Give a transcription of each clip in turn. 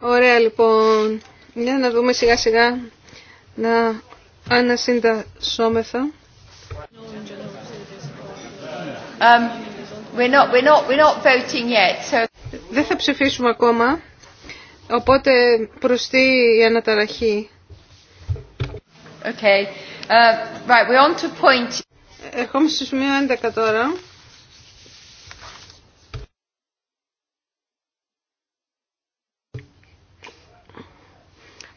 Ωραία λοιπόν. Για ναι, να δούμε σιγά σιγά να ανασύντασόμεθα. Um, so... Δεν θα ψηφίσουμε ακόμα, οπότε τι η αναταραχή. Okay. Uh, right, we're on to point... Ερχόμαστε στο σημείο 11 τώρα.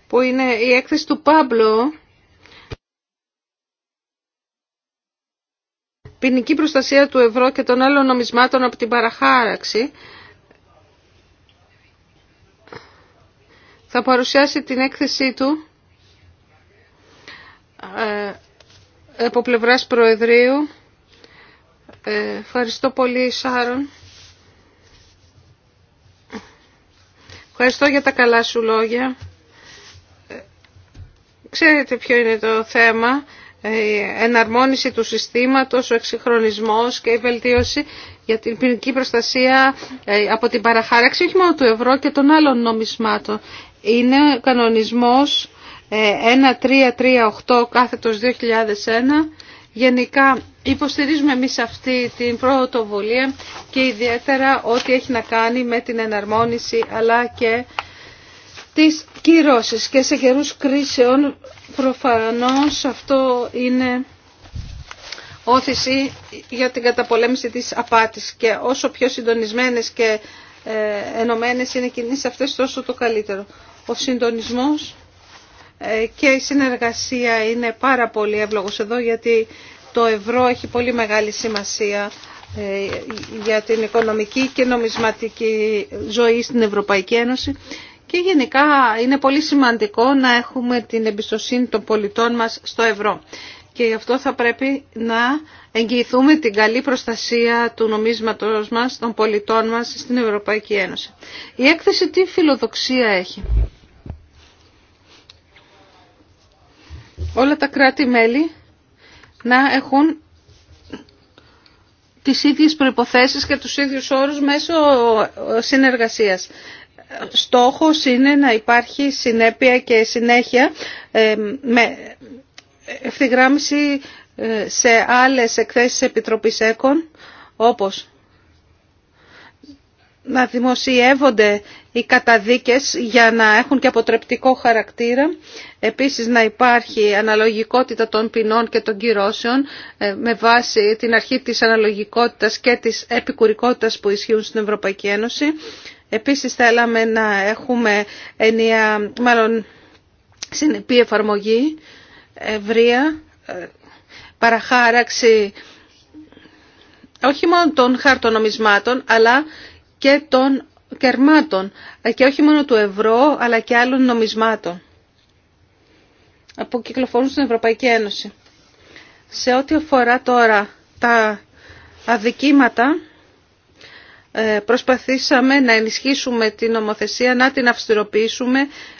που είναι η έκθεση του Πάμπλο ποινική προστασία του ευρώ και των άλλων νομισμάτων από την παραχάραξη θα παρουσιάσει την έκθεσή του ε, από πλευράς Προεδρείου. Ε, ευχαριστώ πολύ Σάρων. Ευχαριστώ για τα καλά σου λόγια. Ξέρετε ποιο είναι το θέμα, ε, η εναρμόνιση του συστήματος, ο εξυγχρονισμός και η βελτίωση για την ποινική προστασία ε, από την παραχάραξη όχι μόνο του ευρώ και των άλλων νομισμάτων. Είναι κανονισμός 1338 ε, κάθετος 2001. Γενικά υποστηρίζουμε εμείς αυτή την πρωτοβουλία και ιδιαίτερα ό,τι έχει να κάνει με την εναρμόνιση αλλά και τις κυρώσεις και σε καιρούς κρίσεων προφανώς αυτό είναι όθηση για την καταπολέμηση της απάτης και όσο πιο συντονισμένες και ε, ενωμένες είναι κινήσεις αυτές τόσο το καλύτερο. Ο συντονισμός ε, και η συνεργασία είναι πάρα πολύ εύλογος εδώ γιατί το ευρώ έχει πολύ μεγάλη σημασία ε, για την οικονομική και νομισματική ζωή στην Ευρωπαϊκή Ένωση και γενικά είναι πολύ σημαντικό να έχουμε την εμπιστοσύνη των πολιτών μας στο ευρώ. Και γι' αυτό θα πρέπει να εγγυηθούμε την καλή προστασία του νομίσματος μας, των πολιτών μας στην Ευρωπαϊκή Ένωση. Η έκθεση τι φιλοδοξία έχει. Όλα τα κράτη-μέλη να έχουν τις ίδιες προϋποθέσεις και τους ίδιους όρους μέσω συνεργασίας στόχος είναι να υπάρχει συνέπεια και συνέχεια ε, με ευθυγράμμιση ε, σε άλλες εκθέσεις Επιτροπής ΕΚΟΝ, όπως να δημοσιεύονται οι καταδίκες για να έχουν και αποτρεπτικό χαρακτήρα. Επίσης να υπάρχει αναλογικότητα των ποινών και των κυρώσεων ε, με βάση την αρχή της αναλογικότητας και της επικουρικότητας που ισχύουν στην Ευρωπαϊκή Ένωση Επίσης θέλαμε να έχουμε ενία, μάλλον συνεπή εφαρμογή, ευρεία, ε, παραχάραξη όχι μόνο των χαρτονομισμάτων αλλά και των κερμάτων ε, και όχι μόνο του ευρώ αλλά και άλλων νομισμάτων που κυκλοφορούν στην Ευρωπαϊκή Ένωση. Σε ό,τι αφορά τώρα τα αδικήματα ε, προσπαθήσαμε να ενισχύσουμε την νομοθεσία, να την αυστηροποιήσουμε,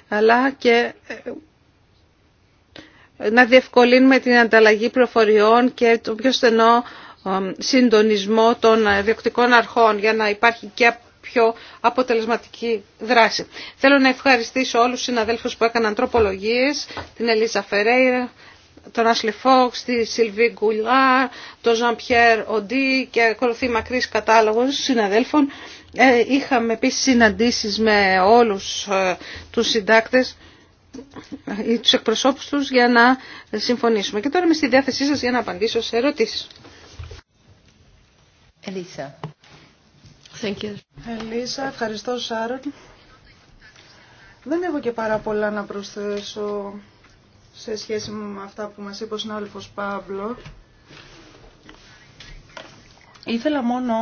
αλλά και ε, να διευκολύνουμε την ανταλλαγή προφοριών και το πιο στενό ε, συντονισμό των διοκτικών αρχών για να υπάρχει και πιο αποτελεσματική δράση. Θέλω να ευχαριστήσω όλους τους συναδέλφους που έκαναν τροπολογίες, την Ελίζα Φερέιρα, τον Ashley Fox, τη Σιλβί Γκουλά, τον Ζαν Οντί και ακολουθεί μακρύς κατάλογος συναδέλφων. Ε, είχαμε επίσης συναντήσεις με όλους ε, τους συντάκτες ή ε, τους εκπροσώπους τους για να συμφωνήσουμε. Και τώρα είμαι στη διάθεσή σας για να απαντήσω σε ερωτήσεις. Ελίσσα. ευχαριστώ Σάρον. Δεν έχω και πάρα πολλά να προσθέσω σε σχέση με αυτά που μας είπε ο συνάδελφος Παύλο. Ήθελα μόνο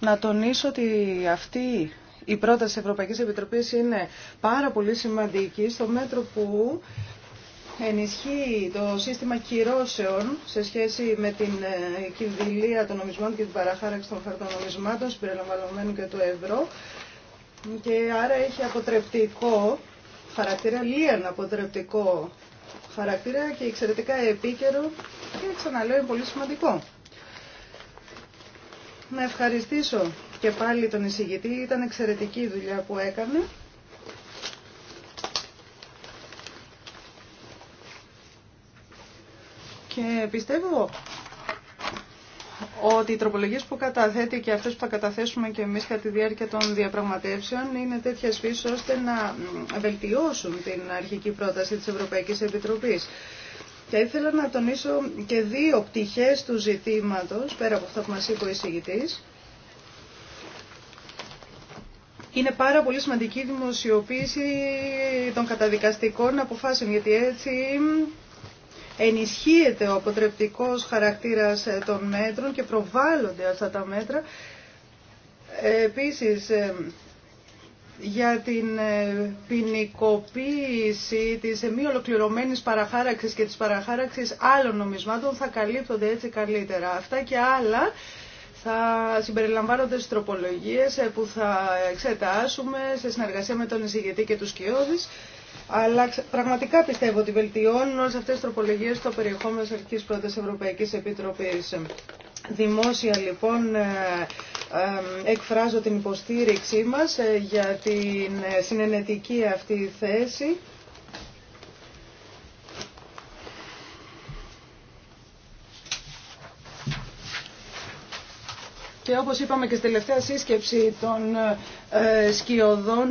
να τονίσω ότι αυτή η πρόταση της Ευρωπαϊκής Επιτροπής είναι πάρα πολύ σημαντική στο μέτρο που ενισχύει το σύστημα κυρώσεων σε σχέση με την ε, κινδυλία των νομισμάτων και την παραχάραξη των χαρτονομισμάτων συμπεριλαμβανομένου και του ευρώ και άρα έχει αποτρεπτικό χαρακτήρα, λίαν αποτρεπτικό χαρακτήρα και εξαιρετικά επίκαιρο και ξαναλέω είναι πολύ σημαντικό. Να ευχαριστήσω και πάλι τον εισηγητή, ήταν εξαιρετική η δουλειά που έκανε. Και πιστεύω ότι οι τροπολογίες που καταθέτει και αυτές που θα καταθέσουμε και εμείς κατά τη διάρκεια των διαπραγματεύσεων είναι τέτοια φύσης ώστε να βελτιώσουν την αρχική πρόταση της Ευρωπαϊκής Επιτροπής. Και ήθελα να τονίσω και δύο πτυχές του ζητήματος, πέρα από αυτό που μας είπε ο εισηγητής. Είναι πάρα πολύ σημαντική η δημοσιοποίηση των καταδικαστικών αποφάσεων, γιατί έτσι ενισχύεται ο αποτρεπτικός χαρακτήρας ε, των μέτρων και προβάλλονται αυτά τα μέτρα. Ε, επίσης, ε, για την ποινικοποίηση της μη ολοκληρωμένης παραχάραξης και της παραχάραξης άλλων νομισμάτων θα καλύπτονται έτσι καλύτερα. Αυτά και άλλα θα συμπεριλαμβάνονται στις τροπολογίες ε, που θα εξετάσουμε σε συνεργασία με τον εισηγητή και τους κοιόδης. Αλλά πραγματικά πιστεύω ότι βελτιώνουν όλες αυτές τις τροπολογίες το περιεχόμενο της αρχικής πρώτης Ευρωπαϊκής Επιτροπής. Δημόσια λοιπόν ε, ε, εκφράζω την υποστήριξή μας για την συνενετική αυτή θέση. Και όπως είπαμε και στη τελευταία σύσκεψη των ε, σκιωδών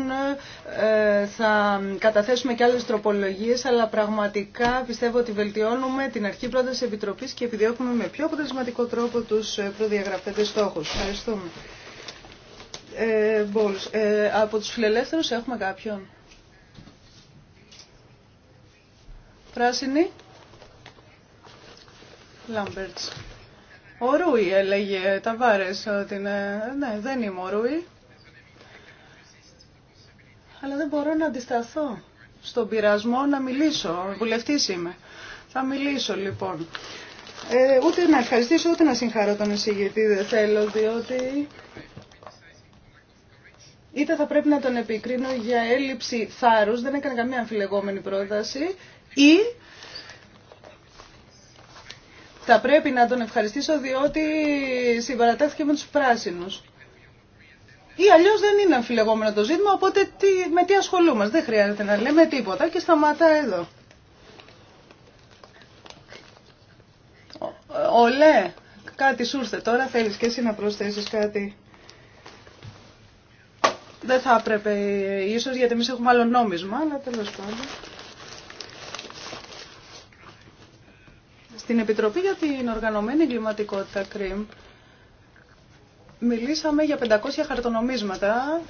ε, θα καταθέσουμε και άλλες τροπολογίες αλλά πραγματικά πιστεύω ότι βελτιώνουμε την αρχή πρόταση Επιτροπής και επιδιώκουμε με πιο αποτελεσματικό τρόπο τους ε, προδιαγραφέτες στόχους. Ευχαριστούμε. Ε, ε, από τους φιλελεύθερους έχουμε κάποιον. Πράσινη. Λάμπερτς. Ο Ρούι έλεγε τα βάρες ότι ναι, ναι, δεν είμαι ο Ρούι. Αλλά δεν μπορώ να αντισταθώ στον πειρασμό να μιλήσω. Βουλευτής είμαι. Θα μιλήσω λοιπόν. Ε, ούτε να ευχαριστήσω ούτε να συγχαρώ τον εισηγητή δεν θέλω διότι είτε θα πρέπει να τον επικρίνω για έλλειψη θάρρους, δεν έκανε καμία αμφιλεγόμενη πρόταση ή θα πρέπει να τον ευχαριστήσω διότι συμπαρατάθηκε με τους πράσινους. Ή αλλιώ δεν είναι αμφιλεγόμενο το ζήτημα, οπότε τι, με τι ασχολούμαστε. Δεν χρειάζεται να λέμε τίποτα και σταματά εδώ. Ολέ, κάτι σου ήρθε τώρα, θέλεις και εσύ να προσθέσεις κάτι. Δεν θα έπρεπε ίσως γιατί εμείς έχουμε άλλο νόμισμα, αλλά τέλος πάντων. Στην Επιτροπή για την Οργανωμένη Εγκληματικότητα ΚΡΙΜ μιλήσαμε για 500 χαρτονομίσματα.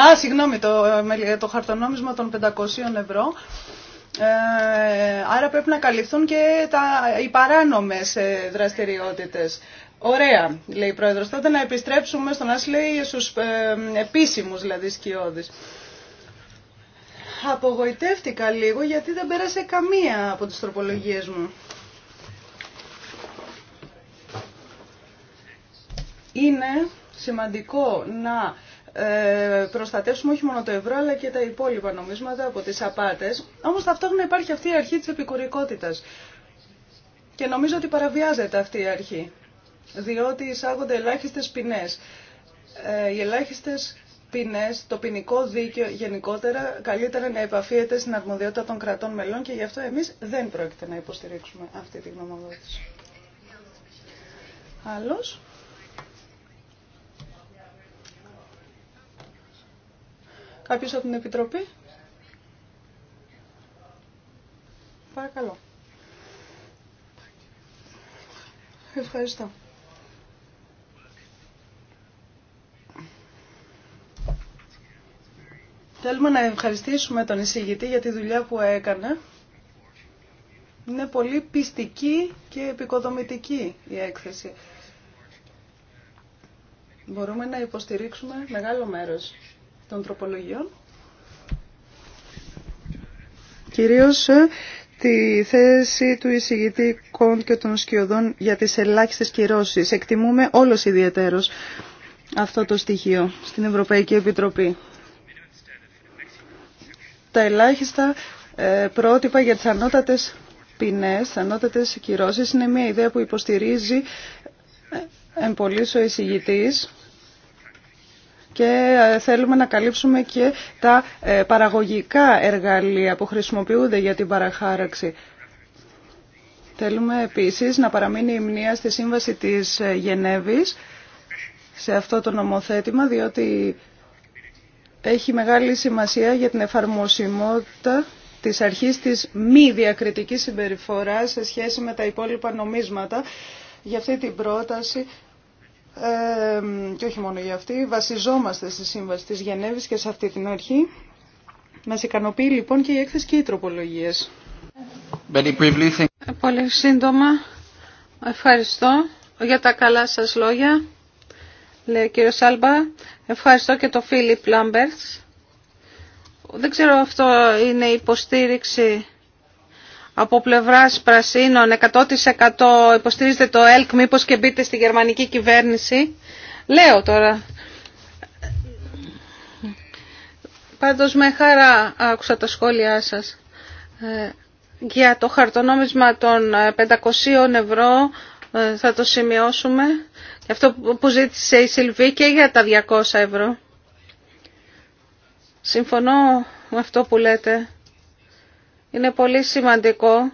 Α, συγγνώμη, το, ε, το χαρτονόμισμα των 500 ευρώ. Ε, άρα πρέπει να καλυφθούν και οι παράνομες ε, δραστηριότητες. Ωραία, λέει η Πρόεδρος. Τότε να επιστρέψουμε στον Άσλεϊ στους ε, επίσημους δηλαδή σκιώδεις. Απογοητεύτηκα λίγο γιατί δεν πέρασε καμία από τις τροπολογίες μου. είναι σημαντικό να ε, προστατεύσουμε όχι μόνο το ευρώ αλλά και τα υπόλοιπα νομίσματα από τις απάτες. Όμως ταυτόχρονα υπάρχει αυτή η αρχή της επικουρικότητας. Και νομίζω ότι παραβιάζεται αυτή η αρχή, διότι εισάγονται ελάχιστες ποινές. Ε, οι ελάχιστες ποινές, το ποινικό δίκαιο γενικότερα, καλύτερα να επαφίεται στην αρμοδιότητα των κρατών μελών και γι' αυτό εμείς δεν πρόκειται να υποστηρίξουμε αυτή τη γνωμοδότηση. Άλλος. Κάποιος από την Επιτροπή. Παρακαλώ. Ευχαριστώ. Θέλουμε να ευχαριστήσουμε τον εισηγητή για τη δουλειά που έκανε. Είναι πολύ πιστική και επικοδομητική η έκθεση. Μπορούμε να υποστηρίξουμε μεγάλο μέρος των Κυρίως ε, τη θέση του εισηγητή Κοντ και των σκιωδών για τις ελάχιστες κυρώσεις. Εκτιμούμε όλος ιδιαίτερος αυτό το στοιχείο στην Ευρωπαϊκή Επιτροπή. Τα ελάχιστα ε, πρότυπα για τις ανώτατες ποινές, τις ανώτατες κυρώσεις είναι μια ιδέα που υποστηρίζει εμπολής ο εισηγητής και ε, θέλουμε να καλύψουμε και τα ε, παραγωγικά εργαλεία που χρησιμοποιούνται για την παραχάραξη. Θέλουμε επίσης να παραμείνει η μνήα στη Σύμβαση της ε, Γενέβης σε αυτό το νομοθέτημα, διότι έχει μεγάλη σημασία για την εφαρμοσιμότητα της αρχής της μη διακριτικής συμπεριφοράς σε σχέση με τα υπόλοιπα νομίσματα. Για αυτή την πρόταση και όχι μόνο για αυτή, βασιζόμαστε στη Σύμβαση της Γενέβης και σε αυτή την αρχή. Μας ικανοποιεί λοιπόν και η έκθεση και οι τροπολογίες. Ε, πολύ σύντομα, ευχαριστώ για τα καλά σας λόγια, λέει ο κύριος Σάλμπα. Ευχαριστώ και το Φίλιπ Λάμπερτς. Δεν ξέρω αυτό είναι υποστήριξη από πλευρά πρασίνων 100% υποστηρίζετε το ΕΛΚ μήπω και μπείτε στη γερμανική κυβέρνηση. Λέω τώρα. Πάντως με χαρά άκουσα τα σχόλιά σας. Ε, για το χαρτονόμισμα των 500 ε, ευρώ ε, θα το σημειώσουμε. Και αυτό που ζήτησε η Σιλβή και για τα 200 ευρώ. Συμφωνώ με αυτό που λέτε είναι πολύ σημαντικό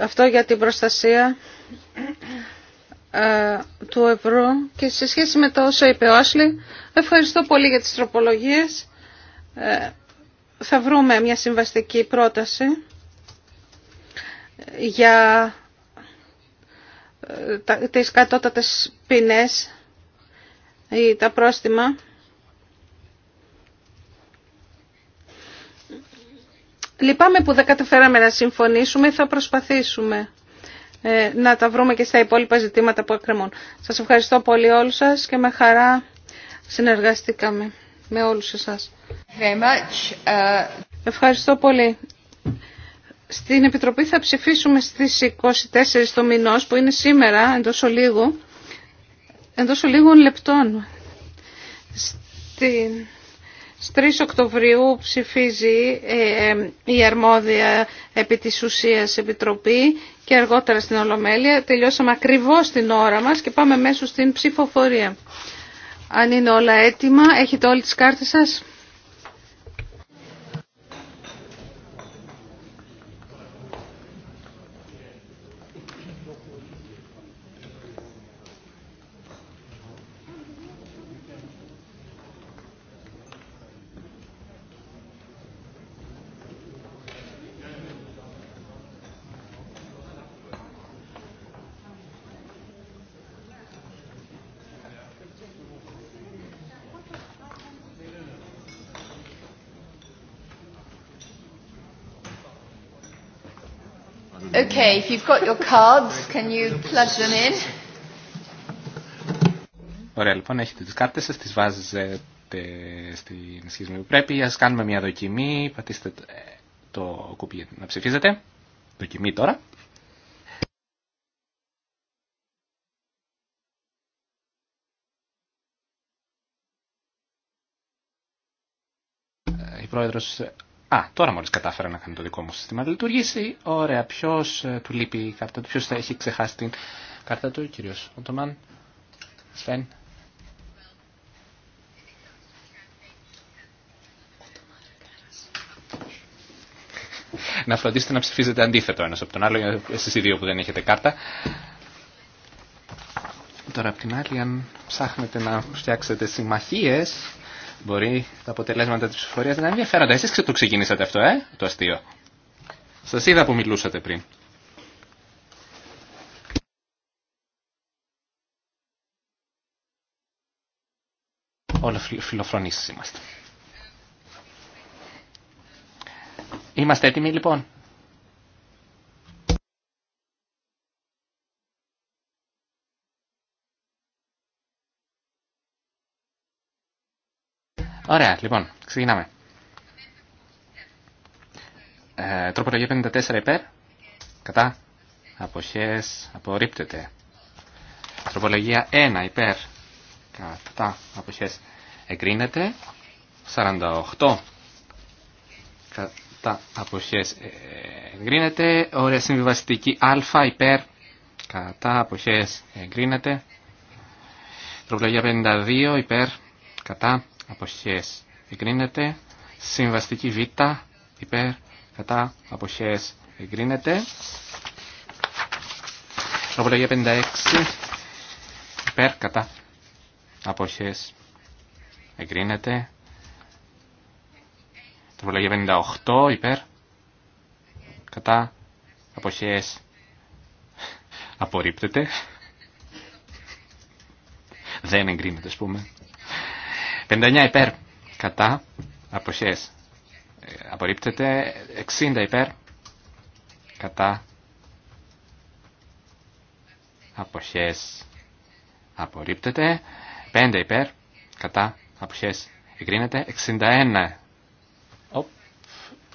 αυτό για την προστασία ε, του ευρώ και σε σχέση με το όσο είπε ο Άσλη, ευχαριστώ πολύ για τις τροπολογίες. Ε, θα βρούμε μια συμβαστική πρόταση για ε, τις κατώτατες ποινές ή τα πρόστιμα. Λυπάμαι που δεν καταφέραμε να συμφωνήσουμε, θα προσπαθήσουμε ε, να τα βρούμε και στα υπόλοιπα ζητήματα που εκκρεμούν. Σας ευχαριστώ πολύ όλους σας και με χαρά συνεργαστήκαμε με όλους εσάς. Very much. Ε, ευχαριστώ πολύ. Στην Επιτροπή θα ψηφίσουμε στις 24 το μηνός που είναι σήμερα εντός ολίγου, εντός ολίγων λεπτών. Στην... Στις 3 Οκτωβρίου ψηφίζει ε, ε, η αρμόδια επί της ουσίας επιτροπή και αργότερα στην Ολομέλεια. Τελειώσαμε ακριβώς την ώρα μας και πάμε μέσω στην ψηφοφορία. Αν είναι όλα έτοιμα, έχετε όλες τις κάρτες σας. Okay, if you've got your cards, can you plug them in? Ωραία, λοιπόν, έχετε τις κάρτες σας, τις βάζετε στην σχέση που πρέπει. Ας κάνουμε μια δοκιμή, πατήστε το ε, κουμπί να ψηφίζετε. Δοκιμή τώρα. Ε, η πρόεδρος Α, τώρα μόλι κατάφερα να κάνει το δικό μου σύστημα να λειτουργήσει. Ωραία, ποιος ε, του λείπει η κάρτα του, ποιο θα έχει ξεχάσει την κάρτα του, κύριο. Οντομάν, Σφέν. να φροντίσετε να ψηφίζετε αντίθετο ένα από τον άλλο, εσεί οι δύο που δεν έχετε κάρτα. Τώρα απ' την άλλη, αν ψάχνετε να φτιάξετε συμμαχίε. Μπορεί τα αποτελέσματα τη ψηφοφορία να είναι ενδιαφέροντα. Εσεί το ξεκινήσατε αυτό, ε, το αστείο. Σα είδα που μιλούσατε πριν. Όλο φιλοφρονήσεις είμαστε. Είμαστε έτοιμοι λοιπόν. Ωραία, λοιπόν, ξεκινάμε. Ε, τροπολογία 54 υπέρ. Κατά. Αποχές. Απορρίπτεται. Τροπολογία 1 υπέρ. Κατά. Αποχές. Εγκρίνεται. 48. Ε, κατά. Αποχές. Εγκρίνεται. Ωραία συμβιβαστική α υπέρ. Κατά. αποχέ. Εγκρίνεται. Τροπολογία 52 υπέρ. Κατά αποχές εγκρίνεται. Συμβαστική Β υπέρ κατά αποχές εγκρίνεται. Τροπολογία 56 υπέρ κατά αποχές εγκρίνεται. Τροπολογία 58 υπέρ κατά αποχές απορρίπτεται. Δεν εγκρίνεται, α πούμε. 59 ε, υπέρ κατά αποχές απορρίπτεται 60 υπέρ κατά αποχές απορρίπτεται 5 υπέρ κατά αποχές εγκρίνεται 61 Οπ,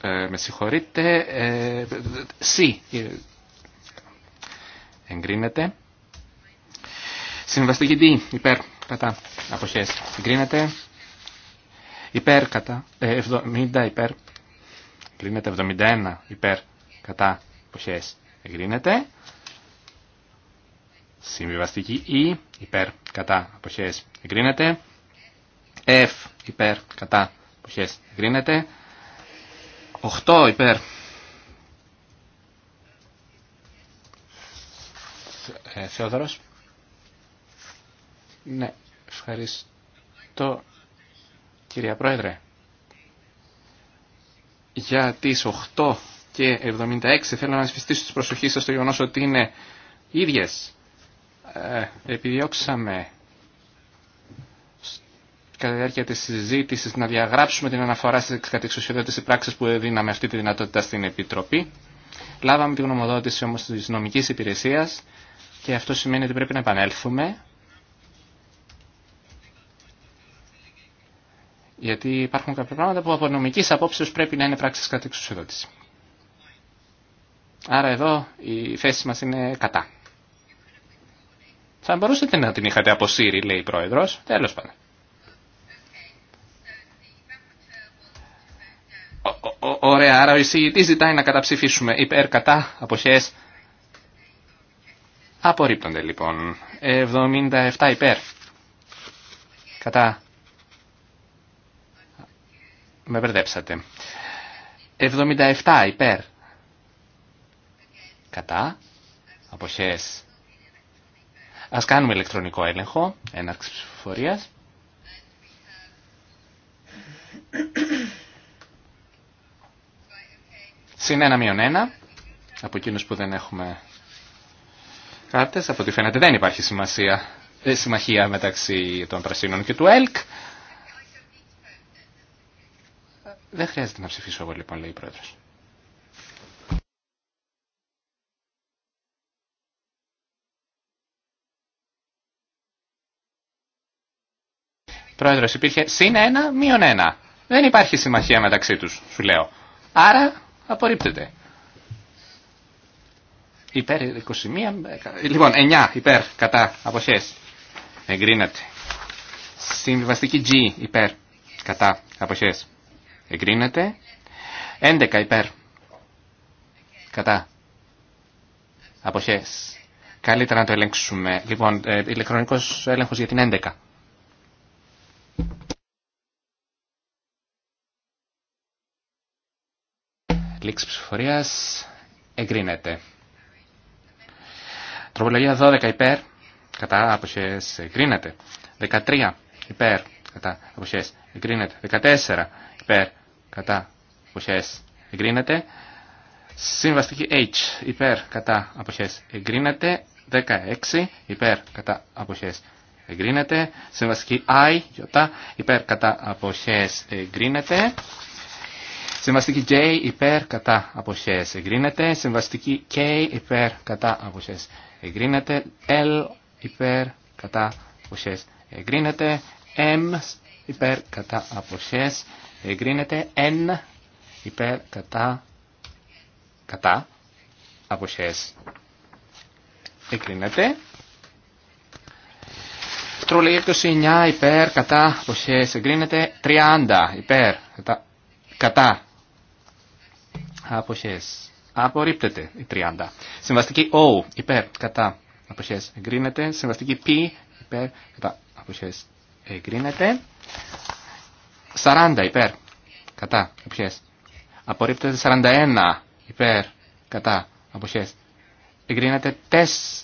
ε, με συγχωρείτε ε, εγκρίνεται συμβαστική D υπέρ κατά αποχές εγκρίνεται υπέρκατα, 70 υπέρ, γκρίνεται, 71 υπέρ κατά εποχές εγκρίνεται. Συμβιβαστική E υπέρ κατά εποχές εγκρίνεται. F υπέρ κατά εποχές εγκρίνεται. 8 υπέρ ε, Θεόδωρος. Ναι, ευχαριστώ κυρία Πρόεδρε. Για τις 8 και 76 θέλω να σφιστήσω τη προσοχή σας στο γεγονό ότι είναι ίδιες. Ε, επιδιώξαμε κατά τη διάρκεια της συζήτησης να διαγράψουμε την αναφορά στις κατεξουσιοδότηση πράξεις που δίναμε αυτή τη δυνατότητα στην Επιτροπή. Λάβαμε τη γνωμοδότηση όμως της νομικής υπηρεσίας και αυτό σημαίνει ότι πρέπει να επανέλθουμε Γιατί υπάρχουν κάποια πράγματα που από νομική απόψεως πρέπει να είναι πράξεις κατά εξουσιοδότηση. Άρα εδώ η θέση μα είναι κατά. Θα μπορούσατε να την είχατε αποσύρει, λέει η πρόεδρος. Τέλος πάντων. Ωραία, άρα ο εισηγητή ζητάει να καταψηφίσουμε υπέρ, κατά, αποχές. Απορρίπτονται λοιπόν. 77 υπέρ. Κατά. Με μπερδέψατε. 77 υπέρ. Κατά. Αποχές. Ας κάνουμε ηλεκτρονικό έλεγχο. Έναρξη έναξη Συν ένα μείον ένα. Από εκείνους που δεν έχουμε κάρτες. Από ό,τι φαίνεται δεν υπάρχει σημασία, ε, συμμαχία μεταξύ των πρασίνων και του ΕΛΚ. Δεν χρειάζεται να ψηφίσω εγώ λοιπόν, λέει η πρόεδρος. Πρόεδρος υπήρχε συν ένα, μείον ένα. Δεν υπάρχει συμμαχία μεταξύ τους, σου λέω. Άρα απορρίπτεται. Υπέρ 21, λοιπόν 9 υπέρ κατά αποχές. Εγκρίνεται. Συμβιβαστική G υπέρ κατά αποχές εγκρίνεται. 11 υπέρ. Κατά. Αποχές. Καλύτερα να το ελέγξουμε. Λοιπόν, ε, ηλεκτρονικός έλεγχος για την 11. Λήξη ψηφορίας εγκρίνεται. Τροπολογία 12 υπέρ. Κατά αποχές εγκρίνεται. 13 υπέρ. Κατά αποχές εγκρίνεται. 14 υπέρ, κατά, αποχές, εγκρίνεται. Συμβαστική H, υπέρ, κατά, αποχές, εγκρίνεται. 16, υπέρ, κατά, αποχές, εγκρίνεται. Συμβαστική I, J, υπέρ, κατά, αποχές, εγκρίνεται. Συμβαστική J, υπέρ, κατά, αποχές, εγκρίνεται. Συμβαστική K, υπέρ, κατά, αποχές, εγκρίνεται. L, υπέρ, κατά, αποχές, εγκρίνεται. M, υπέρ, κατά, αποχές, εγκρίνεται εγκρίνεται εν υπέρ κατά κατά αποχές εγκρίνεται Τρόλη 29 υπέρ κατά αποχές εγκρίνεται 30 υπέρ κατά, κατά αποχές απορρίπτεται η 30 συμβαστική O υπέρ κατά αποχές εγκρίνεται συμβαστική P υπέρ κατά αποχές εγκρίνεται 40 υπέρ. Κατά. Αποχές. Απορρίπτεται 41 υπέρ. Κατά. Αποχές. Εγκρίνεται τεσ.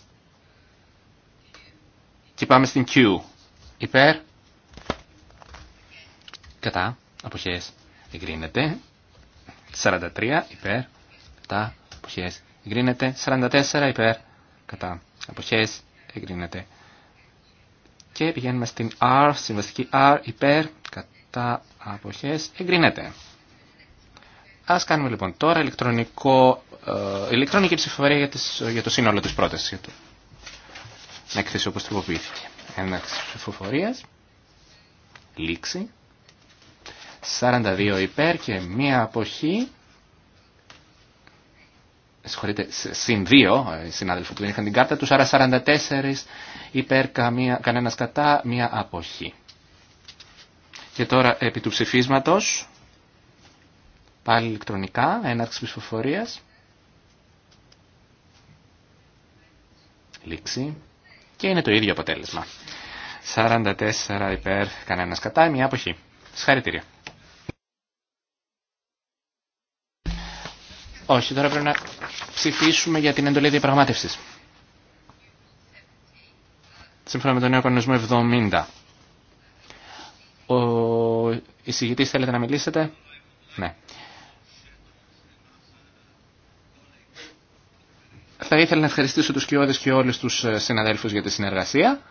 Και πάμε στην Q. Υπέρ. Κατά. Αποχές. Εγκρίνεται. 43 υπέρ. Κατά. Αποχές. Εγκρίνεται. 44 υπέρ. Κατά. Αποχές. Εγκρίνεται. Και πηγαίνουμε στην R, συμβαστική R, υπέρ, κατά τα αποχές εγκρίνεται. Ας κάνουμε λοιπόν τώρα ηλεκτρονικό, ε, ηλεκτρονική ψηφοφορία για, για το σύνολο της πρότασης. Για το, να εκθέσει όπως τροποποιήθηκε. Ένα ψηφοφορίας. Λήξη. 42 υπέρ και μία αποχή. Συγχωρείτε, συν δύο ε, συνάδελφοι που δεν είχαν την κάρτα τους, άρα 44 υπέρ, καμία, κανένας κατά, μία αποχή. Και τώρα επί του ψηφίσματος, πάλι ηλεκτρονικά, έναρξη ψηφοφορίας. Λήξη. Και είναι το ίδιο αποτέλεσμα. 44 υπέρ, κανένας κατά, μια αποχή. Συγχαρητήρια. Όχι, τώρα πρέπει να ψηφίσουμε για την εντολή διαπραγμάτευσης. Σύμφωνα με τον νέο κανονισμό 70. Ο εισηγητής θέλετε να μιλήσετε. Ναι. Θα ήθελα να ευχαριστήσω τους Κιώδες και όλους τους ε, συναδέλφους για τη συνεργασία.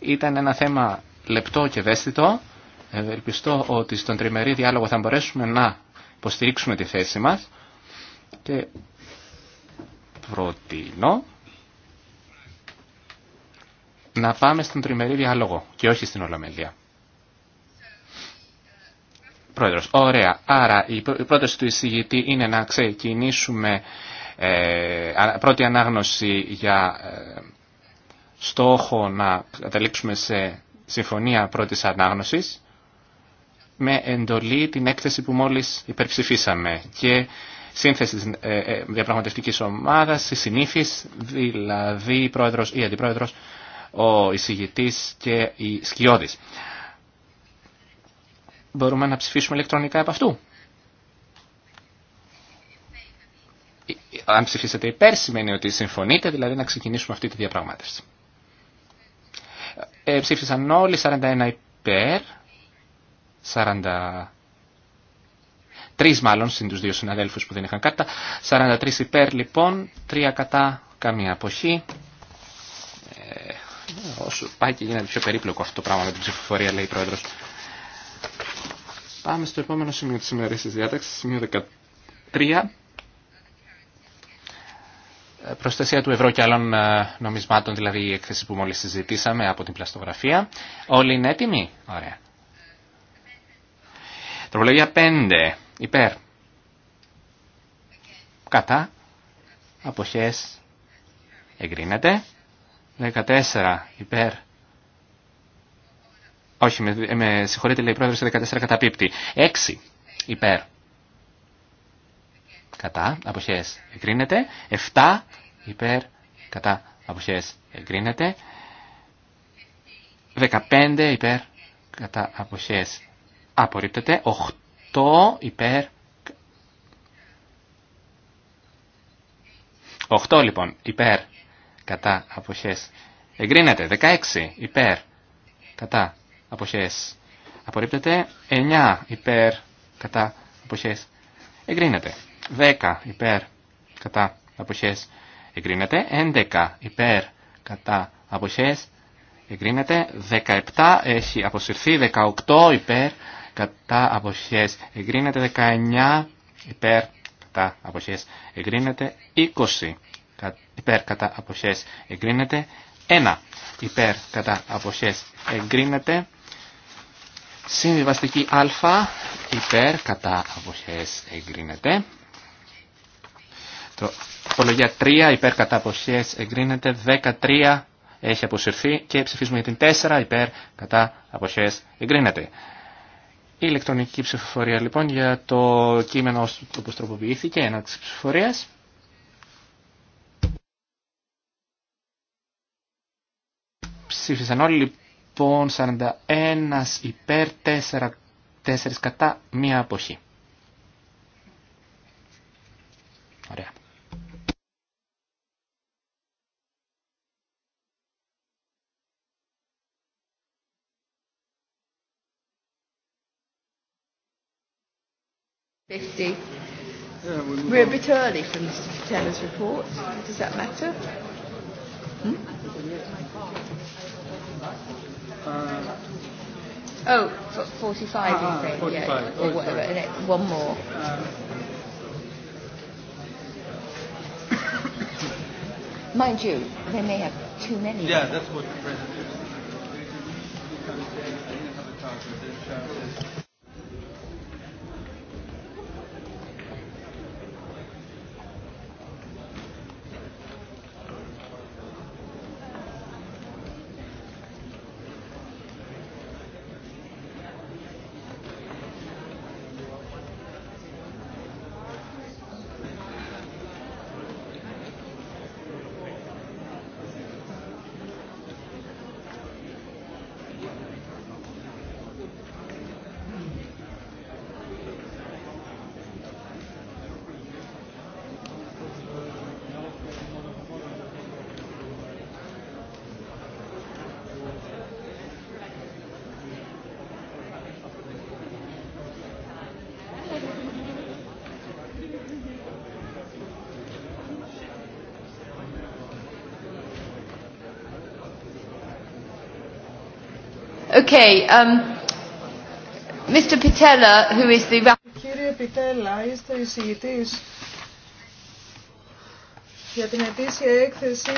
Ήταν ένα θέμα λεπτό και δέστητο. Ελπιστώ ότι στον τριμερή διάλογο θα μπορέσουμε να υποστηρίξουμε τη θέση μας. Και προτείνω να πάμε στον τριμερή διάλογο και όχι στην Ολομέλεια. Πρόεδρος, ωραία. Άρα η πρόταση του εισηγητή είναι να ξεκινήσουμε ε, πρώτη ανάγνωση για ε, στόχο να καταλήξουμε σε συμφωνία πρώτης ανάγνωσης με εντολή την έκθεση που μόλις υπερψηφίσαμε και σύνθεση της ε, διαπραγματευτικής ομάδας, συνήθις, δηλαδή πρόεδρος ή αντιπρόεδρος ο εισηγητής και οι σκιώδης. Μπορούμε να ψηφίσουμε ηλεκτρονικά από αυτού. Αν ψηφίσετε υπέρ σημαίνει ότι συμφωνείτε, δηλαδή να ξεκινήσουμε αυτή τη διαπραγμάτευση. Ε, ψήφισαν όλοι 41 υπέρ, 40... μάλλον, συν του δύο συναδέλφου που δεν είχαν κάρτα. 43 υπέρ λοιπόν, 3 κατά, καμία αποχή όσο πάει και γίνεται πιο περίπλοκο αυτό το πράγμα με την ψηφοφορία, λέει η πρόεδρο. Πάμε στο επόμενο σημείο της τη διάταξη, σημείο 13. Ε, προστασία του ευρώ και άλλων ε, νομισμάτων, δηλαδή η έκθεση που μόλις συζητήσαμε από την πλαστογραφία. Όλοι είναι έτοιμοι. Ωραία. Τροπολογία 5. Υπέρ. Κατά. Αποχές. Εγκρίνεται. 14 υπέρ. Όχι, με, με συγχωρείτε λέει πρόεδρος, 14 καταπίπτει. 6 υπέρ. Κατά, αποχές, εγκρίνεται. 7 υπέρ, κατά, αποχές, εγκρίνεται. 15 υπέρ, κατά, αποχές, απορρίπτεται. 8 υπέρ, 8 λοιπόν, υπέρ, κατά αποχές εγκρίνεται 16 υπέρ κατά αποχές απορρίπτεται 9 υπέρ κατά αποχές εγκρίνεται 10 υπέρ κατά αποχές εγκρίνεται 11 υπέρ κατά αποχές εγκρίνεται 17 έχει αποσυρθεί 18 υπέρ κατά αποχές εγκρίνεται 19 υπέρ κατά αποχές εγκρίνεται 20 υπέρ κατά αποχές εγκρίνεται. 1 υπέρ κατά αποχές εγκρίνεται. Συμβιβαστική α υπέρ κατά αποχές εγκρίνεται. Τροπολογία 3 υπέρ κατά αποχές εγκρίνεται. 13 έχει αποσυρθεί και ψηφίζουμε για την 4 υπέρ κατά αποχές εγκρίνεται. Η ηλεκτρονική ψηφοφορία λοιπόν για το κείμενο όπως τροποποιήθηκε τη ψηφοφορίας. Ψήφισαν όλοι λοιπόν 41 υπέρ 4, 4 κατά μία αποχή. Ωραία. We're a bit early for Mr. Taylor's report. Does that matter? Hmm? Uh, Oh, 45 you say, 45. or whatever, and it's one more. Mind you, they may have too many. Yeah, that's what the president is. Okay, um, Mr. Pitella, who is the... Κύριε είστε εισηγητής για την ετήσια έκθεση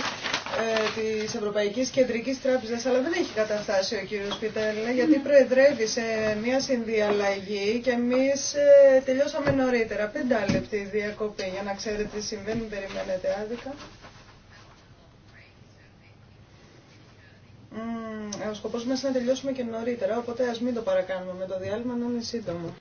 ε, της Ευρωπαϊκής Κεντρικής Τράπεζας, αλλά δεν έχει καταστάσει ο κύριος Πιτέλα, γιατί προεδρεύει σε μια συνδιαλλαγή και εμείς ε, τελειώσαμε νωρίτερα. Πεντάλεπτη διακοπή, για να ξέρετε τι συμβαίνει, περιμένετε άδικα. ο σκοπός μας είναι να τελειώσουμε και νωρίτερα, οπότε ας μην το παρακάνουμε με το διάλειμμα να είναι σύντομο.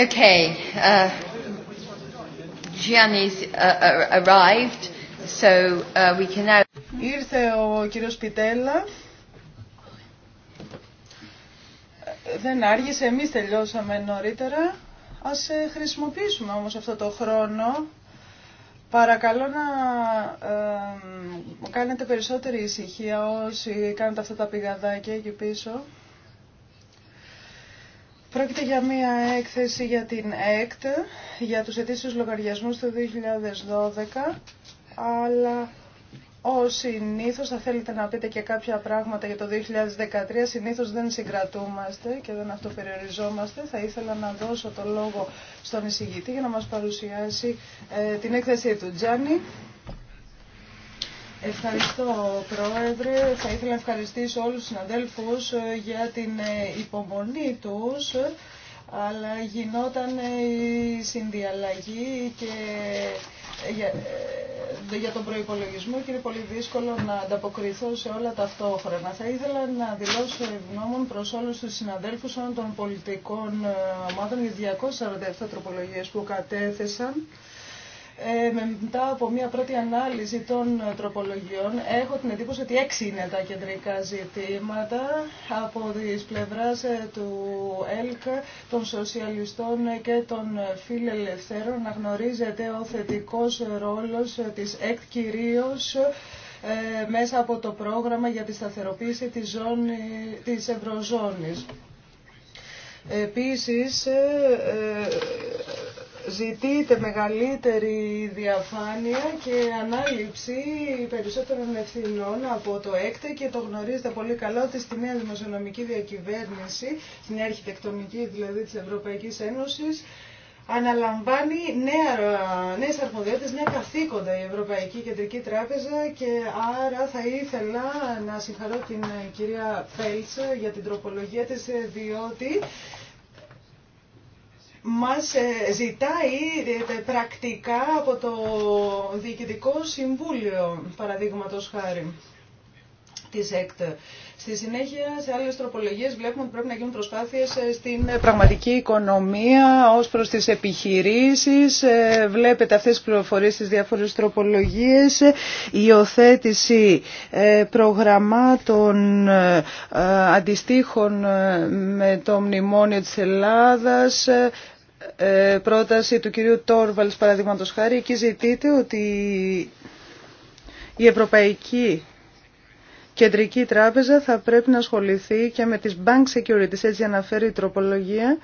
Okay. Ήρθε ο κύριος Πιτέλα. Δεν άργησε, εμείς τελειώσαμε νωρίτερα. Ας ε, χρησιμοποιήσουμε όμως αυτό το χρόνο. Παρακαλώ να κάνετε περισσότερη ησυχία όσοι κάνετε αυτά τα πηγαδάκια εκεί πίσω. Πρόκειται για μία έκθεση για την ΕΚΤ, για τους ετήσιους λογαριασμούς του 2012, αλλά ως συνήθως θα θέλετε να πείτε και κάποια πράγματα για το 2013, συνήθως δεν συγκρατούμαστε και δεν αυτοπεριοριζόμαστε. Θα ήθελα να δώσω το λόγο στον εισηγητή για να μας παρουσιάσει ε, την έκθεσή του. Τζάνι. Ευχαριστώ, Πρόεδρε. Θα ήθελα να ευχαριστήσω όλους τους συναδέλφους ε, για την ε, υπομονή τους, ε, αλλά γινόταν η συνδιαλλαγή και για τον προϋπολογισμό και είναι πολύ δύσκολο να ανταποκριθώ σε όλα ταυτόχρονα. Θα ήθελα να δηλώσω ευγνώμων προς όλους τους συναδέλφους όλων των πολιτικών ομάδων για 247 τροπολογίες που κατέθεσαν. Ε, μετά από μια πρώτη ανάλυση των τροπολογιών, έχω την εντύπωση ότι έξι είναι τα κεντρικά ζητήματα από τις πλευράς ε, του ΕΛΚ, των σοσιαλιστών και των φιλελευθέρων. Να γνωρίζετε ο θετικός ρόλος ε, της ΕΚΤ κυρίως μέσα από το πρόγραμμα για τη σταθεροποίηση τη της Ευρωζώνης. Επίσης, Ζητείτε μεγαλύτερη διαφάνεια και ανάληψη περισσότερων ευθυνών από το ΕΚΤΕ και το γνωρίζετε πολύ καλά ότι στη νέα δημοσιονομική διακυβέρνηση, στην νέα αρχιτεκτονική δηλαδή της Ευρωπαϊκής Ένωσης, αναλαμβάνει νέα, νέες αρμοδιότητες, νέα καθήκοντα η Ευρωπαϊκή Κεντρική Τράπεζα και άρα θα ήθελα να συγχαρώ την κυρία Φέλτσα για την τροπολογία της διότι μας ε, ζητάει ε, ε, πρακτικά από το Διοικητικό Συμβούλιο, παραδείγματος χάρη της ΕΚΤ. Στη συνέχεια, σε άλλες τροπολογίες βλέπουμε ότι πρέπει να γίνουν προσπάθειες ε, στην ε, πραγματική οικονομία ω προς τις επιχειρήσεις. Ε, βλέπετε αυτέ τι πληροφορίε στι διαφορέ τροπολογίες. Η υιοθέτηση προγραμμάτων αντιστοίχων με το Μνημόνιο της Ελλάδας, πρόταση του κυρίου Τόρβαλς παραδείγματος χάρη, εκεί ζητείτε ότι η Ευρωπαϊκή Κεντρική Τράπεζα θα πρέπει να ασχοληθεί και με τις bank securities, έτσι αναφέρει η τροπολογία.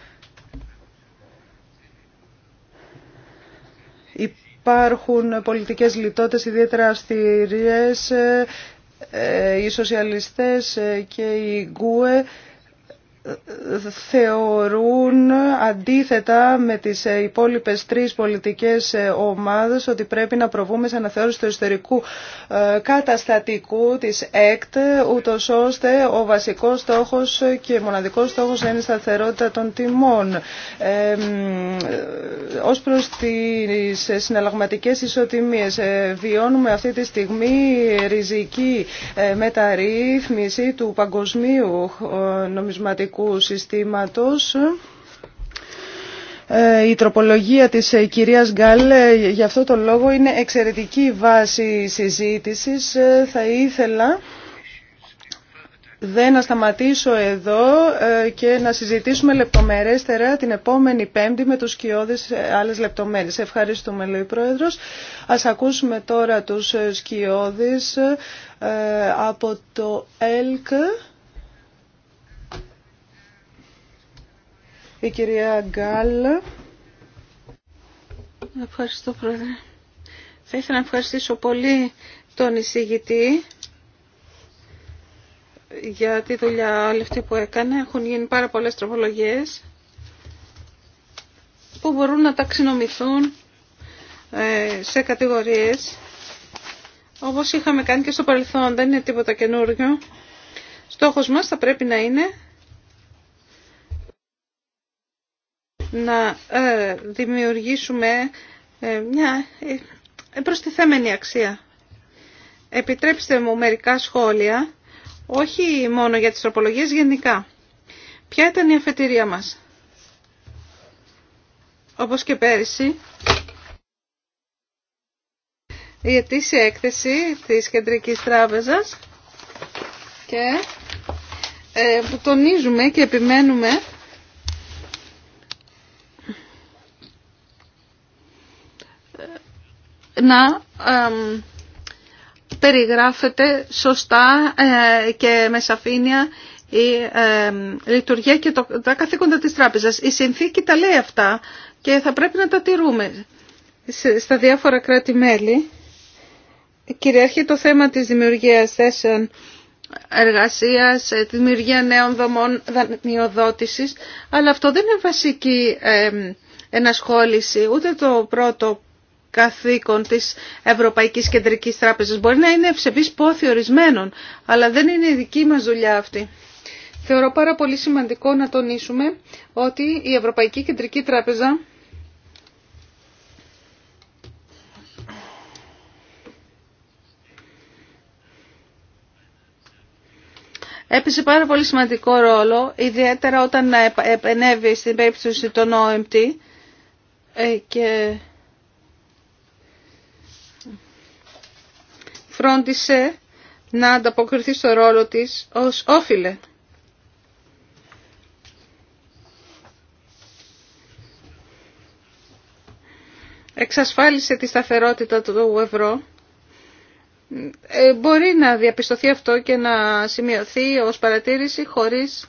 Υπάρχουν πολιτικές λιτότητες ιδιαίτερα αυστηρίες, ε, ε, οι σοσιαλιστές ε, και οι γκούε θεωρούν αντίθετα με τις υπόλοιπες τρεις πολιτικές ομάδες ότι πρέπει να προβούμε σε αναθεώρηση του ιστορικού ε, καταστατικού της ΕΚΤ ούτως ώστε ο βασικός στόχος και μοναδικός στόχος να είναι η σταθερότητα των τιμών. Ε, ως προς τις συναλλαγματικές ισοτιμίες ε, βιώνουμε αυτή τη στιγμή ριζική ε, μεταρρύθμιση του παγκοσμίου νομισματικού συστήματος. Ε, η τροπολογία της ε, κυρίας Γκάλ ε, για αυτό το λόγο είναι εξαιρετική βάση συζήτησης. Θα ήθελα δεν να σταματήσω εδώ και να συζητήσουμε λεπτομερέστερα την επόμενη Πέμπτη με τους σκιώδες άλλες λεπτομέρειες. Ευχαριστούμε, λέει ο Πρόεδρος. Ας ακούσουμε τώρα τους σκιώδες από το ΕΛΚ. Η κυρία Γκάλ. Ευχαριστώ πρόεδρε. Θα ήθελα να ευχαριστήσω πολύ τον εισηγητή για τη δουλειά όλη αυτή που έκανε. Έχουν γίνει πάρα πολλές τροπολογίες που μπορούν να ταξινομηθούν ε, σε κατηγορίες όπως είχαμε κάνει και στο παρελθόν, δεν είναι τίποτα καινούριο. Στόχος μας θα πρέπει να είναι να ε, δημιουργήσουμε ε, μια ε, προστιθέμενη αξία. Επιτρέψτε μου μερικά σχόλια, όχι μόνο για τις τροπολογίες γενικά. Ποια ήταν η αφετηρία μας. Όπως και πέρυσι, η ετήσια έκθεση της Κεντρικής Τράπεζας και που τονίζουμε και επιμένουμε να περιγράφεται σωστά ε, και με σαφήνεια η λειτουργία και τα καθήκοντα της τράπεζας. Η συνθήκη τα λέει αυτά και θα πρέπει να τα τηρούμε στα διάφορα κράτη-μέλη. Κυριαρχεί το θέμα της δημιουργίας θέσεων εργασίας, ε, τη δημιουργία νέων δομών δανειοδότησης, αλλά αυτό δεν είναι βασική ενασχόληση, ούτε το πρώτο καθήκον της Ευρωπαϊκής Κεντρικής Τράπεζας. Μπορεί να είναι ευσεβής πόθη ορισμένων, αλλά δεν είναι η δική μας δουλειά αυτή. Θεωρώ πάρα πολύ σημαντικό να τονίσουμε ότι η Ευρωπαϊκή Κεντρική Τράπεζα έπαιζε πάρα πολύ σημαντικό ρόλο, ιδιαίτερα όταν επενέβη στην περίπτωση των OMT ε, και φρόντισε να ανταποκριθεί στο ρόλο της ως όφιλε. Εξασφάλισε τη σταθερότητα του ευρώ. Ε, μπορεί να διαπιστωθεί αυτό και να σημειωθεί ως παρατήρηση χωρίς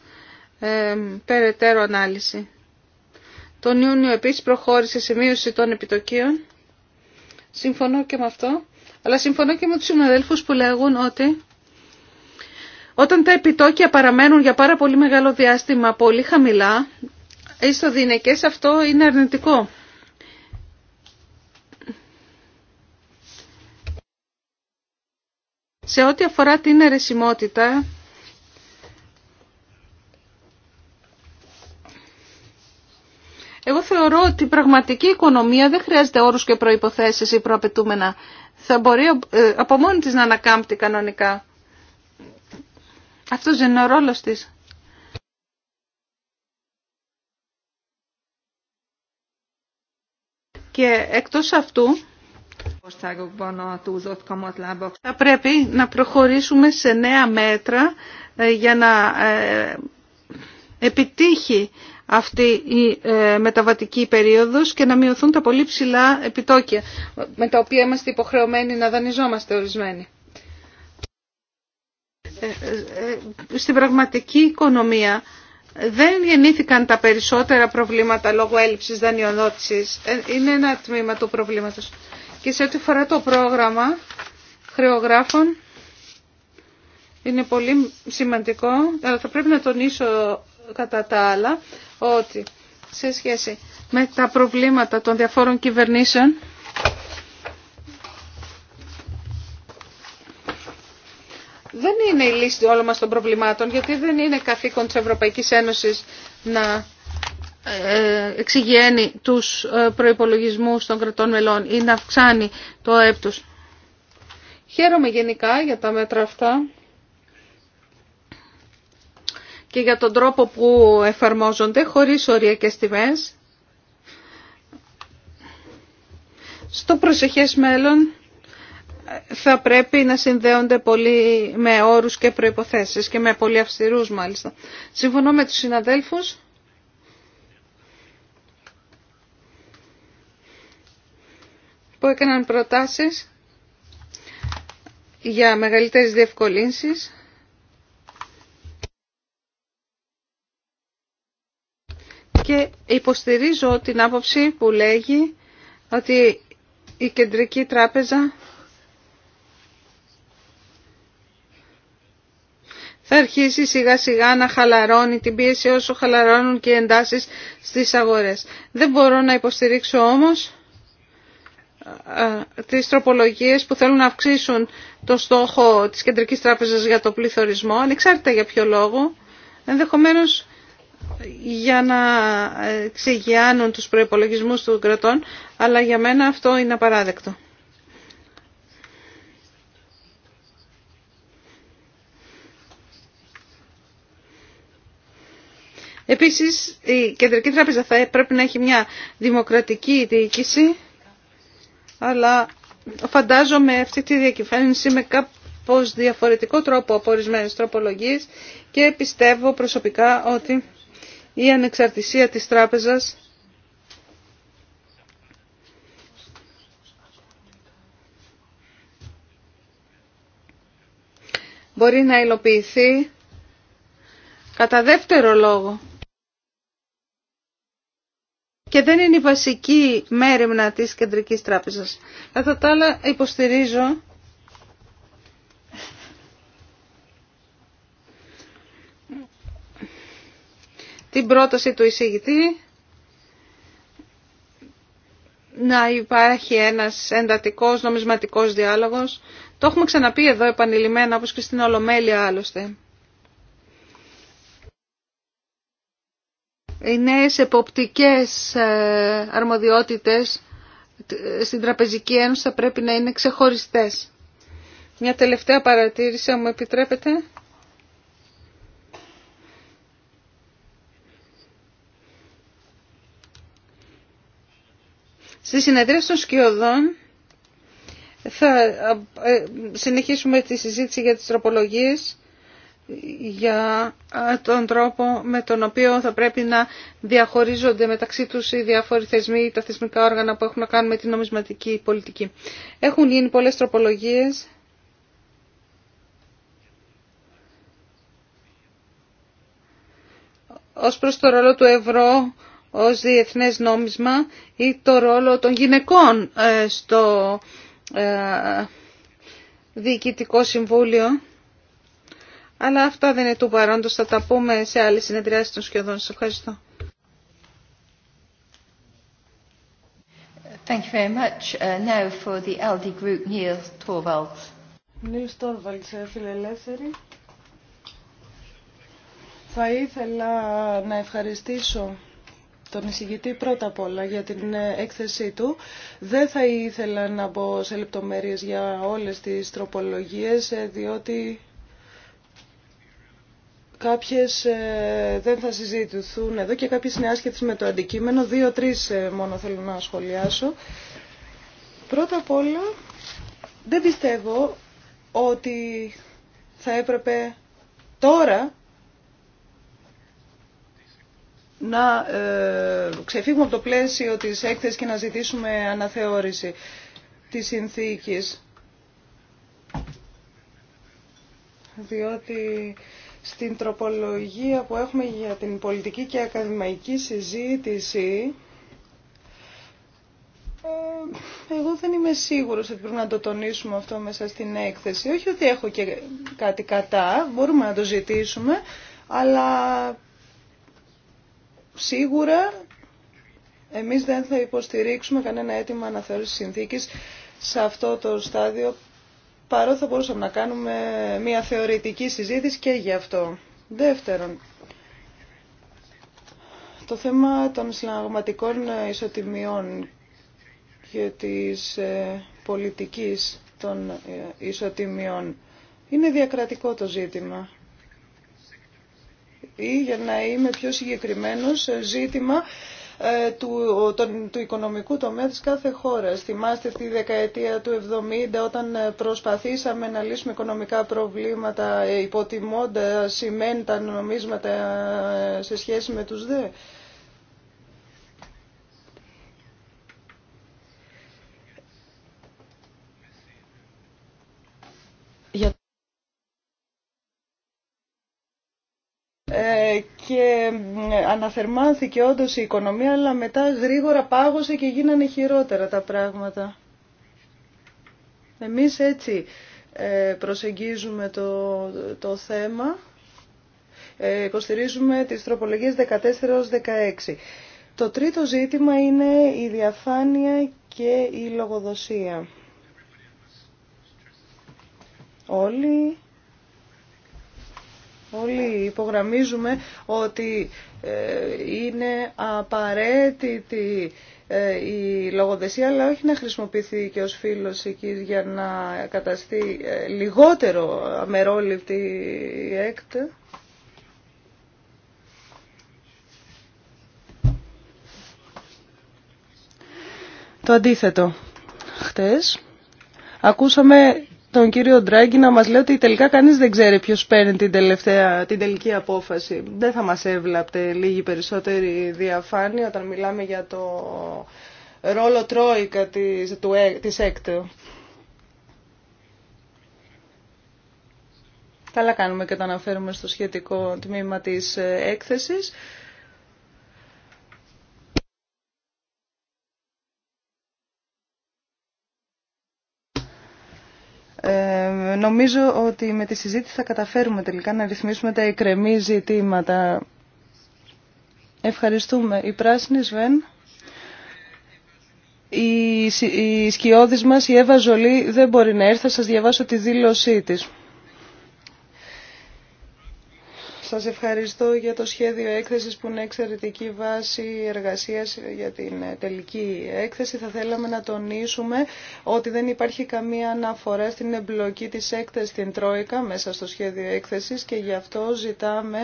ε, περαιτέρω ανάλυση. Τον Ιούνιο επίσης προχώρησε σε μείωση των επιτοκίων. Συμφωνώ και με αυτό. Αλλά συμφωνώ και με τους συναδέλφους που λέγουν ότι όταν τα επιτόκια παραμένουν για πάρα πολύ μεγάλο διάστημα πολύ χαμηλά, στο αυτό είναι αρνητικό. Σε ό,τι αφορά την αιρεσιμότητα, εγώ θεωρώ ότι η πραγματική οικονομία δεν χρειάζεται όρους και προϋποθέσεις ή προαπαιτούμενα θα μπορεί ε, από μόνη της να ανακάμπτει κανονικά. Αυτό δεν είναι ο ρόλος της. Και εκτός αυτού θα πρέπει να προχωρήσουμε σε νέα μέτρα ε, για να ε, επιτύχει αυτή η ε, μεταβατική περίοδος και να μειωθούν τα πολύ ψηλά επιτόκια με τα οποία είμαστε υποχρεωμένοι να δανειζόμαστε ορισμένοι. Ε, ε, στην πραγματική οικονομία δεν γεννήθηκαν τα περισσότερα προβλήματα λόγω έλλειψης δανειοδότησης. Είναι ένα τμήμα του προβλήματος. Και σε ό,τι φορά το πρόγραμμα χρεογράφων είναι πολύ σημαντικό, αλλά θα πρέπει να τονίσω κατά τα άλλα ότι σε σχέση με τα προβλήματα των διαφόρων κυβερνήσεων δεν είναι η λύση όλων μας των προβλημάτων γιατί δεν είναι καθήκον της Ευρωπαϊκής Ένωσης να ε, εξηγένει τους ε, προϋπολογισμούς των κρατών μελών ή να αυξάνει το έπτους. Χαίρομαι γενικά για τα μέτρα αυτά και για τον τρόπο που εφαρμόζονται χωρίς και τιμές. Στο προσεχές μέλλον ε, θα πρέπει να συνδέονται πολύ με όρους και προϋποθέσεις και με πολύ αυστηρούς μάλιστα. Συμφωνώ με τους συναδέλφους. που έκαναν προτάσεις για μεγαλύτερες διευκολύνσεις. Και υποστηρίζω την άποψη που λέγει ότι η Κεντρική Τράπεζα θα αρχίσει σιγά σιγά να χαλαρώνει την πίεση όσο χαλαρώνουν και οι εντάσεις στις αγορές. Δεν μπορώ να υποστηρίξω όμως τις τροπολογίες που θέλουν να αυξήσουν το στόχο της Κεντρικής Τράπεζας για το πληθωρισμό, ανεξάρτητα για ποιο λόγο. Ενδεχομένως για να ξεγειάνουν τους προϋπολογισμούς των κρατών, αλλά για μένα αυτό είναι απαράδεκτο. Επίσης, η Κεντρική Τράπεζα θα πρέπει να έχει μια δημοκρατική διοίκηση, αλλά φαντάζομαι αυτή τη διακυβέρνηση με κάπως διαφορετικό τρόπο από ορισμένες τροπολογίες και πιστεύω προσωπικά ότι η ανεξαρτησία της τράπεζας μπορεί να υλοποιηθεί κατά δεύτερο λόγο. Και δεν είναι η βασική μέρημνα της Κεντρικής Τράπεζας. Κατά τα άλλα υποστηρίζω την πρόταση του εισηγητή να υπάρχει ένας εντατικός νομισματικός διάλογος. Το έχουμε ξαναπεί εδώ επανειλημμένα, όπως και στην Ολομέλεια άλλωστε. Οι νέες εποπτικές ε, αρμοδιότητες ε, στην Τραπεζική Ένωση θα πρέπει να είναι ξεχωριστές. Μια τελευταία παρατήρηση, αν μου επιτρέπετε. Στη συνεδρία των σκιωδών θα ε, ε, συνεχίσουμε τη συζήτηση για τις τροπολογίες για τον τρόπο με τον οποίο θα πρέπει να διαχωρίζονται μεταξύ τους οι διάφοροι θεσμοί ή τα θεσμικά όργανα που έχουν να κάνουν με την νομισματική πολιτική. Έχουν γίνει πολλές τροπολογίες. Ως προς το ρόλο του ευρώ ως διεθνές νόμισμα ή το ρόλο των γυναικών ε, στο ε, Διοικητικό Συμβούλιο. Αλλά αυτά δεν είναι του παρόντος, θα τα πούμε σε άλλη συνεδριάση των σχεδόν. Σας ευχαριστώ. Thank you very much. Uh, LD group, Neil Torvalds. Neil Torvalds, ε, Θα ήθελα να ευχαριστήσω τον εισηγητή πρώτα απ' όλα για την ε, έκθεσή του. Δεν θα ήθελα να μπω σε λεπτομέρειες για όλες τις τροπολογίες, ε, διότι κάποιες ε, δεν θα συζητηθούν εδώ και κάποιες είναι άσχετες με το αντικείμενο. Δύο-τρεις μόνο θέλω να σχολιάσω. Πρώτα απ' όλα, δεν πιστεύω ότι θα έπρεπε τώρα να ε, ξεφύγουμε από το πλαίσιο της έκθεσης και να ζητήσουμε αναθεώρηση της συνθήκης. Διότι στην τροπολογία που έχουμε για την πολιτική και ακαδημαϊκή συζήτηση ε, εγώ δεν είμαι σίγουρος ότι πρέπει να το τονίσουμε αυτό μέσα στην έκθεση. Όχι ότι έχω και κάτι κατά, μπορούμε να το ζητήσουμε, αλλά Σίγουρα εμείς δεν θα υποστηρίξουμε κανένα αίτημα αναθεώρησης συνθήκης σε αυτό το στάδιο, παρότι θα μπορούσαμε να κάνουμε μια θεωρητική συζήτηση και γι' αυτό. Δεύτερον, το θέμα των συλλαγματικών ισοτιμιών και της ε, πολιτικής των ε, ισοτιμιών είναι διακρατικό το ζήτημα ή για να είμαι πιο συγκεκριμένος ε, ζήτημα ε, του, τον, του οικονομικού τομέα της κάθε χώρας. Θυμάστε τη δεκαετία του 70 όταν ε, προσπαθήσαμε να λύσουμε οικονομικά προβλήματα υποτιμώντας σημαίνει τα νομίσματα σε σχέση με τους δε. Ε, και ε, αναθερμάνθηκε όντως η οικονομία αλλά μετά γρήγορα πάγωσε και γίνανε χειρότερα τα πράγματα. Εμείς έτσι ε, προσεγγίζουμε το, το θέμα, ε, υποστηρίζουμε τις τροπολογίες 14-16. Το τρίτο ζήτημα είναι η διαφάνεια και η λογοδοσία. Όλοι Όλοι υπογραμμίζουμε ότι ε, είναι απαραίτητη ε, η λογοδεσία, αλλά όχι να χρησιμοποιηθεί και ως φίλος εκεί για να καταστεί ε, λιγότερο αμερόληπτη η ΕΚΤ. Το αντίθετο. Χτες ακούσαμε τον κύριο Ντράγκη να μας λέει ότι τελικά κανείς δεν ξέρει ποιος παίρνει την, τελευταία, την τελική απόφαση. Δεν θα μας έβλαπτε λίγη περισσότερη διαφάνεια όταν μιλάμε για το ρόλο τρόικα της, του, ε, της Καλά κάνουμε και το αναφέρουμε στο σχετικό τμήμα της ε, έκθεσης. Ε, νομίζω ότι με τη συζήτηση θα καταφέρουμε τελικά να ρυθμίσουμε τα εκρεμή ζητήματα. Ευχαριστούμε. Η πράσινη Σβέν. Η, η σκιώδης μας, η Εύα Ζολή, δεν μπορεί να έρθει. Θα σας διαβάσω τη δήλωσή της. Σας ευχαριστώ για το σχέδιο έκθεσης που είναι εξαιρετική βάση εργασίας για την ε, τελική έκθεση. Θα θέλαμε να τονίσουμε ότι δεν υπάρχει καμία αναφορά στην εμπλοκή της έκθεσης στην Τρόικα μέσα στο σχέδιο έκθεσης και γι' αυτό ζητάμε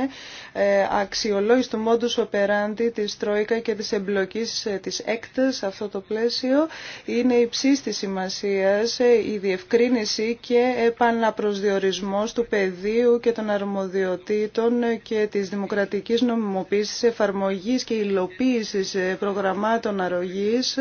ε, αξιολόγηση του μόντους οπεράντη της Τρόικα και της εμπλοκής ε, της έκθεσης σε αυτό το πλαίσιο. Είναι της σημασίας η διευκρίνηση και επαναπροσδιορισμός του πεδίου και των αρμοδιοτήτων και της δημοκρατικής νομιμοποίησης, εφαρμογής και υλοποίησης ε, προγραμμάτων αρρωγής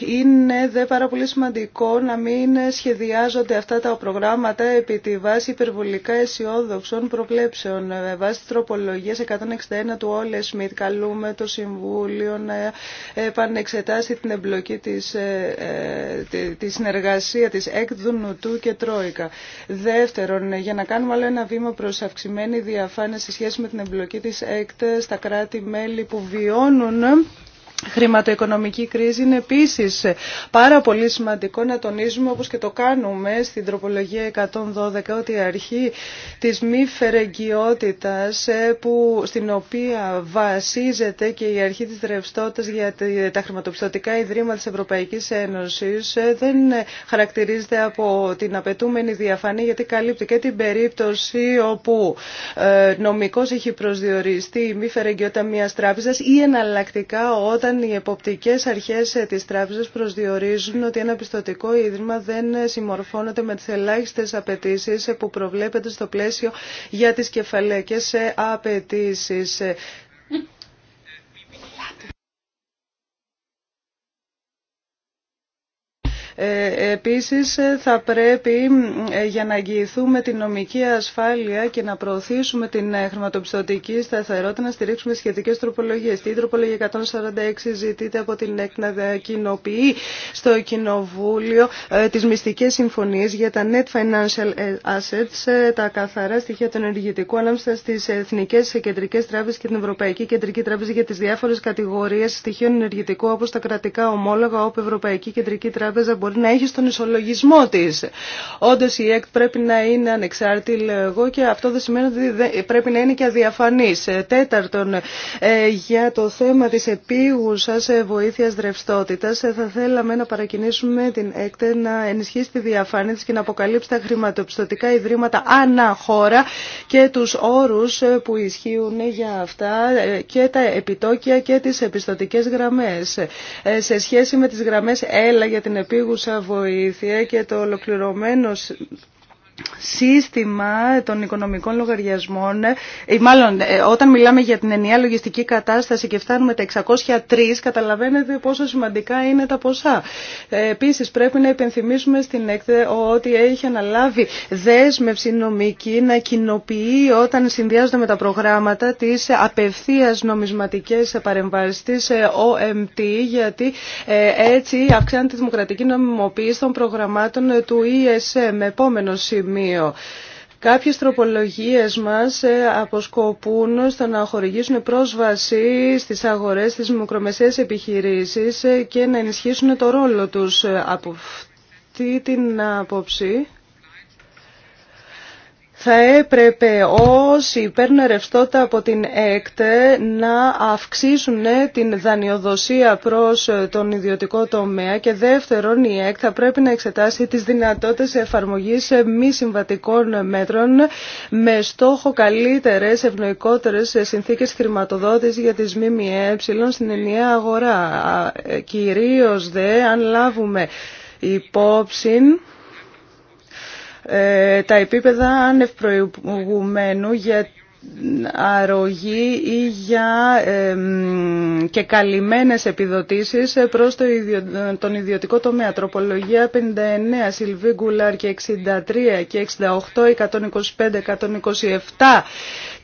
είναι δε πάρα πολύ σημαντικό να μην σχεδιάζονται αυτά τα προγράμματα επί τη βάση υπερβολικά αισιόδοξων προβλέψεων. Ε, βάσει τροπολογία 161 του Όλε Σμιτ καλούμε το Συμβούλιο να επανεξετάσει την εμπλοκή της, ε, ε, τη συνεργασία της του και Τρόικα. Δεύτερον, για να κάνουμε άλλο ένα βήμα προς αυξημένη διαφάνεια σε σχέση με την εμπλοκή της ΕΚΤ στα κράτη-μέλη που βιώνουν χρηματοοικονομική κρίση είναι επίσης πάρα πολύ σημαντικό να τονίζουμε όπως και το κάνουμε στην τροπολογία 112 ότι η αρχή της μη φερεγγιότητας ε, που, στην οποία βασίζεται και η αρχή της ρευστότητα για τα χρηματοπιστωτικά ιδρύματα της Ευρωπαϊκής Ένωσης ε, δεν χαρακτηρίζεται από την απαιτούμενη διαφάνεια γιατί καλύπτει και την περίπτωση όπου ε, νομικός έχει προσδιοριστεί η μη φερεγγιότητα μιας τράπεζας ή εναλλακτικά όταν όταν οι εποπτικές αρχές της τράπεζας προσδιορίζουν ότι ένα πιστοτικό ίδρυμα δεν συμμορφώνεται με τις ελάχιστες απαιτήσεις που προβλέπεται στο πλαίσιο για τις κεφαλαίκες απαιτήσεις. Ε, επίσης θα πρέπει ε, για να αγγιηθούμε την νομική ασφάλεια και να προωθήσουμε την ε, χρηματοπιστωτική σταθερότητα να στηρίξουμε σχετικές τροπολογίες. Την τροπολογία 146 ζητείται από την ΕΚ να κοινοποιεί στο Κοινοβούλιο τις μυστικές συμφωνίες για τα net financial assets, τα καθαρά στοιχεία των ενεργητικού ανάμεσα στις εθνικές κεντρικές τράπεζες και την Ευρωπαϊκή Κεντρική Τράπεζα για τις διάφορες κατηγορίες στοιχείων ενεργητικού όπως τα κρατικά ομόλογα όπου Ευρωπαϊκή Κεντρική Τράπεζα μπορεί να έχει στον ισολογισμό τη. Όντω η ΕΚΤ πρέπει να είναι ανεξάρτητη, λέω εγώ, και αυτό δεν σημαίνει ότι πρέπει να είναι και αδιαφανή. Ε, τέταρτον, ε, για το θέμα τη επίγουσας ε, βοήθεια δρευστότητα, θα θέλαμε να παρακινήσουμε την ΕΚΤ να ενισχύσει τη διαφάνεια τη και να αποκαλύψει τα χρηματοπιστωτικά ιδρύματα ανά χώρα και του όρου που ισχύουν για αυτά και τα επιτόκια και τι επιστοτικές γραμμέ. Σε σχέση με τι γραμμέ, ΕΛΑ για την επίγουσα Σα βοήθεια και το ολοκληρωμένο σύστημα των οικονομικών λογαριασμών, ε, μάλλον ε, όταν μιλάμε για την ενιαία λογιστική κατάσταση και φτάνουμε τα 603, καταλαβαίνετε πόσο σημαντικά είναι τα ποσά. Ε, επίσης πρέπει να υπενθυμίσουμε στην ΕΚΤΕ ότι έχει αναλάβει δέσμευση νομική να κοινοποιεί όταν συνδυάζονται με τα προγράμματα τις απευθείας νομισματικές παρεμβάσεις της OMT, γιατί έτσι αυξάνεται η δημοκρατική νομιμοποίηση των προγραμμάτων του ESM. Επόμενο σήμερα σημείο. Κάποιες τροπολογίες μας ε, αποσκοπούν στο να χορηγήσουν πρόσβαση στις αγορές στις μικρομεσαίες επιχειρήσεις ε, και να ενισχύσουν το ρόλο τους ε, από αυτή την άποψη θα έπρεπε όσοι παίρνουν ρευστότητα από την ΕΚΤ να αυξήσουν ναι, την δανειοδοσία προς ε, τον ιδιωτικό τομέα και δεύτερον η ΕΚΤ θα πρέπει να εξετάσει τις δυνατότητες εφαρμογής ε, μη συμβατικών μέτρων με στόχο καλύτερες, ευνοϊκότερες ε, συνθήκες χρηματοδότησης για τις ΜΜΕ στην ενιαία αγορά. Κυρίως δε αν λάβουμε υπόψη ε, τα επίπεδα ανευπροηγουμένου για αρρωγή ή για και καλυμμένες επιδοτήσεις προς τον ιδιωτικό τομέα. Τροπολογία 59, Σιλβί Γκουλάρ και 63 και 68, 125, 127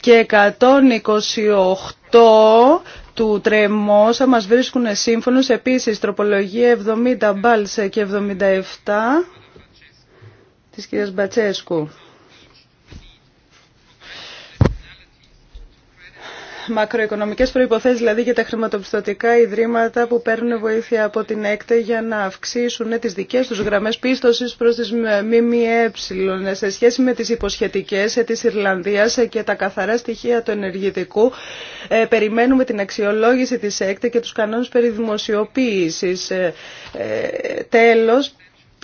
και 128 του Τρεμόσα μας βρίσκουν σύμφωνος. Επίσης, τροπολογία 70, Μπάλσε και 77 της κυρίας Μπατσέσκου. μακροοικονομικές προϋποθέσεις δηλαδή για τα χρηματοπιστωτικά ιδρύματα που παίρνουν βοήθεια από την ΕΚΤΕ για να αυξήσουν τις δικές τους γραμμές πίστοσης προς τις ΜΜΕ σε σχέση με τις υποσχετικές της Ιρλανδίας και τα καθαρά στοιχεία του ενεργητικού. Ε, περιμένουμε την αξιολόγηση της ΕΚΤΕ και τους κανόνες περί δημοσιοποίησης. Ε, ε, τέλος,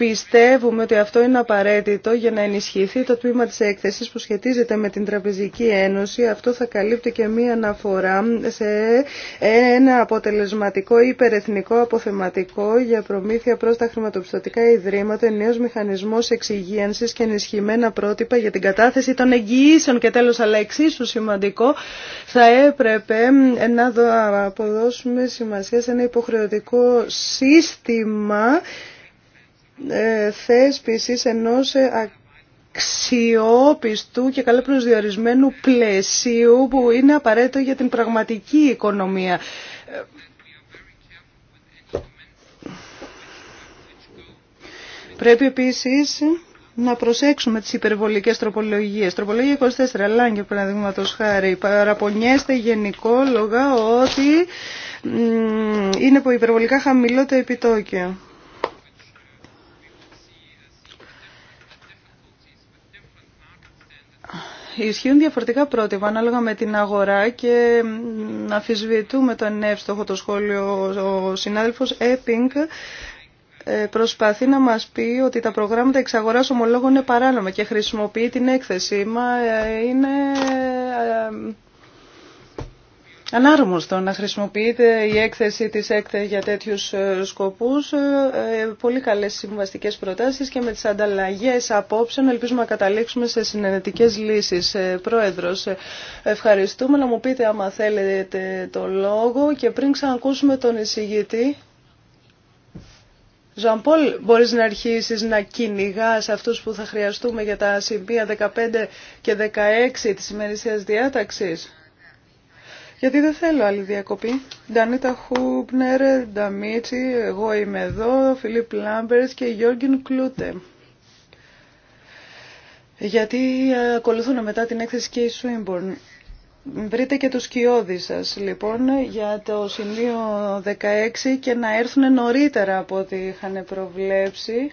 Πιστεύουμε ότι αυτό είναι απαραίτητο για να ενισχυθεί το τμήμα της έκθεσης που σχετίζεται με την Τραπεζική Ένωση. Αυτό θα καλύπτει και μία αναφορά σε ένα αποτελεσματικό υπερεθνικό αποθεματικό για προμήθεια προς τα χρηματοπιστωτικά ιδρύματα, ενίος μηχανισμός εξυγίανσης και ενισχυμένα πρότυπα για την κατάθεση των εγγυήσεων και τέλος αλλά εξίσου σημαντικό θα έπρεπε να αποδώσουμε σημασία σε ένα υποχρεωτικό σύστημα ε, θέσπισης ενός αξιόπιστου και καλά προσδιορισμένου πλαισίου που είναι απαραίτητο για την πραγματική οικονομία. Πρέπει επίσης να προσέξουμε τις υπερβολικές τροπολογίες. Τροπολογία 24, Λάγκερ παραδείγματο χάρη, παραπονιέστε γενικόλογα ότι είναι υπερβολικά χαμηλό το επιτόκιο. ισχύουν διαφορετικά πρότυπα ανάλογα με την αγορά και να αφισβητούμε ΕΕ το ενεύστοχο το σχόλιο ο συνάδελφος Έπινγκ ε, προσπαθεί να μας πει ότι τα προγράμματα εξαγοράς ομολόγων είναι παράνομα και χρησιμοποιεί την έκθεση. Μα ε, είναι ε, ανάρμοστο να χρησιμοποιείται η έκθεση της ΕΚΤΕ για τέτοιους ε, σκοπούς. Ε, ε, πολύ καλές συμβαστικές προτάσεις και με τις ανταλλαγές απόψεων ελπίζουμε να καταλήξουμε σε συνενετικές λύσεις. Πρόεδρος, ευχαριστούμε να μου πείτε άμα θέλετε το λόγο και πριν ξανακούσουμε τον εισηγητή. Πολ, μπορείς να αρχίσεις να κυνηγά αυτούς που θα χρειαστούμε για τα σημεία 15 και 16 της ημερησίας διάταξης. Γιατί δεν θέλω άλλη διακοπή. Ντανίτα Χούπνερ, Νταμίτσι, εγώ είμαι εδώ, Φιλίπ Λάμπερς και Γιώργιν Κλούτε. Γιατί ακολουθούν μετά την έκθεση και η Σουίμπορν. Βρείτε και τους σκιώδη σας λοιπόν για το σημείο 16 και να έρθουν νωρίτερα από ό,τι είχαν προβλέψει.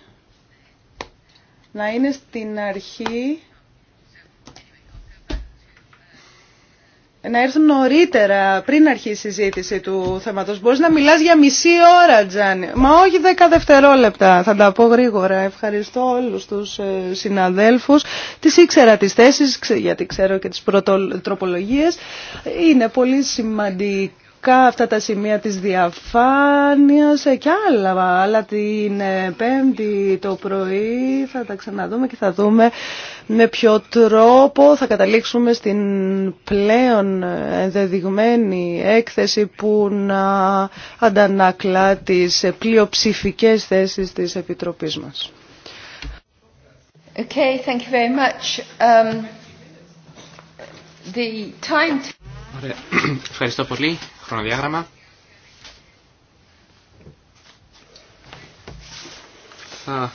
Να είναι στην αρχή να έρθουν νωρίτερα πριν αρχίσει η συζήτηση του θέματος. Μπορείς να μιλάς για μισή ώρα, Τζάνι. Μα όχι δέκα δευτερόλεπτα. Θα τα πω γρήγορα. Ευχαριστώ όλους τους ε, συναδέλφους. Τις ήξερα τις θέσεις, γιατί ξέρω και τις πρωτοτροπολογίες. Είναι πολύ σημαντικό ειδικά αυτά τα σημεία της διαφάνειας ε, και άλλα. Αλλά την ε, Πέμπτη το πρωί θα τα ξαναδούμε και θα δούμε με ποιο τρόπο θα καταλήξουμε στην πλέον ενδεδειγμένη έκθεση που να αντανακλά τις πλειοψηφικές θέσεις της Επιτροπής μας. Okay, thank you very much. Um, the time... Ευχαριστώ πολύ χρονοδιάγραμμα. Θα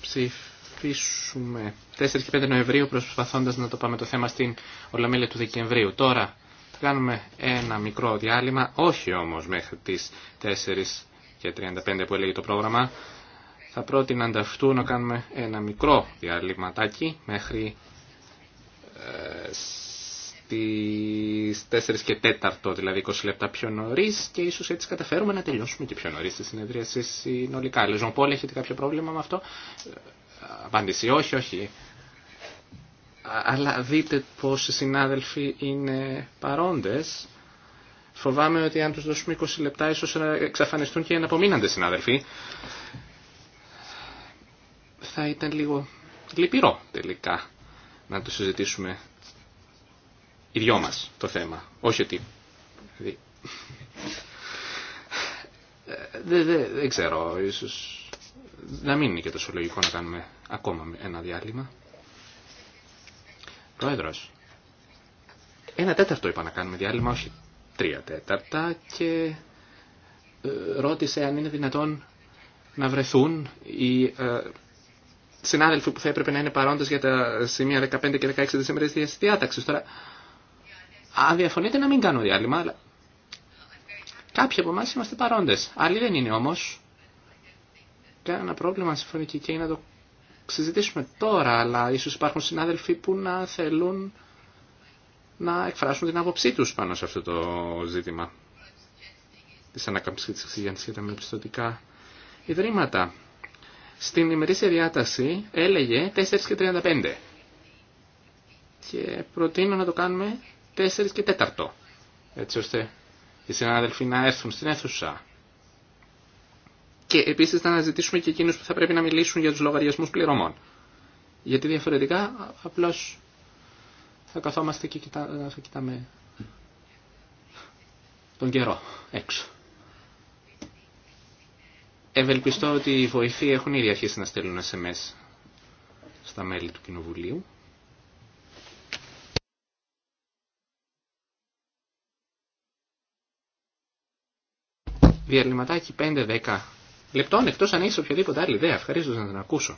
ψηφίσουμε 4 και 5 Νοεμβρίου προσπαθώντας να το πάμε το θέμα στην Ολομέλεια του Δεκεμβρίου. Τώρα θα κάνουμε ένα μικρό διάλειμμα, όχι όμως μέχρι τις 4 και 35 που έλεγε το πρόγραμμα. Θα πρότεινα ανταυτού να κάνουμε ένα μικρό διάλειμματάκι μέχρι ε, στις 4 και 4, δηλαδή 20 λεπτά πιο νωρί και ίσως έτσι καταφέρουμε να τελειώσουμε και πιο νωρί τη συνεδρίαση συνολικά. Λεζον έχετε κάποιο πρόβλημα με αυτό. Απάντηση, όχι, όχι. Αλλά δείτε πόσοι συνάδελφοι είναι παρόντες. Φοβάμαι ότι αν τους δώσουμε 20 λεπτά ίσως να εξαφανιστούν και οι αναπομείναντες συνάδελφοι. Θα ήταν λίγο λυπηρό τελικά να το συζητήσουμε οι δυο μας το θέμα. Όχι ότι... Δεν δηλαδή, δε, δε ξέρω, ίσως να μην είναι και τόσο λογικό να κάνουμε ακόμα ένα διάλειμμα. Πρόεδρος, ένα τέταρτο είπα να κάνουμε διάλειμμα, όχι τρία τέταρτα και ε, ρώτησε αν είναι δυνατόν να βρεθούν οι ε, συνάδελφοι που θα έπρεπε να είναι παρόντες για τα σημεία 15 και 16 της ημέρας διάταξης. Τώρα, αν διαφωνείτε να μην κάνω διάλειμμα, αλλά κάποιοι από εμά είμαστε παρόντε. Άλλοι δεν είναι όμως. ένα πρόβλημα συμφωνική και να το συζητήσουμε τώρα, αλλά ίσω υπάρχουν συνάδελφοι που να θέλουν να εκφράσουν την άποψή του πάνω σε αυτό το ζήτημα ανακάμψη και τη εξηγένσης για τα μειοπιστωτικά ιδρύματα. Στην ημερήσια διάταση έλεγε 4 και 35 και προτείνω να το κάνουμε 4 και Τέταρτο έτσι ώστε οι συνάδελφοι να έρθουν στην αίθουσα. Και επίση να αναζητήσουμε και εκείνου που θα πρέπει να μιλήσουν για του λογαριασμού πληρωμών. Γιατί διαφορετικά απλώ θα καθόμαστε και θα κοιτάμε τον καιρό έξω. Ευελπιστώ ότι οι βοηθοί έχουν ήδη αρχίσει να στέλνουν SMS στα μέλη του Κοινοβουλίου. διαλυματάκι 5-10 λεπτών, εκτό αν έχεις οποιαδήποτε άλλη ιδέα. Ευχαριστώ να την ακούσω.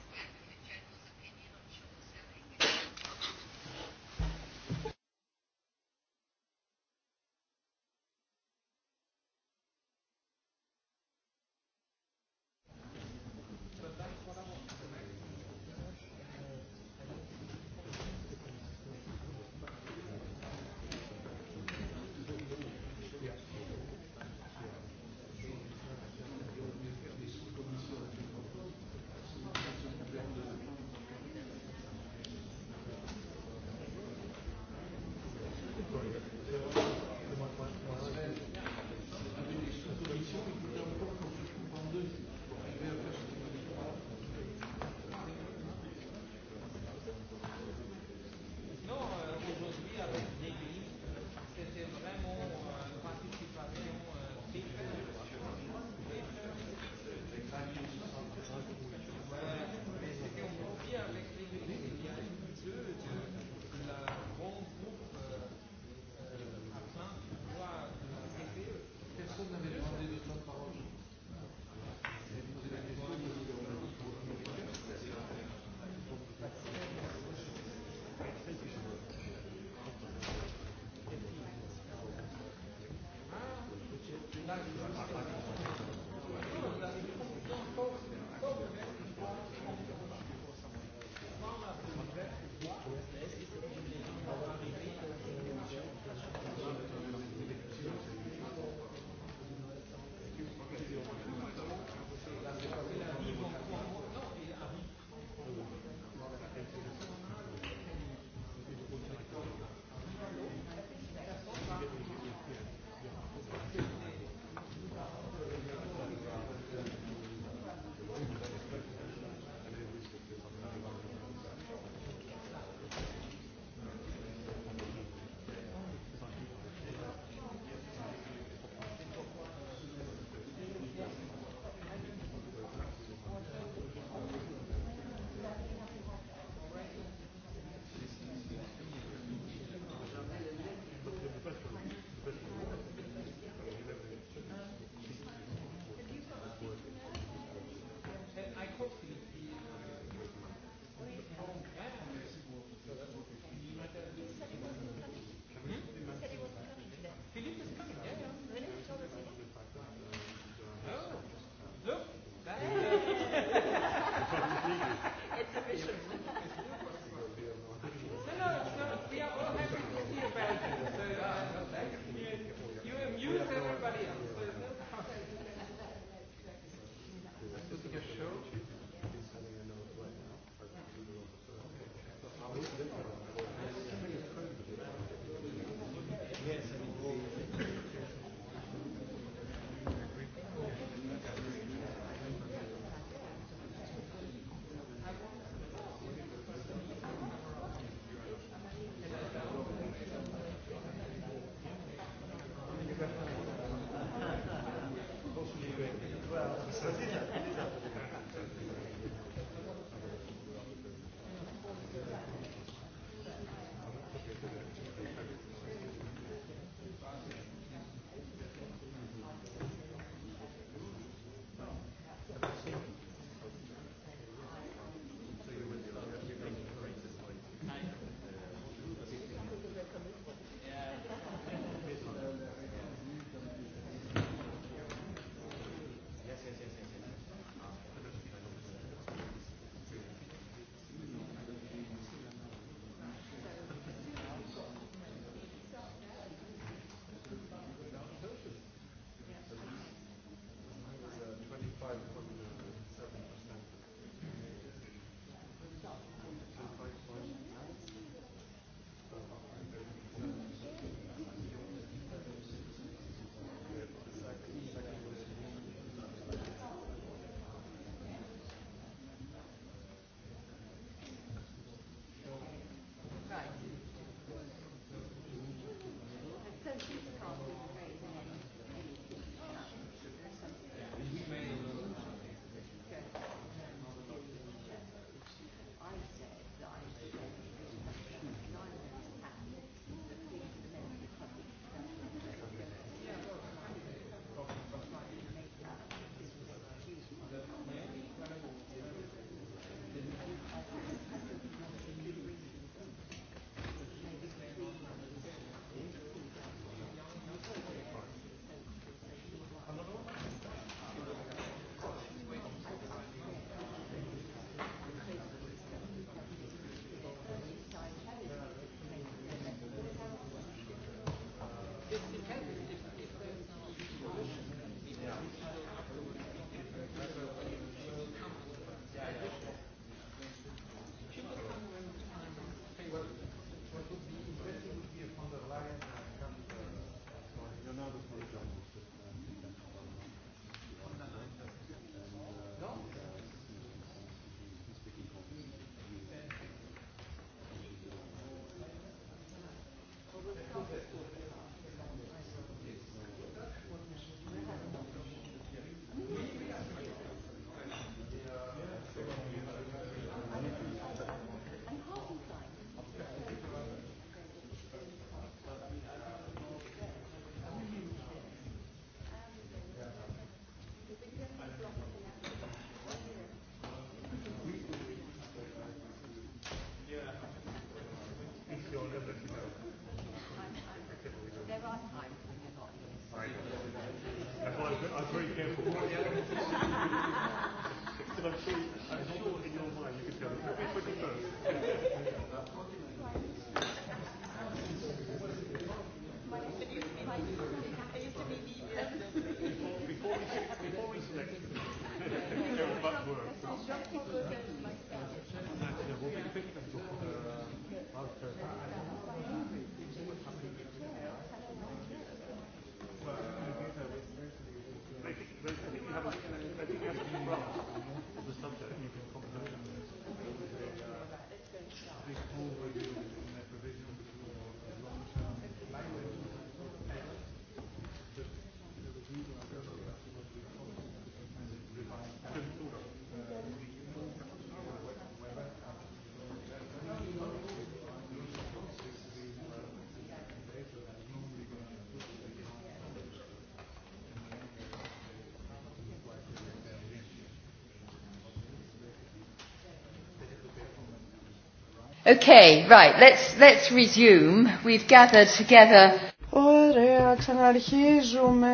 Okay, right, let's, let's resume. We've gathered together. Ωραία, ξαναρχίζουμε.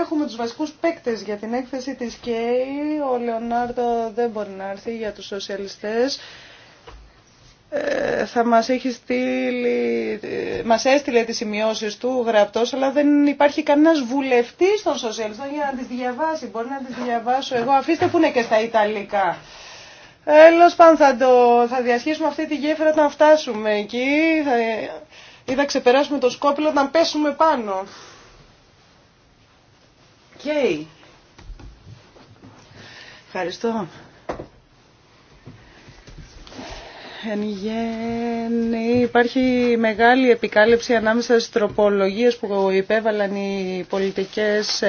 Έχουμε τους βασικούς παίκτες για την έκθεση της ΚΕΙ. Ο Λεωνάρδο δεν μπορεί να έρθει για τους σοσιαλιστές. Ε, θα μας έχει στείλει, ε, μας έστειλε τις σημειώσεις του γραπτός, αλλά δεν υπάρχει κανένας βουλευτής των σοσιαλιστών για να τις διαβάσει. Μπορεί να τις διαβάσω εγώ. Αφήστε που είναι και στα Ιταλικά. Έλο πάντων θα, το, θα διασχίσουμε αυτή τη γέφυρα όταν φτάσουμε εκεί ή θα ξεπεράσουμε το σκόπιλο όταν πέσουμε πάνω. Okay. Ευχαριστώ. Εν γέννη υπάρχει μεγάλη επικάλυψη ανάμεσα στις τροπολογίες που υπέβαλαν οι πολιτικές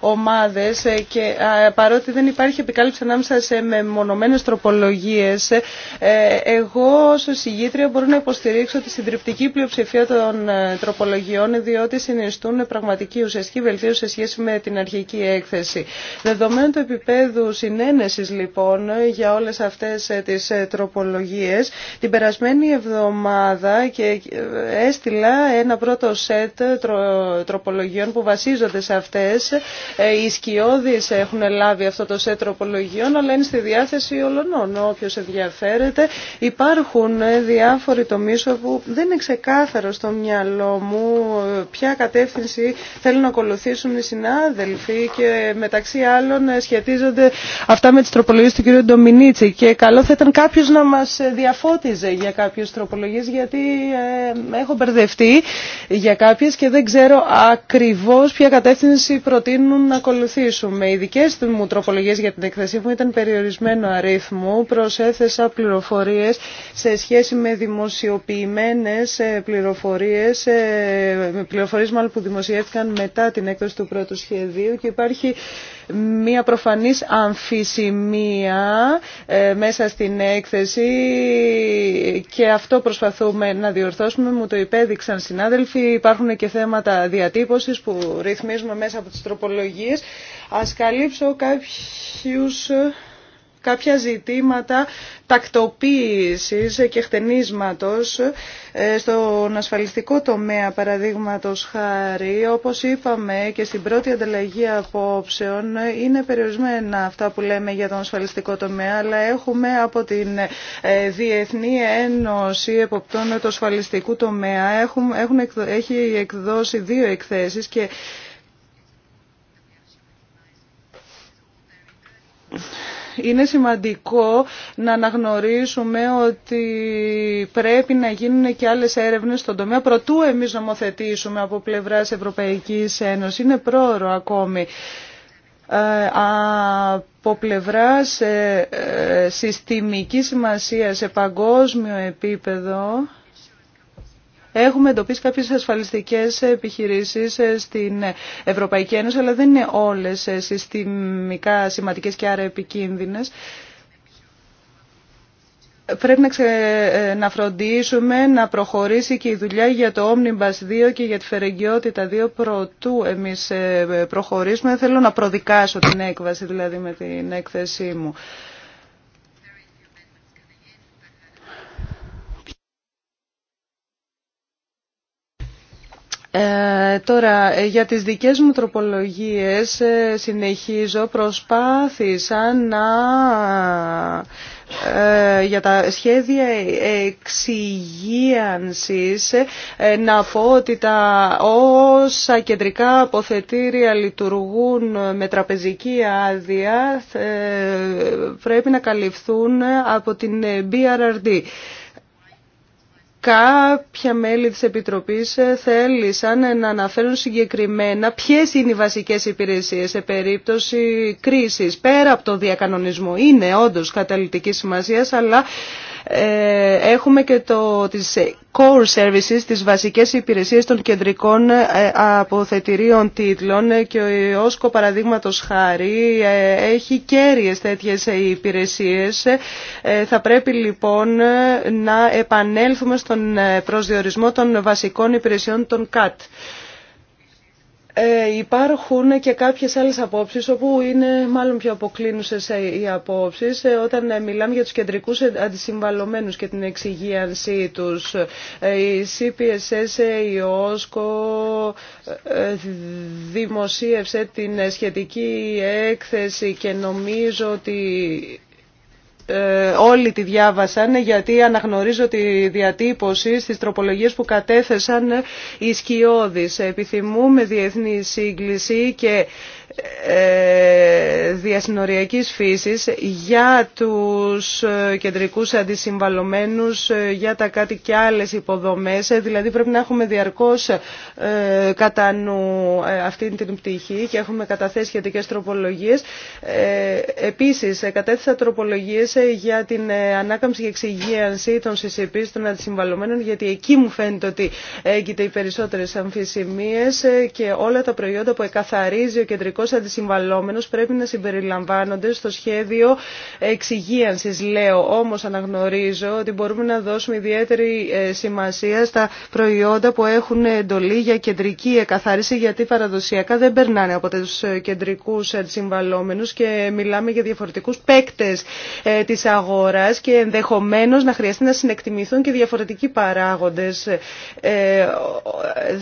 ομάδες και παρότι δεν υπάρχει επικάλυψη ανάμεσα σε μεμονωμένες τροπολογίες ε, εγώ ως συγγήτρια μπορώ να υποστηρίξω τη συντριπτική πλειοψηφία των ε, τροπολογιών διότι συνιστούν πραγματική ουσιαστική βελτίωση σε σχέση με την αρχική έκθεση. Δεδομένου του επίπεδου συνένεσης λοιπόν για όλες αυτές ε, τις τροπολογίες την περασμένη εβδομάδα και έστειλα ένα πρώτο σετ τροπολογιών που βασίζονται σε αυτές. Ε, οι σκιώδεις έχουν λάβει αυτό το σετ τροπολογιών, αλλά είναι στη διάθεση όλων. Όποιος ενδιαφέρεται, υπάρχουν διάφοροι τομείς όπου δεν είναι ξεκάθαρο στο μυαλό μου ε, ποια κατεύθυνση θέλουν να ακολουθήσουν οι συνάδελφοι και μεταξύ άλλων σχετίζονται αυτά με τις τροπολογίες του κ. Ντομινίτση και καλό θα ήταν κάποιος να μας διαφέρει φώτιζε για κάποιες τροπολογίες γιατί ε, έχω μπερδευτεί για κάποιες και δεν ξέρω ακριβώς ποια κατεύθυνση προτείνουν να ακολουθήσουμε. Οι δικές μου τροπολογίες για την εκθεσή μου ήταν περιορισμένο αριθμό. Προσέθεσα πληροφορίες σε σχέση με δημοσιοποιημένες ε, πληροφορίες, ε, πληροφορίες μάλλον που δημοσιεύτηκαν μετά την έκδοση του πρώτου σχεδίου και υπάρχει μία προφανής αμφισημία ε, μέσα στην έκθεση και αυτό προσπαθούμε να διορθώσουμε. Μου το υπέδειξαν συνάδελφοι. Υπάρχουν και θέματα διατύπωσης που ρυθμίζουμε μέσα από τις τροπολογίες. Ας καλύψω κάποιους κάποια ζητήματα τακτοποίησης και χτενίσματος ε, στον ασφαλιστικό τομέα παραδείγματος χάρη. Όπως είπαμε και στην πρώτη ανταλλαγή απόψεων είναι περιορισμένα αυτά που λέμε για τον ασφαλιστικό τομέα αλλά έχουμε από την ε, Διεθνή Ένωση Εποπτών του Ασφαλιστικού Τομέα έχουν, έχουν, έχει εκδώσει δύο εκθέσεις και είναι σημαντικό να αναγνωρίσουμε ότι πρέπει να γίνουν και άλλες έρευνες στον τομέα προτού εμείς νομοθετήσουμε από πλευράς Ευρωπαϊκής Ένωσης. Είναι πρόωρο ακόμη ε, από πλευράς ε, ε, συστημικής σημασίας σε παγκόσμιο επίπεδο Έχουμε εντοπίσει κάποιες ασφαλιστικές επιχειρήσεις ε, στην Ευρωπαϊκή Ένωση, αλλά δεν είναι όλες ε, συστημικά σημαντικέ και άρα επικίνδυνε. πρέπει να, ε, να φροντίσουμε να προχωρήσει και η δουλειά για το Omnibus 2 και για τη Φερεγγιότητα 2 πρωτού εμείς προχωρήσουμε. Θέλω να προδικάσω την έκβαση δηλαδή με την έκθεσή μου. Ε, τώρα, για τις δικές μου τροπολογίες ε, συνεχίζω, προσπάθησα να ε, για τα σχέδια εξυγίανσης ε, να πω ότι τα όσα κεντρικά αποθετήρια λειτουργούν με τραπεζική άδεια πρέπει να καλυφθούν από την BRRD κάποια μέλη της Επιτροπής ε, θέλησαν ε, να αναφέρουν συγκεκριμένα ποιες είναι οι βασικές υπηρεσίες σε περίπτωση κρίσης. Πέρα από το διακανονισμό είναι όντως καταλητική σημασία, αλλά ε, έχουμε και το, τις core services, τις βασικές υπηρεσίες των κεντρικών ε, αποθετηρίων τίτλων και ο ΟΣΚΟ παραδείγματος χάρη ε, έχει κέρυες τέτοιες υπηρεσίες. Θα πρέπει λοιπόν να επανέλθουμε στον προσδιορισμό των βασικών υπηρεσιών των ΚΑΤ. Ε, υπάρχουν και κάποιες άλλες απόψεις όπου είναι μάλλον πιο αποκλίνουσες ε, οι απόψεις ε, όταν μιλάμε για τους κεντρικούς αντισυμβαλωμένους και την εξυγίανσή τους. η CPSS, η ΟΣΚΟ δημοσίευσε την σχετική έκθεση και νομίζω ότι ε, όλοι τη διάβασαν γιατί αναγνωρίζω τη διατύπωση στις τροπολογίες που κατέθεσαν οι σκιώδεις. Επιθυμούμε διεθνή σύγκληση και ε, διασυνοριακής φύσης για τους ε, κεντρικούς αντισυμβαλωμένους, ε, για τα κάτι και άλλες υποδομές. Δηλαδή πρέπει να έχουμε διαρκώς κατά νου αυτή την πτυχή και έχουμε καταθέσει σχετικέ τροπολογίες. Επίσης, κατέθεσα τροπολογίες για την ανάκαμψη και εξυγίανση των CCP των αντισυμβαλωμένων, γιατί εκεί μου φαίνεται ότι έγκυται οι περισσότερες αμφισημίες και όλα τα προϊόντα που εκαθαρίζει ο κεντρικό ενός πρέπει να συμπεριλαμβάνονται στο σχέδιο εξυγίανσης, λέω. Όμως αναγνωρίζω ότι μπορούμε να δώσουμε ιδιαίτερη ε, σημασία στα προϊόντα που έχουν εντολή για κεντρική εκαθάριση, γιατί παραδοσιακά δεν περνάνε από τους κεντρικούς αντισυμβαλόμενους και μιλάμε για διαφορετικούς παίκτες ε, της αγοράς και ενδεχομένως να χρειαστεί να συνεκτιμηθούν και διαφορετικοί παράγοντες. Ε,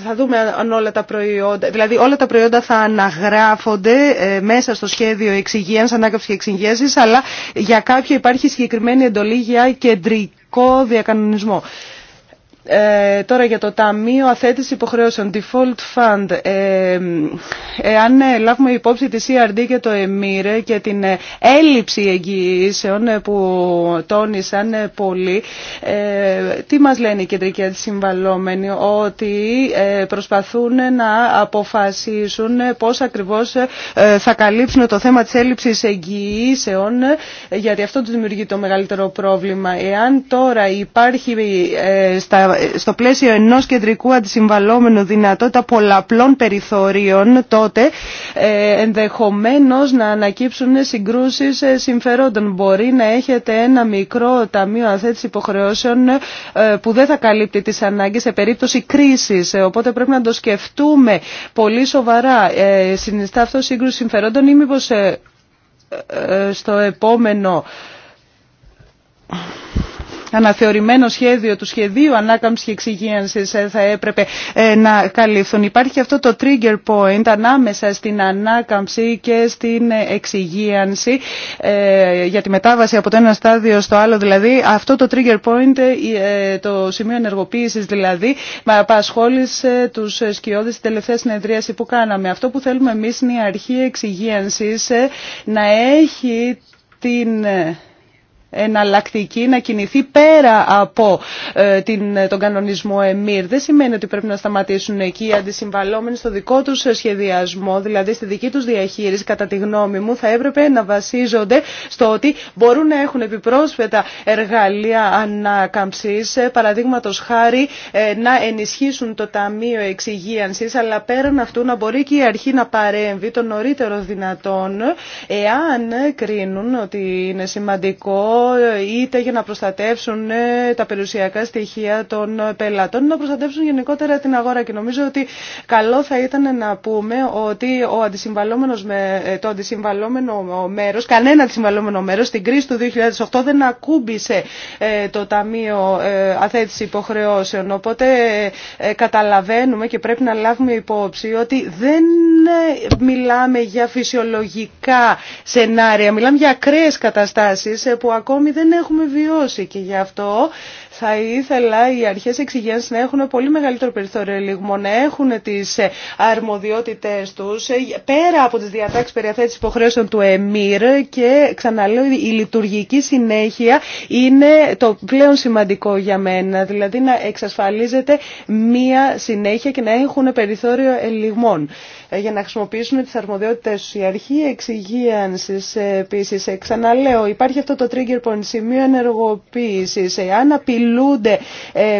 θα δούμε αν όλα τα προϊόντα, δηλαδή όλα τα προϊόντα θα αναγράφονται ε, μέσα στο σχέδιο εξυγείας, ανάκαμψης και εξυγείας, αλλά για κάποια υπάρχει συγκεκριμένη εντολή για κεντρικό διακανονισμό. Ε, τώρα για το Ταμείο Αθέτηση Υποχρεώσεων, Default Fund, ε, εάν ε, λάβουμε υπόψη τη CRD και το ΕΜΙΡΕ και την ε, έλλειψη εγγυήσεων που τόνισαν πολλοί, ε, τι μας λένε οι κεντρικοί αντισυμβαλόμενοι, ότι προσπαθούν να αποφασίσουν πώς ακριβώς θα καλύψουν το θέμα της έλλειψης εγγυήσεων, γιατί αυτό τους δημιουργεί το μεγαλύτερο πρόβλημα. Εάν τώρα υπάρχει στα στο πλαίσιο ενός κεντρικού αντισυμβαλόμενου δυνατότητα πολλαπλών περιθωρίων τότε ε, ενδεχομένως να ανακύψουν συγκρούσεις ε, συμφερόντων. Μπορεί να έχετε ένα μικρό ταμείο αθέτηση υποχρεώσεων ε, που δεν θα καλύπτει τις ανάγκες σε περίπτωση κρίσης. Οπότε πρέπει να το σκεφτούμε πολύ σοβαρά. Συνιστά αυτό σύγκρουση συμφερόντων ή μήπως στο επόμενο αναθεωρημένο σχέδιο του σχεδίου ανάκαμψης και εξυγίανση ε, θα έπρεπε ε, να καλύφθουν. Υπάρχει αυτό το trigger point ανάμεσα στην ανάκαμψη και στην εξυγίανση ε, για τη μετάβαση από το ένα στάδιο στο άλλο. Δηλαδή αυτό το trigger point, το σημείο ενεργοποίησης δηλαδή, απασχόλησε τους σκιώδες στην τελευταία συνεδρίαση που κάναμε. Αυτό που θέλουμε εμεί είναι η αρχή εξυγίανση να έχει την εναλλακτική να κινηθεί πέρα από ε, τον κανονισμό ΕΜΙΡ. Δεν σημαίνει ότι πρέπει να σταματήσουν εκεί οι αντισυμβαλόμενοι στο δικό τους σχεδιασμό, δηλαδή στη δική τους διαχείριση, κατά τη γνώμη μου, θα έπρεπε να βασίζονται στο ότι μπορούν να έχουν επιπρόσθετα εργαλεία ανάκαμψης, ε, παραδείγματο χάρη ε, να ενισχύσουν το Ταμείο Εξυγίανσης, αλλά πέραν αυτού να μπορεί και η αρχή να παρέμβει το νωρίτερο δυνατόν, εάν κρίνουν ότι είναι σημαντικό είτε για να προστατεύσουν ε, τα περιουσιακά στοιχεία των πελατών, να προστατεύσουν γενικότερα την αγορά. Και νομίζω ότι καλό θα ήταν να πούμε ότι ο αντισυμβαλόμενος με, ε, το αντισυμβαλόμενο μέρος, κανένα αντισυμβαλόμενο μέρος στην κρίση του 2008 δεν ακούμπησε ε, το Ταμείο Αθέτηση Υποχρεώσεων. Οπότε καταλαβαίνουμε και πρέπει να λάβουμε υπόψη ότι δεν μιλάμε για φυσιολογικά σενάρια, μιλάμε για ακραίε καταστάσεις που ακόμα ακόμη δεν έχουμε βιώσει και γι' αυτό θα ήθελα οι αρχές εξηγένσης να έχουν πολύ μεγαλύτερο περιθώριο ελιγμών να έχουν τις ε, αρμοδιότητες τους ε, πέρα από τις διατάξεις περιαθέτησης υποχρέωσεων του ΕΜΙΡ και ξαναλέω η λειτουργική συνέχεια είναι το πλέον σημαντικό για μένα, δηλαδή να εξασφαλίζεται μία συνέχεια και να έχουν περιθώριο ελιγμών. Ε, για να χρησιμοποιήσουν τις αρμοδιότητες. Η αρχή εξυγίανσης ε, επίσης, ε, ξαναλέω, υπάρχει αυτό το trigger point, σημείο ενεργοποίησης. Εάν απειλούνται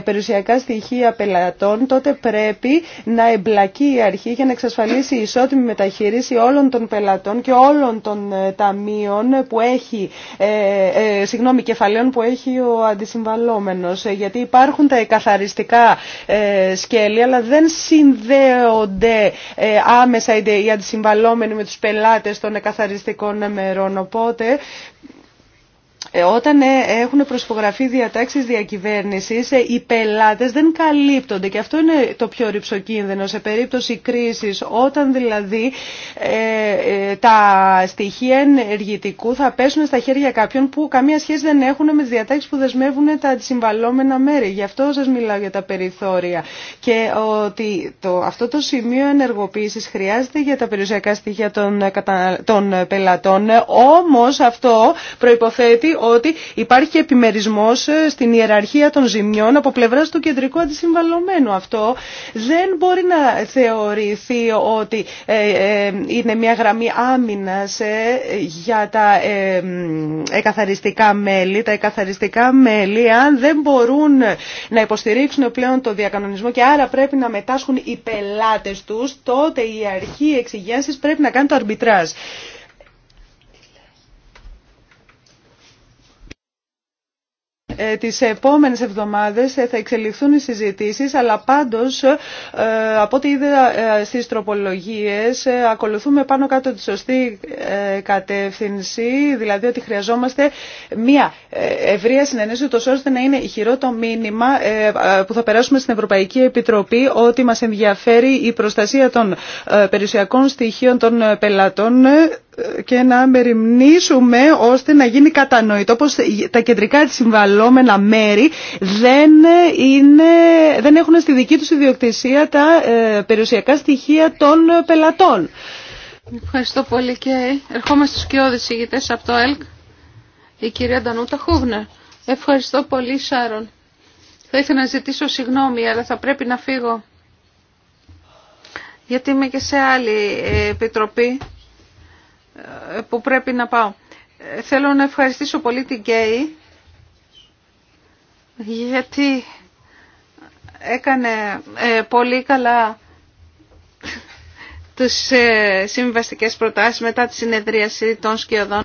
περιουσιακά στοιχεία πελατών, τότε πρέπει να εμπλακεί η αρχή για να εξασφαλίσει η ισότιμη μεταχείριση όλων των πελατών και όλων των ταμείων που έχει, συγγνώμη, κεφαλαίων που έχει ο αντισυμβαλόμενος. Γιατί υπάρχουν τα εκαθαριστικά σκέλη, αλλά δεν συνδέονται ε, άμεσα οι αντισυμβαλόμενοι με τους πελάτες των εκαθαριστικών μερών. Οπότε ε, όταν ε, έχουν προσφογραφεί διατάξεις διακυβέρνηση, ε, οι πελάτε δεν καλύπτονται και αυτό είναι το πιο ρηψοκίνδυνο σε περίπτωση κρίση, όταν δηλαδή τα στοιχεία ενεργητικού θα πέσουν στα χέρια κάποιων που καμία σχέση δεν έχουν με τι διατάξει που δεσμεύουν τα αντισυμβαλώμενα μέρη. Γι' αυτό σα μιλάω για τα περιθώρια. Και ότι το, αυτό το σημείο ενεργοποίησης χρειάζεται για τα περιουσιακά στοιχεία των, των πελατών. Όμως αυτό προποθέτει ότι υπάρχει επιμερισμός ε, στην ιεραρχία των ζημιών από πλευράς του κεντρικού αντισυμβαλλομένου. Αυτό δεν μπορεί να θεωρηθεί ότι ε, ε, είναι μια γραμμή άμυνας για τα εκαθαριστικά μέλη. Τα εκαθαριστικά μέλη, αν δεν μπορούν να υποστηρίξουν πλέον το διακανονισμό και άρα πρέπει να μετάσχουν οι πελάτες τους, τότε η αρχή εξηγένσης πρέπει να κάνει το αρμπιτράζ. Ε, τις επόμενες εβδομάδες ε, θα εξελιχθούν οι συζητήσεις, αλλά πάντως ε, από ό,τι είδα στις τροπολογίες ακολουθούμε πάνω κάτω τη σωστή κατεύθυνση, δηλαδή ότι χρειαζόμαστε μια ευρεία συνενέση τόσο ώστε να είναι ηχηρό το μήνυμα που θα περάσουμε στην Ευρωπαϊκή Επιτροπή ότι μας ενδιαφέρει η προστασία των περιουσιακών στοιχείων των πελατών και να μεριμνήσουμε ώστε να γίνει κατανοητό πως τα κεντρικά συμβαλόμενα μέρη δεν, είναι, δεν έχουν στη δική τους ιδιοκτησία τα ε, περιουσιακά στοιχεία των πελατών. Ευχαριστώ πολύ και ερχόμαστε στους κοιόδης ηγητές από το ΕΛΚ, η κυρία Ντανούτα Χούβνερ. Ευχαριστώ πολύ Σάρον. Θα ήθελα να ζητήσω συγγνώμη αλλά θα πρέπει να φύγω γιατί είμαι και σε άλλη ε, επιτροπή ε, που πρέπει να πάω. Ε, θέλω να ευχαριστήσω πολύ την Κέι, γιατί έκανε ε, πολύ καλά τους συμβαστικές προτάσεις μετά τη συνεδρίαση των σκιωδών.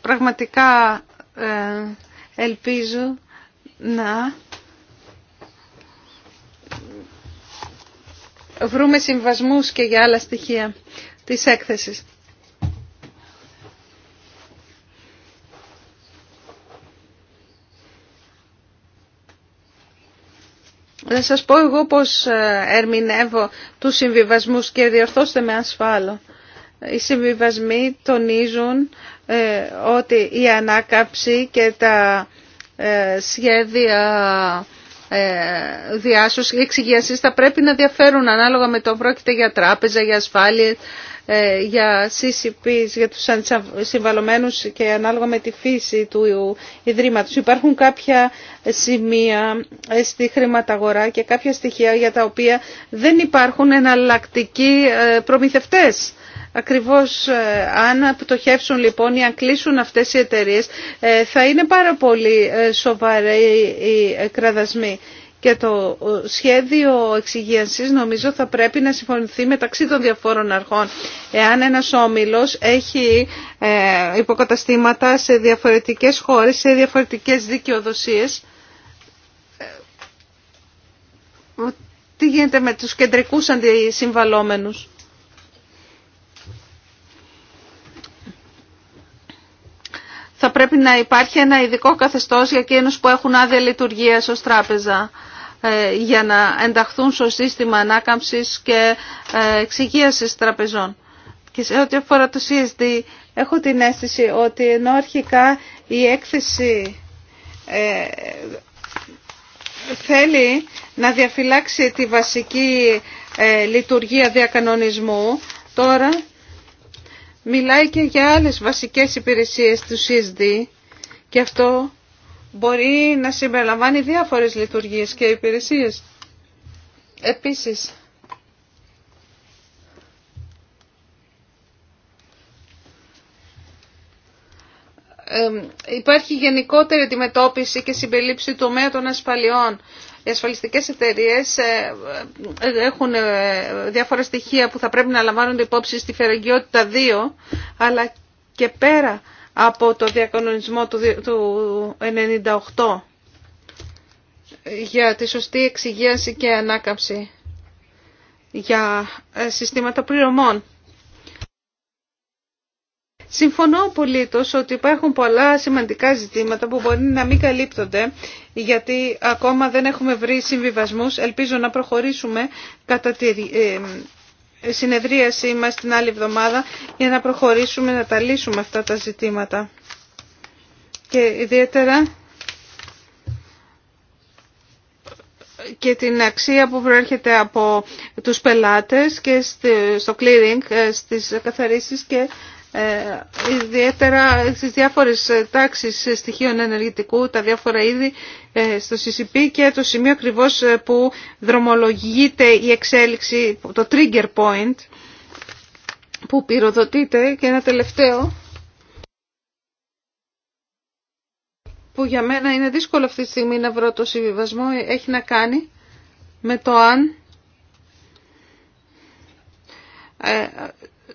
Πραγματικά ελπίζω να βρούμε συμβασμούς και για άλλα στοιχεία της έκθεσης. Θα σας πω εγώ πώς ε, ερμηνεύω τους συμβιβασμούς και διορθώστε με ασφάλω. Οι συμβιβασμοί τονίζουν ε, ότι η ανάκαψη και τα ε, σχέδια ε, διάσωση ή εξυγίαση θα πρέπει να διαφέρουν ανάλογα με το πρόκειται για τράπεζα, για ασφάλεια, ε, για CCP, για τους συμβαλωμένους και ανάλογα με τη φύση του Ιδρύματος. Υπάρχουν κάποια σημεία ε, στη χρηματαγορά και κάποια στοιχεία για τα οποία δεν υπάρχουν εναλλακτικοί προμηθευτές. Ακριβώς ε, αν πτωχεύσουν λοιπόν ή αν κλείσουν αυτές οι εταιρείες ε, θα είναι πάρα πολύ ε, σοβαροί οι κραδασμοί. Και το σχέδιο εξυγίανσης νομίζω θα πρέπει να συμφωνηθεί μεταξύ των διαφόρων αρχών. Εάν ένας όμιλος έχει υποκαταστήματα σε διαφορετικές χώρες, σε διαφορετικές δικαιοδοσίες, τι γίνεται με τους κεντρικούς αντισυμβαλόμενους. πρέπει να υπάρχει ένα ειδικό καθεστώς για εκείνους που έχουν άδεια λειτουργία ως τράπεζα ε, για να ενταχθούν στο σύστημα ανάκαμψης και ε, εξυγίασης τραπεζών. Και σε ό,τι αφορά το CSD, έχω την αίσθηση ότι ενώ αρχικά η έκθεση ε, θέλει να διαφυλάξει τη βασική λειτουργία διακανονισμού, τώρα μιλάει και για άλλες βασικές υπηρεσίες του CSD και αυτό μπορεί να συμπεριλαμβάνει διάφορες λειτουργίες και υπηρεσίες. Επίσης, υπάρχει γενικότερη αντιμετώπιση και συμπερίληψη του τομέα των ασφαλιών οι ασφαλιστικές εταιρείες ε, ε, έχουν ε, διάφορα στοιχεία που θα πρέπει να λαμβάνονται υπόψη στη φεραγγιότητα 2, αλλά και πέρα από το διακανονισμό του 98 για τη σωστή εξυγίαση και ανάκαμψη για συστήματα πληρωμών. Συμφωνώ απολύτως ότι υπάρχουν πολλά σημαντικά ζητήματα που μπορεί να μην καλύπτονται γιατί ακόμα δεν έχουμε βρει συμβιβασμούς. Ελπίζω να προχωρήσουμε κατά τη ε, συνεδρίασή μας την άλλη εβδομάδα για να προχωρήσουμε να τα λύσουμε αυτά τα ζητήματα. Και ιδιαίτερα και την αξία που προέρχεται από τους πελάτες και στο clearing, ε, στις καθαρίσεις και ε, ιδιαίτερα στις διάφορες ε, τάξεις ε, στοιχείων ενεργητικού, τα διάφορα είδη στο CCP και το σημείο ακριβώ που δρομολογείται η εξέλιξη, το trigger point που πυροδοτείται και ένα τελευταίο που για μένα είναι δύσκολο αυτή τη στιγμή να βρω το συμβιβασμό έχει να κάνει με το αν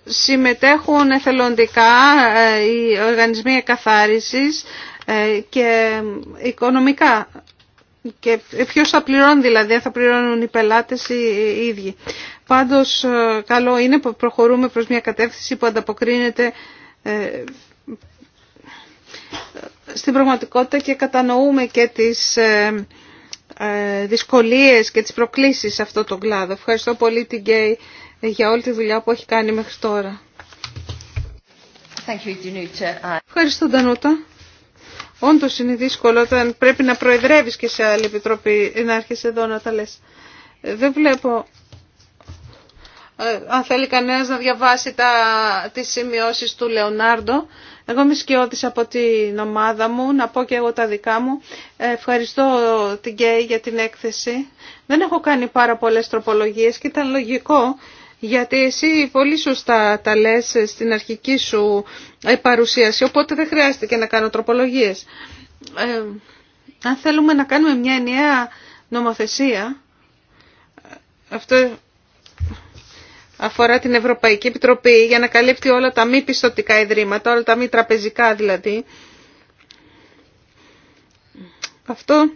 συμμετέχουν εθελοντικά ε, οι οργανισμοί εκαθάρισης ε, και οικονομικά. Και ποιος θα πληρώνει δηλαδή, θα πληρώνουν οι πελάτες ή οι ίδιοι. Πάντως ε, καλό είναι που προχωρούμε προς μια κατεύθυνση που ανταποκρίνεται στην πραγματικότητα και κατανοούμε και τις δυσκολίες και τις προκλήσεις σε αυτό το κλάδο. Ευχαριστώ πολύ την για όλη τη δουλειά που έχει κάνει μέχρι τώρα. Thank you, Ευχαριστώ, Ντανούτα. Όντω είναι δύσκολο όταν πρέπει να προεδρεύει και σε άλλη επιτροπή να έρχεσαι εδώ να τα λες. Ε, δεν βλέπω ε, αν θέλει κανένα να διαβάσει τα, τις σημειώσεις του Λεωνάρντο. Εγώ είμαι σκιώτης από την ομάδα μου, να πω και εγώ τα δικά μου. Ε, ευχαριστώ την Κέι για την έκθεση. Δεν έχω κάνει πάρα πολλέ τροπολογίε και ήταν λογικό γιατί εσύ πολύ σωστά τα λες στην αρχική σου ε, παρουσίαση, οπότε δεν χρειάστηκε να κάνω τροπολογίες. Ε, αν θέλουμε να κάνουμε μια ενιαία νομοθεσία, αυτό αφορά την Ευρωπαϊκή Επιτροπή για να καλύπτει όλα τα μη πιστοτικά ιδρύματα, όλα τα μη τραπεζικά δηλαδή. Αυτό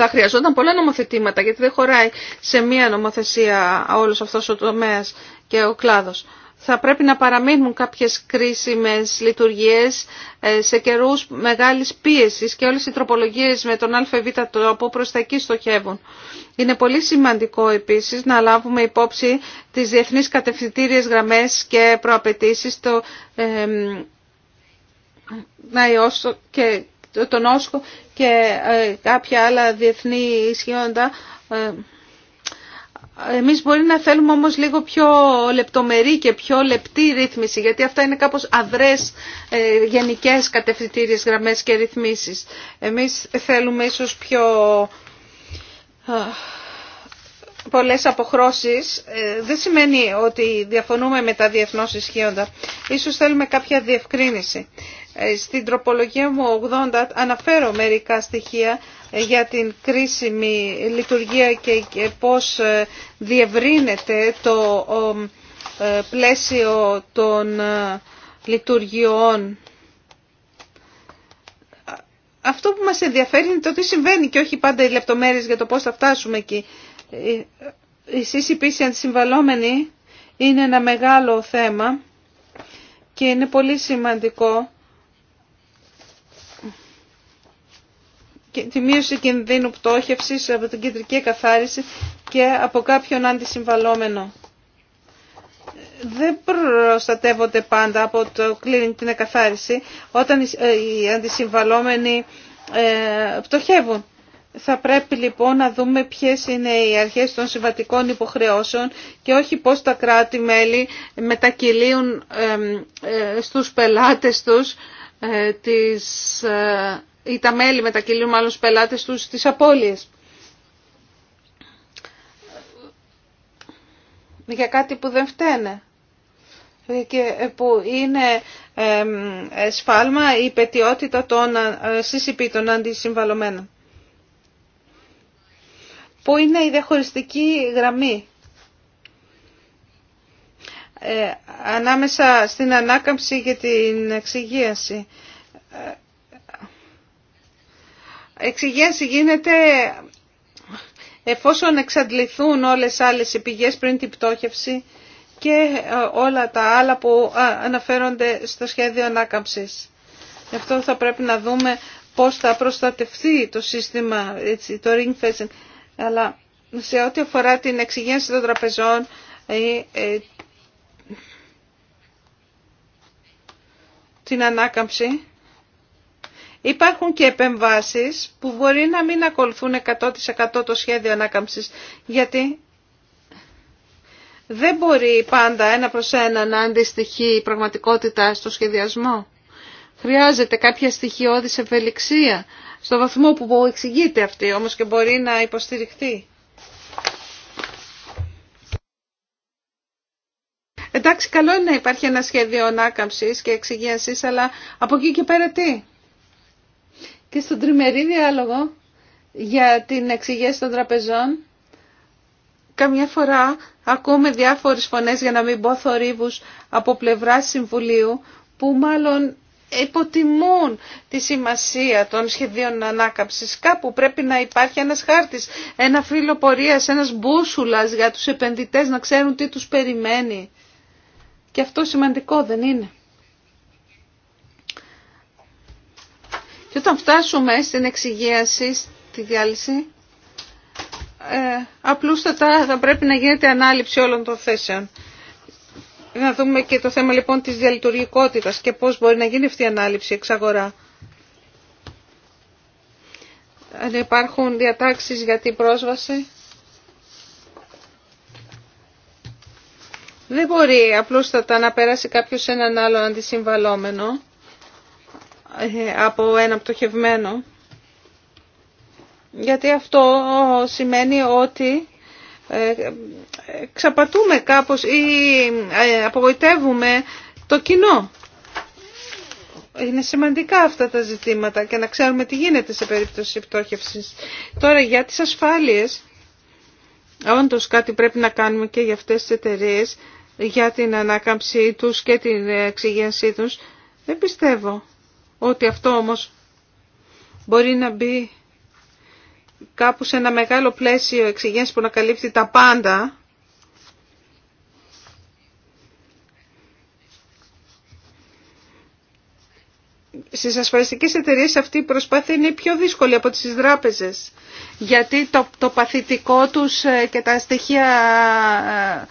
θα χρειαζόταν πολλά νομοθετήματα γιατί δεν χωράει σε μία νομοθεσία όλος αυτός ο τομέας και ο κλάδος. Θα πρέπει να παραμείνουν κάποιες κρίσιμες λειτουργίες ε, σε καιρούς μεγάλης πίεσης και όλες οι τροπολογίες με τον ΑΒ τρόπο προς τα εκεί στοχεύουν. Είναι πολύ σημαντικό επίσης να λάβουμε υπόψη τις διεθνείς κατευθυντήριες γραμμές και προαπαιτήσεις το, ε, ε και τον Όσκο και ε, κάποια άλλα διεθνή ισχύοντα. Ε, εμείς μπορεί να θέλουμε όμως λίγο πιο λεπτομερή και πιο λεπτή ρύθμιση, γιατί αυτά είναι κάπως αδρές ε, γενικές κατευθυντήριες γραμμές και ρυθμίσεις. Εμείς θέλουμε ίσως πιο πολλές αποχρώσεις. Δεν σημαίνει ότι διαφωνούμε με τα διεθνώς ισχύοντα. Ίσως θέλουμε κάποια διευκρίνηση. Ε, στην τροπολογία μου 80 αναφέρω μερικά στοιχεία ε, για την κρίσιμη λειτουργία και πώς ε, διευρύνεται το πλαίσιο των λειτουργιών. Αυτό που μας ενδιαφέρει είναι το τι συμβαίνει και όχι πάντα οι λεπτομέρειες για το πώς θα φτάσουμε εκεί. Η CCP αντισυμβαλόμενη είναι ένα μεγάλο θέμα και είναι πολύ σημαντικό τη μείωση κινδύνου πτώχευσης από την κεντρική εκαθάριση και από κάποιον αντισυμβαλόμενο. Δεν προστατεύονται πάντα από το κλείνει την εκαθάριση όταν οι ε, αντισυμβαλόμενοι ε, πτωχεύουν. Θα πρέπει λοιπόν να δούμε ποιες είναι οι αρχές των συμβατικών υποχρεώσεων και όχι πώς τα κράτη-μέλη μετακυλίουν ε, στους πελάτες τους τις ή τα μέλη μετακυλούν μάλλον στους πελάτες τους τις απώλειες. Για κάτι που δεν φταίνε και ε, που είναι ε, σφάλμα η πετιότητα των CCP, ε, των αντισυμβαλωμένων. Πού είναι η διαχωριστική γραμμή ανάμεσα στην ανάκαμψη και την εξυγίαση εξυγένση γίνεται εφόσον εξαντληθούν όλες άλλες οι πριν την πτώχευση και ε, όλα τα άλλα που ε, αναφέρονται στο σχέδιο ανάκαμψης. Γι' αυτό θα πρέπει να δούμε πώς θα προστατευτεί το σύστημα, έτσι, το ring fencing. Αλλά σε ό,τι αφορά την εξυγένση των τραπεζών, ε, την ανάκαμψη, Υπάρχουν και επεμβάσεις που μπορεί να μην ακολουθούν 100% το σχέδιο ανάκαμψης, γιατί δεν μπορεί πάντα ένα προς ένα να αντιστοιχεί η πραγματικότητα στο σχεδιασμό. Χρειάζεται κάποια στοιχειώδης ευελιξία, στο βαθμό που εξηγείται αυτή, όμως και μπορεί να υποστηριχθεί. Εντάξει, καλό είναι να υπάρχει ένα σχέδιο ανάκαμψης και εξυγίανσης, αλλά από εκεί και πέρα τι και στον τριμερή διάλογο για την εξηγέση των τραπεζών. Καμιά φορά ακούμε διάφορες φωνές για να μην πω θορύβους από πλευρά Συμβουλίου που μάλλον υποτιμούν τη σημασία των σχεδίων ανάκαψης. Κάπου πρέπει να υπάρχει ένας χάρτης, ένα φύλλο πορείας, ένας μπούσουλας για τους επενδυτές να ξέρουν τι τους περιμένει. Και αυτό σημαντικό δεν είναι. Και όταν φτάσουμε στην εξυγίαση, στη διάλυση, ε, απλούστατα θα πρέπει να γίνεται ανάληψη όλων των θέσεων. Να δούμε και το θέμα λοιπόν της διαλειτουργικότητας και πώς μπορεί να γίνει αυτή η ανάληψη εξ αγορά. Αν υπάρχουν διατάξεις για την πρόσβαση. Δεν μπορεί απλούστατα να περάσει κάποιος έναν άλλο αντισυμβαλόμενο. Ε, από ένα πτωχευμένο. Γιατί αυτό σημαίνει ότι ε, ξαπατούμε κάπως ή ε, απογοητεύουμε το κοινό. Είναι σημαντικά αυτά τα ζητήματα και να ξέρουμε τι γίνεται σε περίπτωση πτώχευσης. Τώρα για τις ασφάλειες, όντως κάτι πρέπει να κάνουμε και για αυτές τις εταιρείε για την ανάκαμψή τους και την εξυγένσή τους. Δεν πιστεύω ότι αυτό όμως μπορεί να μπει κάπου σε ένα μεγάλο πλαίσιο εξηγένσης που να καλύπτει τα πάντα στις ασφαλιστικές εταιρείες αυτή η προσπάθεια είναι πιο δύσκολη από τις δράπεζες. γιατί το, το παθητικό τους ε, και τα στοιχεία ε,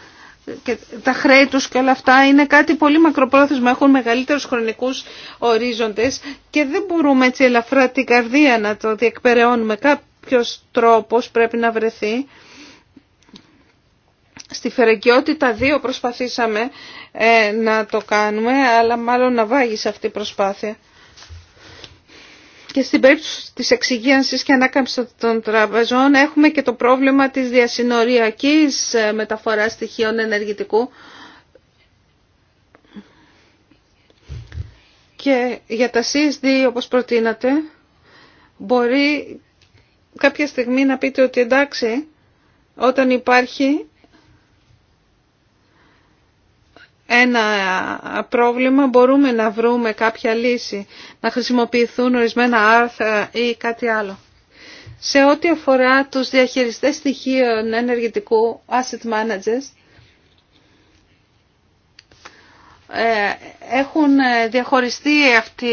και τα χρέη τους και όλα αυτά είναι κάτι πολύ μακροπρόθεσμα, έχουν μεγαλύτερους χρονικούς ορίζοντες και δεν μπορούμε έτσι ελαφρά την καρδία να το διεκπεραιώνουμε. Κάποιος τρόπος πρέπει να βρεθεί. Στη φερεγκιότητα Δύο προσπαθήσαμε ε, να το κάνουμε, αλλά μάλλον να βάγει σε αυτή η προσπάθεια και στην περίπτωση της εξυγίανσης και ανάκαμψης των τραπεζών έχουμε και το πρόβλημα της διασυνοριακής ε, μεταφοράς στοιχείων ενεργητικού και για τα CSD όπως προτείνατε μπορεί κάποια στιγμή να πείτε ότι εντάξει όταν υπάρχει ένα πρόβλημα μπορούμε να βρούμε κάποια λύση, να χρησιμοποιηθούν ορισμένα άρθρα ή κάτι άλλο. Σε ό,τι αφορά τους διαχειριστές στοιχείων ενεργητικού, asset managers, ε, έχουν διαχωριστεί αυτοί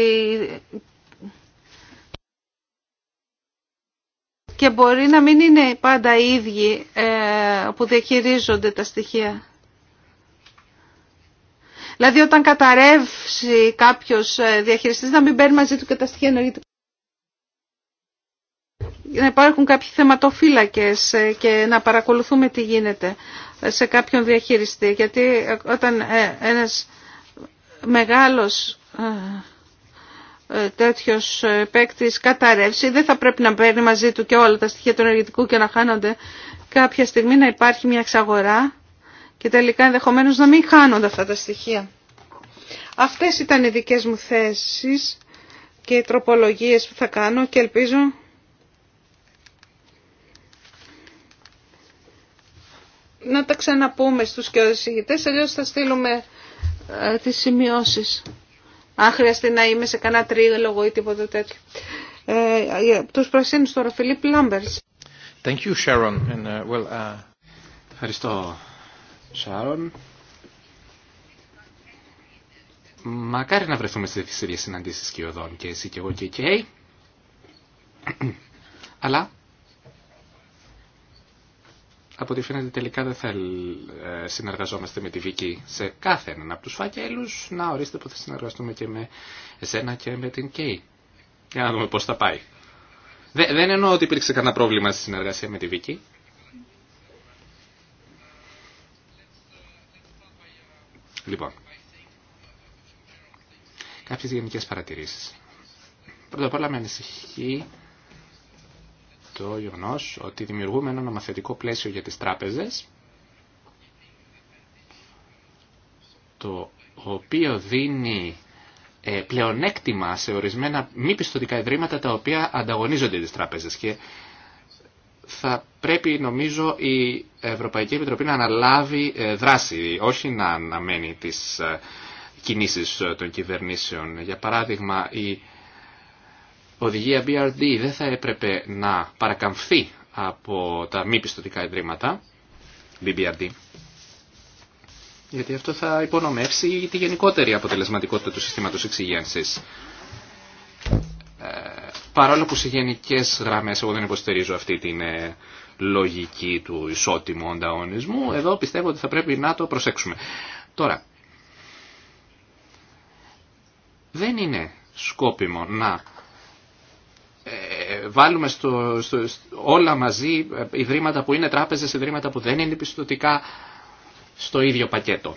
και μπορεί να μην είναι πάντα οι ίδιοι ε, που διαχειρίζονται τα στοιχεία. Δηλαδή όταν καταρρεύσει κάποιος ε, διαχειριστής να μην παίρνει μαζί του και τα στοιχεία ενεργητικού. Να υπάρχουν κάποιοι θεματοφύλακες ε, και να παρακολουθούμε τι γίνεται ε, σε κάποιον διαχειριστή. Γιατί όταν ένας μεγάλος τέτοιο παίκτη καταρρεύσει, δεν θα πρέπει να παίρνει μαζί του και όλα τα στοιχεία του ενεργητικού και να χάνονται. Κάποια στιγμή να υπάρχει μια εξαγορά και τελικά ενδεχομένως να μην χάνονται αυτά τα στοιχεία. Αυτές ήταν οι δικές μου θέσεις και οι τροπολογίες που θα κάνω και ελπίζω να τα ξαναπούμε στους και οδησηγητές, αλλιώς θα στείλουμε ε, τις σημειώσεις. Αν χρειαστεί να είμαι σε κανένα τρίγλογο ή τίποτα τέτοιο. Ε, ε, τους πρασίνους τώρα, Φιλίπ Λάμπερς. Thank you, ε, Ευχαριστώ, Σάρων. Μακάρι να βρεθούμε στη συναντήσει συναντήσεις οδόν και εσύ και εγώ και η Αλλά από ό,τι φαίνεται τελικά δεν θα ε, συνεργαζόμαστε με τη Βίκη σε κάθε έναν από του φάκελους. Να ορίστε που θα συνεργαστούμε και με εσένα και με την Κέι. Για να δούμε πώς θα πάει. Δεν εννοώ ότι υπήρξε κανένα πρόβλημα στη συνεργασία με τη Βίκη. Λοιπόν, κάποιες γενικές παρατηρήσεις. Πρώτα απ' όλα με ανησυχεί το γεγονό ότι δημιουργούμε ένα νομοθετικό πλαίσιο για τις τράπεζες το οποίο δίνει ε, πλεονέκτημα σε ορισμένα μη πιστοτικά ιδρύματα τα οποία ανταγωνίζονται τις τράπεζες και θα πρέπει νομίζω η Ευρωπαϊκή Επιτροπή να αναλάβει ε, δράση, όχι να αναμένει τις ε, κινήσεις ε, των κυβερνήσεων. Για παράδειγμα, η οδηγία BRD δεν θα έπρεπε να παρακαμφθεί από τα μη πιστοτικά ιδρύματα, BBRD, γιατί αυτό θα υπονομεύσει τη γενικότερη αποτελεσματικότητα του συστήματος εξυγένσης παρόλο που σε γενικέ γραμμές εγώ δεν υποστηρίζω αυτή την ε, λογική του ισότιμου ανταγωνισμού, εδώ πιστεύω ότι θα πρέπει να το προσέξουμε. Τώρα, δεν είναι σκόπιμο να ε, βάλουμε στο, όλα μαζί ε, ιδρύματα που είναι τράπεζες, ιδρύματα που δεν είναι πιστοτικά στο ίδιο πακέτο.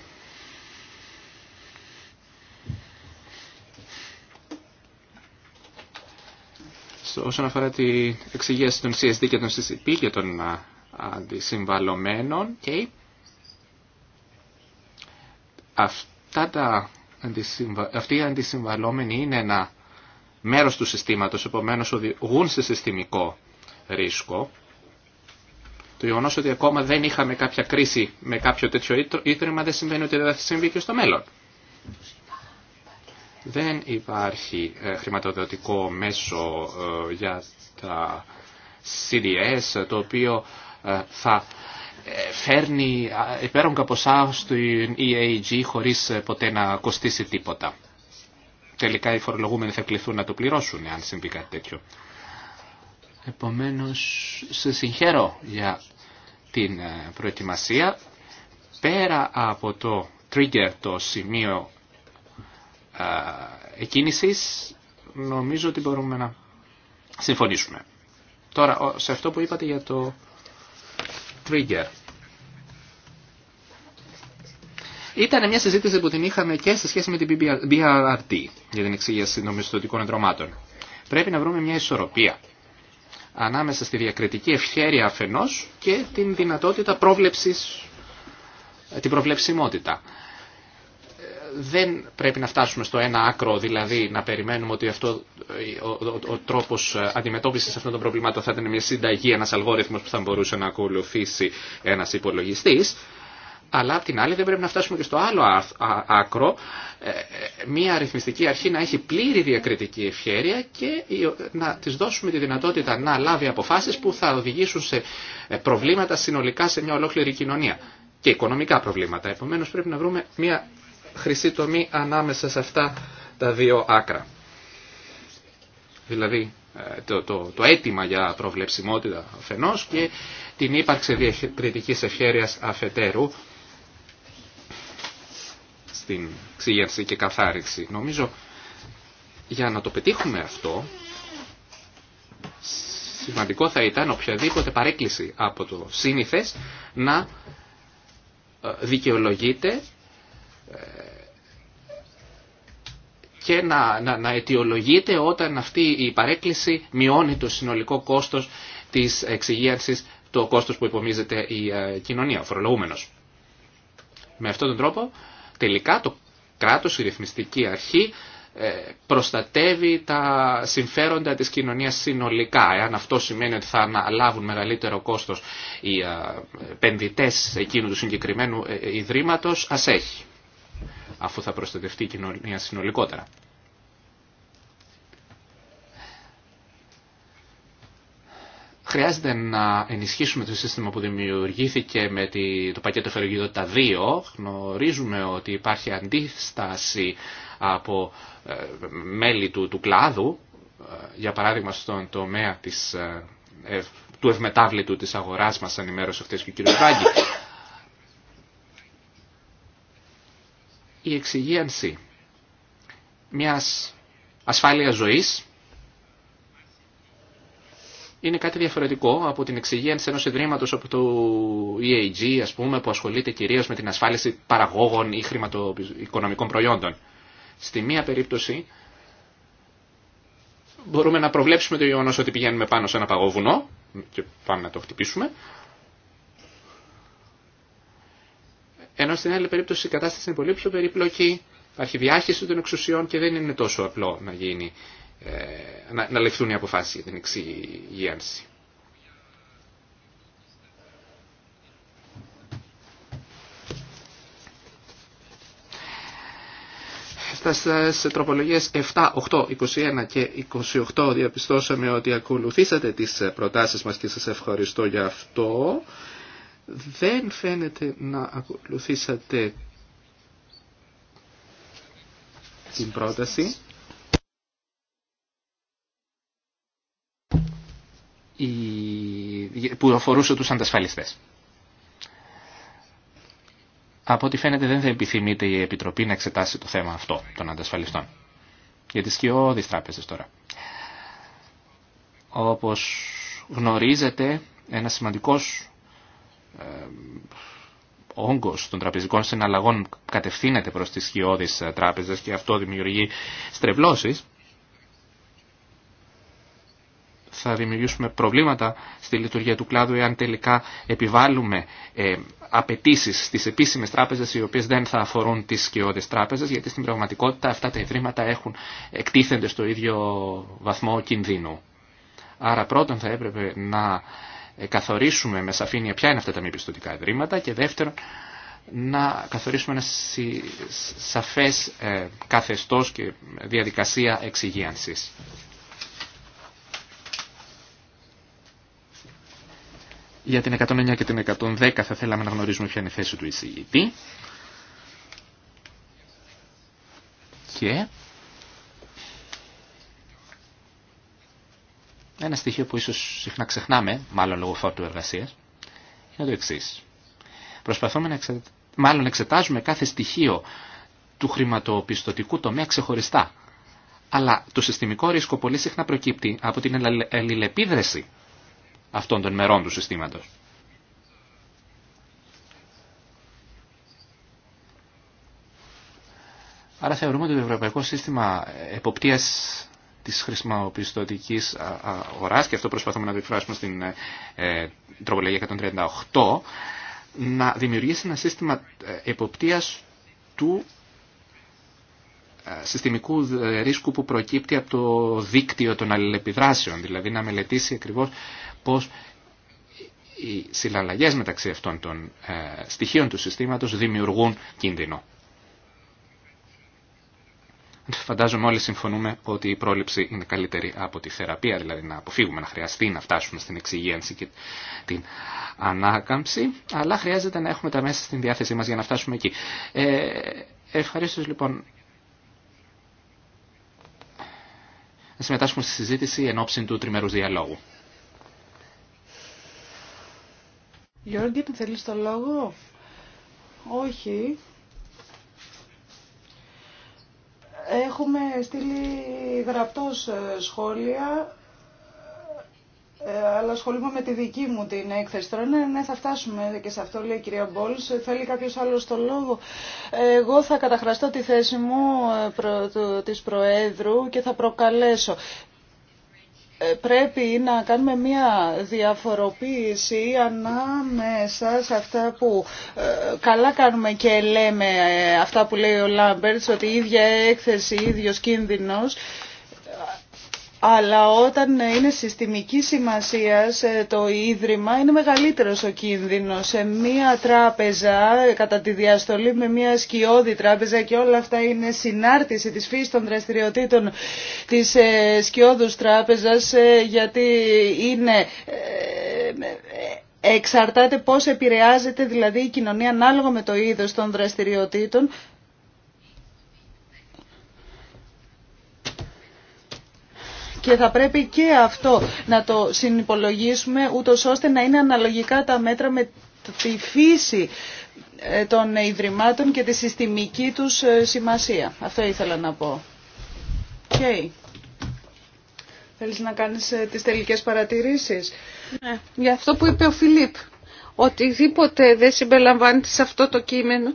όσον αφορά τη εξηγήση των CSD και των CCP και των αντισυμβαλωμένων αυτά τα αυτοί οι αντισυμβαλόμενοι είναι ένα μέρος του συστήματος, επομένως οδηγούν σε συστημικό ρίσκο. Το γεγονό ότι ακόμα δεν είχαμε κάποια κρίση με κάποιο τέτοιο ίδρυμα δεν σημαίνει ότι δεν θα συμβεί και στο μέλλον. Δεν υπάρχει ε, χρηματοδοτικό μέσο ε, για τα CDS το οποίο ε, θα φέρνει υπέρογκα ποσά στην EAG χωρίς ποτέ να κοστίσει τίποτα. Τελικά οι φορολογούμενοι θα κληθούν να το πληρώσουν αν συμβεί κάτι τέτοιο. Επομένως, σε συγχαίρω για την προετοιμασία. Πέρα από το trigger, το σημείο εκκίνησης νομίζω ότι μπορούμε να συμφωνήσουμε. Τώρα, σε αυτό που είπατε για το trigger. Ήταν μια συζήτηση που την είχαμε και σε σχέση με την BRRT για την εξήγηση των εντρωμάτων. Πρέπει να βρούμε μια ισορροπία ανάμεσα στη διακριτική ευχέρεια αφενός και την δυνατότητα πρόβλεψης, την προβλεψιμότητα δεν πρέπει να φτάσουμε στο ένα άκρο, δηλαδή να περιμένουμε ότι αυτό, ο, ο, ο, ο τρόπος ε, αντιμετώπισης αυτών των προβλημάτων θα ήταν μια συνταγή, ένα αλγόριθμο που θα μπορούσε να ακολουθήσει ένα υπολογιστή. Αλλά απ' την άλλη δεν πρέπει να φτάσουμε και στο άλλο άκρο, ε, ε, μια αριθμιστική αρχή να έχει πλήρη διακριτική ευχέρεια και να της δώσουμε τη δυνατότητα να λάβει αποφάσεις που θα οδηγήσουν σε προβλήματα συνολικά σε μια ολόκληρη κοινωνία και οικονομικά προβλήματα. Επομένως πρέπει να βρούμε μια χρυσή τομή ανάμεσα σε αυτά τα δύο άκρα. Δηλαδή ε, το, το, το αίτημα για προβλεψιμότητα αφενός και την ύπαρξη διακριτικής ευχέρειας αφετέρου στην ξύγερση και καθάριξη. Νομίζω για να το πετύχουμε αυτό σημαντικό θα ήταν οποιαδήποτε παρέκκληση από το σύνηθες να ε, δικαιολογείται και να, να, να αιτιολογείται όταν αυτή η παρέκκληση μειώνει το συνολικό κόστος της εξυγίανσης, το κόστος που υπομίζεται η ε, κοινωνία, ο φορολογούμενος. Με αυτόν τον τρόπο τελικά το κράτος, η ρυθμιστική αρχή ε, προστατεύει τα συμφέροντα της κοινωνίας συνολικά. Εάν αυτό σημαίνει ότι θα αναλάβουν μεγαλύτερο κόστος οι ε, επενδυτές εκείνου του συγκεκριμένου ιδρύματος, ας έχει αφού θα προστατευτεί η κοινωνία συνολικότερα. Χρειάζεται να ενισχύσουμε το σύστημα που δημιουργήθηκε με το πακέτο φερογιδότητα 2. Γνωρίζουμε ότι υπάρχει αντίσταση από ε, μέλη του, του κλάδου, ε, για παράδειγμα στον τομέα της, ε, του ευμετάβλητου της αγοράς μας ανημέρωσε αυτές και ο κ. Βάγκη. η εξυγίανση μιας ασφάλειας ζωής είναι κάτι διαφορετικό από την εξυγίανση ενός ιδρύματος από το EAG, ας πούμε, που ασχολείται κυρίως με την ασφάλιση παραγόγων ή χρηματοοικονομικών προϊόντων. Στη μία περίπτωση μπορούμε να προβλέψουμε το γεγονό ότι πηγαίνουμε πάνω σε ένα παγόβουνο και πάμε να το χτυπήσουμε Ενώ στην άλλη περίπτωση η κατάσταση είναι πολύ πιο περίπλοκη, υπάρχει διάχυση των εξουσιών και δεν είναι τόσο απλό να, γίνει, ε, να, να ληφθούν οι αποφάσει για την εξυγίανση. Στα τροπολογίες 7, 8, 21 και 28 διαπιστώσαμε ότι ακολουθήσατε τις προτάσεις μας και σας ευχαριστώ για αυτό δεν φαίνεται να ακολουθήσατε την πρόταση. που αφορούσε τους αντασφαλιστές. Από ό,τι φαίνεται δεν θα επιθυμείτε η Επιτροπή να εξετάσει το θέμα αυτό των αντασφαλιστών. Για τις σκιώδεις τράπεζες τώρα. Όπως γνωρίζετε, ένα σημαντικός ε, όγκο των τραπεζικών συναλλαγών κατευθύνεται προς τις χειώδεις ε, τράπεζες και αυτό δημιουργεί στρεβλώσεις, θα δημιουργήσουμε προβλήματα στη λειτουργία του κλάδου εάν τελικά επιβάλλουμε ε, απαιτήσει στι επίσημε τράπεζε οι οποίε δεν θα αφορούν τι σκιώδει τράπεζε γιατί στην πραγματικότητα αυτά τα ιδρύματα έχουν, εκτίθενται στο ίδιο βαθμό κινδύνου. Άρα πρώτον θα έπρεπε να ε, καθορίσουμε με σαφήνεια ποια είναι αυτά τα μη πιστοτικά ιδρύματα και δεύτερον να καθορίσουμε ένα σαφές ε, καθεστώς και διαδικασία εξυγίανσης. Για την 109 και την 110 θα θέλαμε να γνωρίζουμε ποια είναι η θέση του εισηγητή. Και Ένα στοιχείο που ίσως συχνά ξεχνάμε, μάλλον λόγω φόρτου εργασίας, είναι το εξή. Προσπαθούμε να μάλλον εξετάζουμε κάθε στοιχείο του χρηματοπιστωτικού τομέα ξεχωριστά. Αλλά το συστημικό ρίσκο πολύ συχνά προκύπτει από την αλληλεπίδραση αυτών των μερών του συστήματος. Άρα θεωρούμε ότι το Ευρωπαϊκό Σύστημα Εποπτείας της χρησιμοπιστωτικής οράς και αυτό προσπαθούμε να το εκφράσουμε στην ε, ε, τροπολογία 138 να δημιουργήσει ένα σύστημα ε, εποπτείας του συστημικού ρίσκου που προκύπτει από το δίκτυο των αλληλεπιδράσεων, δηλαδή να μελετήσει ακριβώς πώς οι συλλαλλαγές μεταξύ αυτών των στοιχείων του συστήματος δημιουργούν κίνδυνο. Φαντάζομαι όλοι συμφωνούμε ότι η πρόληψη είναι καλύτερη από τη θεραπεία, δηλαδή να αποφύγουμε να χρειαστεί να φτάσουμε στην εξυγίανση και την ανάκαμψη, αλλά χρειάζεται να έχουμε τα μέσα στην διάθεσή μας για να φτάσουμε εκεί. Ε, λοιπόν να συμμετάσχουμε στη συζήτηση εν ώψη του τριμερούς διαλόγου. Γιώργη, θέλεις το λόγο? Όχι. Έχουμε στείλει γραπτός ε, σχόλια, ε, αλλά ασχολούμαι με τη δική μου την έκθεση. Τώρα ναι, ναι, θα φτάσουμε και σε αυτό λέει η κυρία Μπόλς. Θέλει κάποιος άλλος το λόγο. Εγώ θα καταχραστώ τη θέση μου ε, προ, της Προέδρου και θα προκαλέσω πρέπει να κάνουμε μια διαφοροποίηση ανάμεσα σε αυτά που ε, καλά κάνουμε και λέμε ε, αυτά που λέει ο Λάμπερτς ότι η ίδια έκθεση, ίδιος κίνδυνος αλλά όταν είναι συστημική σημασία ε, το ίδρυμα είναι μεγαλύτερος ο κίνδυνος. Σε μία τράπεζα, κατά τη διαστολή με μία σκιώδη τράπεζα και όλα αυτά είναι συνάρτηση τη φύση των δραστηριοτήτων της ε, σκιόδους τράπεζας ε, γιατί είναι... Εξαρτάται πώς επηρεάζεται δηλαδή η κοινωνία ανάλογα με το είδος των δραστηριοτήτων και θα πρέπει και αυτό να το συνυπολογίσουμε ούτως ώστε να είναι αναλογικά τα μέτρα με τη φύση ε, των Ιδρυμάτων και τη συστημική τους ε, σημασία. Αυτό ήθελα να πω. Okay. Θέλεις να κάνεις ε, τις τελικές παρατηρήσεις. Ναι. Για αυτό που είπε ο Φιλίπ, οτιδήποτε δεν συμπεριλαμβάνεται σε αυτό το κείμενο,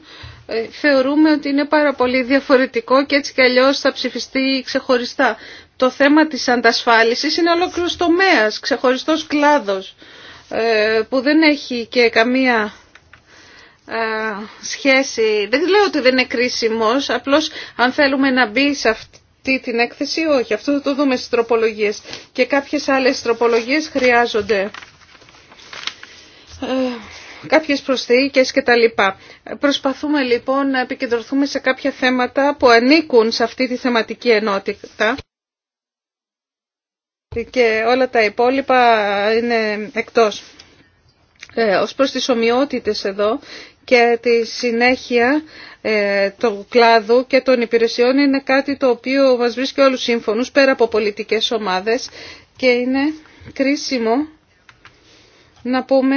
θεωρούμε ότι είναι πάρα πολύ διαφορετικό και έτσι κι αλλιώς θα ψηφιστεί ξεχωριστά το θέμα της αντασφάλισης είναι ολόκληρος τομέας, ξεχωριστός κλάδος ε, που δεν έχει και καμία ε, σχέση. Δεν λέω ότι δεν είναι κρίσιμος, απλώς αν θέλουμε να μπει σε αυτή την έκθεση, όχι. Αυτό το δούμε στις τροπολογίες. Και κάποιες άλλες τροπολογίες χρειάζονται ε, κάποιες προσθήκες και τα λοιπά. Προσπαθούμε λοιπόν να επικεντρωθούμε σε κάποια θέματα που ανήκουν σε αυτή τη θεματική ενότητα και όλα τα υπόλοιπα είναι εκτός. Ε, ως προς τις ομοιότητες εδώ και τη συνέχεια ε, του κλάδου και των υπηρεσιών είναι κάτι το οποίο μας βρίσκει όλους σύμφωνους πέρα από πολιτικές ομάδες και είναι κρίσιμο να πούμε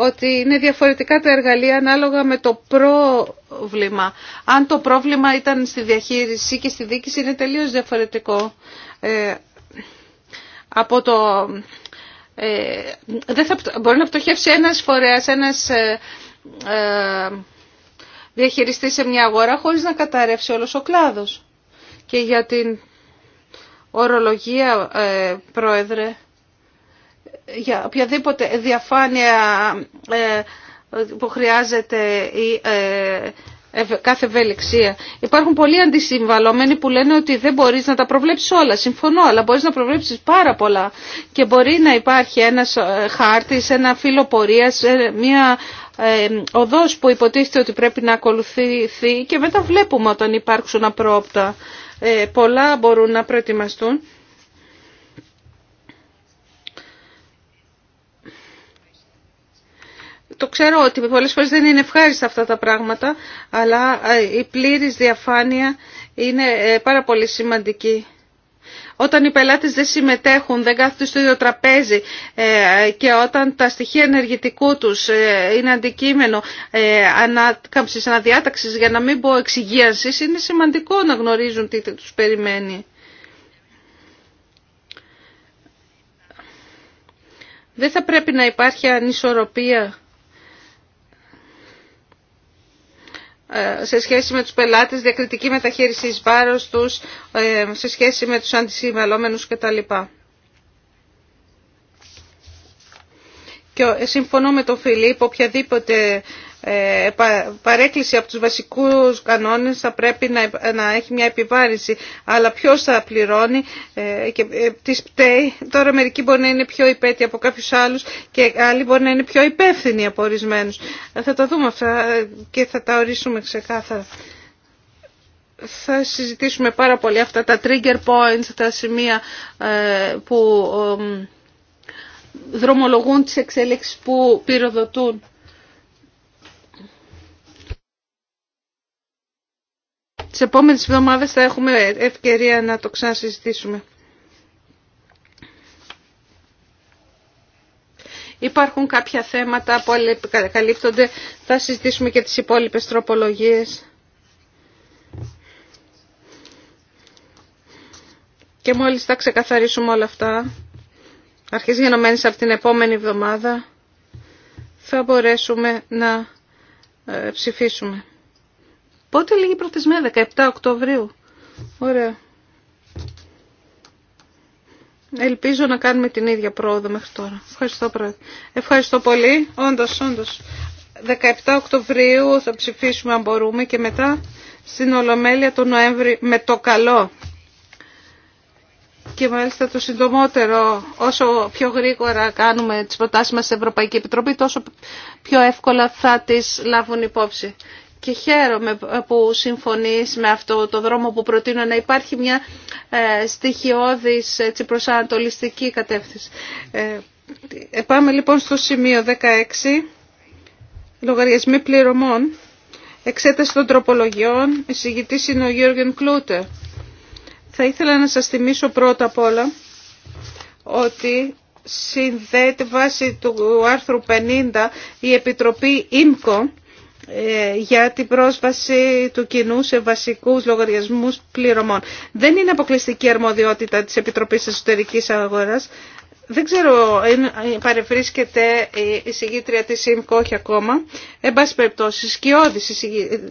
ότι είναι διαφορετικά τα εργαλεία ανάλογα με το πρόβλημα. Αν το πρόβλημα ήταν στη διαχείριση και στη δίκηση είναι τελείως διαφορετικό ε, από το... Ε, δεν θα, μπορεί να πτωχεύσει ένας φορέας, ένας ε, ε, διαχειριστής σε μια αγορά χωρίς να καταρρεύσει όλος ο κλάδος. Και για την ορολογία, ε, Πρόεδρε, για οποιαδήποτε διαφάνεια ε, που χρειάζεται η ε, κάθε ευελιξία. Υπάρχουν πολλοί αντισυμβαλόμενοι που λένε ότι δεν μπορείς να τα προβλέψεις όλα. Συμφωνώ, αλλά μπορείς να προβλέψεις πάρα πολλά. Και μπορεί να υπάρχει ένας ε, χάρτης, ένα φύλλο πορείας, μια οδός που υποτίθεται ότι πρέπει να ακολουθηθεί και μετά βλέπουμε όταν υπάρξουν απρόπτα. πολλά μπορούν να προετοιμαστούν. το ξέρω ότι πολλές φορές δεν είναι ευχάριστα αυτά τα πράγματα, αλλά ε, η πλήρης διαφάνεια είναι ε, πάρα πολύ σημαντική. Όταν οι πελάτες δεν συμμετέχουν, δεν κάθονται στο ίδιο τραπέζι ε, και όταν τα στοιχεία ενεργητικού τους είναι αντικείμενο ανάκαμψης, αναδιάταξης για να μην πω εξυγίανσης, είναι σημαντικό να γνωρίζουν τι τους περιμένει. Δεν θα πρέπει να υπάρχει ανισορροπία Ε, σε σχέση με τους πελάτες, διακριτική μεταχείριση εις βάρος τους, ε, σε σχέση με τους αντισυμβαλόμενους κτλ. Και ε, συμφωνώ με τον Φιλίπ, οποιαδήποτε ε, παρέκκληση από τους βασικούς κανόνες θα πρέπει να έχει μια επιβάρηση. Αλλά ποιος θα πληρώνει ε, και ε, τις πταίει. Τώρα μερικοί μπορεί να είναι πιο υπέτειοι από κάποιους άλλους και άλλοι μπορεί να είναι πιο υπεύθυνοι από ορισμένου. Θα τα δούμε αυτά και θα τα ορίσουμε ξεκάθαρα. Θα συζητήσουμε πάρα πολύ αυτά τα trigger points, τα σημεία που δρομολογούν τις εξέλιξεις που πυροδοτούν. Τις επόμενες εβδομάδες θα έχουμε ευκαιρία να το ξανασυζητήσουμε. Υπάρχουν κάποια θέματα που καλύπτονται. Θα συζητήσουμε και τις υπόλοιπες τροπολογίες. Και μόλις θα ξεκαθαρίσουμε όλα αυτά, αρχίζει γενομένης από την επόμενη εβδομάδα, θα μπορέσουμε να ε, ψηφίσουμε. Πότε λίγη προθεσμία, 17 Οκτωβρίου. Ωραία. Ελπίζω να κάνουμε την ίδια πρόοδο μέχρι τώρα. Ευχαριστώ, Πρόεδρε. Ευχαριστώ πολύ. Όντως, όντως. 17 Οκτωβρίου θα ψηφίσουμε αν μπορούμε και μετά στην Ολομέλεια τον Νοέμβρη με το καλό. Και μάλιστα το συντομότερο, όσο πιο γρήγορα κάνουμε τις προτάσεις μας στην Ευρωπαϊκή Επιτροπή, τόσο πιο εύκολα θα τις λάβουν υπόψη και χαίρομαι που συμφωνείς με αυτό το δρόμο που προτείνω να υπάρχει μια ε, στοιχειώδης έτσι, προσανατολιστική κατεύθυνση. Ε, ε, πάμε λοιπόν στο σημείο 16, λογαριασμοί πληρωμών, εξέταση των τροπολογιών, εισηγητής είναι ο Γιώργεν Κλούτερ. Θα ήθελα να σας θυμίσω πρώτα απ' όλα ότι συνδέεται βάσει του άρθρου 50 η Επιτροπή ΙΜΚΟ ε, για την πρόσβαση του κοινού σε βασικούς λογαριασμούς πληρωμών. Δεν είναι αποκλειστική αρμοδιότητα της Επιτροπής Εσωτερικής Αγοράς. Δεν ξέρω αν παρευρίσκεται η συγγήτρια της ΣΥΜΚΟ, όχι ακόμα. Εν πάση περιπτώσει,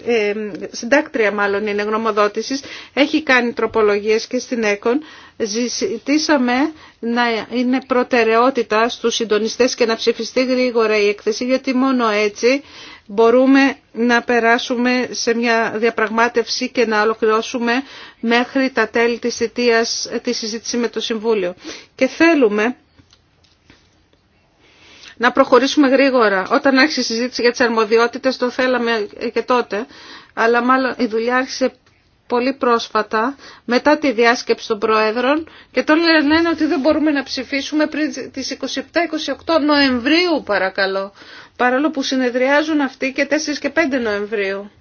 ε, συντάκτρια μάλλον είναι γνωμοδότησης, έχει κάνει τροπολογίες και στην ΕΚΟΝ. Ζητήσαμε να είναι προτεραιότητα στους συντονιστές και να ψηφιστεί γρήγορα η έκθεση, γιατί μόνο έτσι μπορούμε να περάσουμε σε μια διαπραγμάτευση και να ολοκληρώσουμε μέχρι τα τέλη της θητείας τη συζήτηση με το Συμβούλιο. Και θέλουμε να προχωρήσουμε γρήγορα. Όταν άρχισε η συζήτηση για τις αρμοδιότητες το θέλαμε και τότε, αλλά μάλλον η δουλειά άρχισε πολύ πρόσφατα μετά τη διάσκεψη των Προέδρων και τώρα λένε ότι δεν μπορούμε να ψηφίσουμε πριν τις 27-28 Νοεμβρίου παρακαλώ παρόλο που συνεδριάζουν αυτοί και 4 και 5 Νοεμβρίου.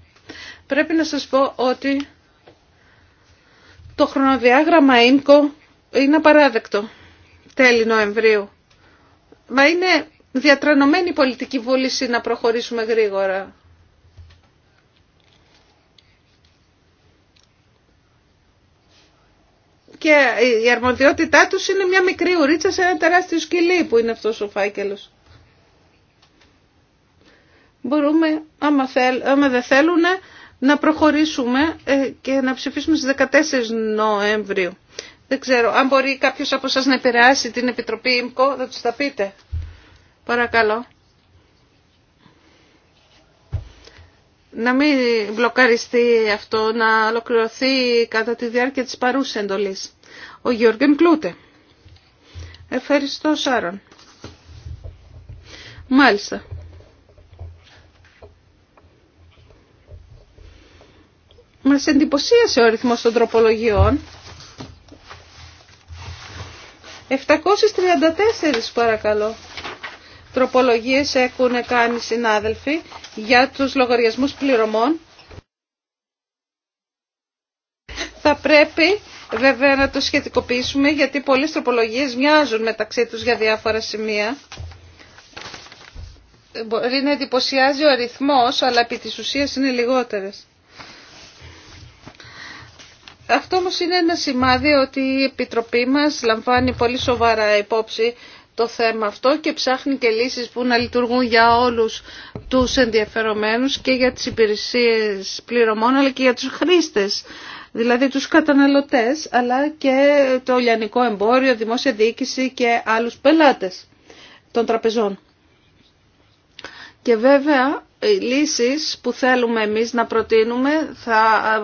Πρέπει να σας πω ότι το χρονοδιάγραμμα ΙΜΚΟ είναι απαράδεκτο τέλη Νοεμβρίου. Μα είναι διατρανωμένη πολιτική βούληση να προχωρήσουμε γρήγορα. και η αρμοδιότητά τους είναι μια μικρή ουρίτσα σε ένα τεράστιο σκυλί που είναι αυτός ο φάκελος. Μπορούμε, άμα, θέλ, άμα δεν θέλουν, να προχωρήσουμε ε, και να ψηφίσουμε στις 14 Νοεμβρίου. Δεν ξέρω, αν μπορεί κάποιος από σας να επηρεάσει την Επιτροπή ΙΜΚΟ, θα τους τα πείτε. Παρακαλώ. να μην μπλοκαριστεί αυτό, να ολοκληρωθεί κατά τη διάρκεια της παρούς εντολής. Ο Γιώργεν Κλούτε. Ευχαριστώ Σάρον. Μάλιστα. Μας εντυπωσίασε ο αριθμός των τροπολογιών. 734 παρακαλώ. Τροπολογίες έχουν κάνει συνάδελφοι για τους λογαριασμούς πληρωμών. Θα πρέπει βέβαια να το σχετικοποιήσουμε γιατί πολλές τροπολογίες μοιάζουν μεταξύ τους για διάφορα σημεία. Μπορεί να εντυπωσιάζει ο αριθμός, αλλά επί της ουσίας είναι λιγότερες. Αυτό όμως είναι ένα σημάδι ότι η Επιτροπή μας λαμβάνει πολύ σοβαρά υπόψη το θέμα αυτό και ψάχνει και λύσεις που να λειτουργούν για όλους τους ενδιαφερομένους και για τις υπηρεσίες πληρωμών αλλά και για τους χρήστες, δηλαδή τους καταναλωτές αλλά και το λιανικό εμπόριο, δημόσια διοίκηση και άλλους πελάτες των τραπεζών. Και βέβαια οι λύσεις που θέλουμε εμείς να προτείνουμε θα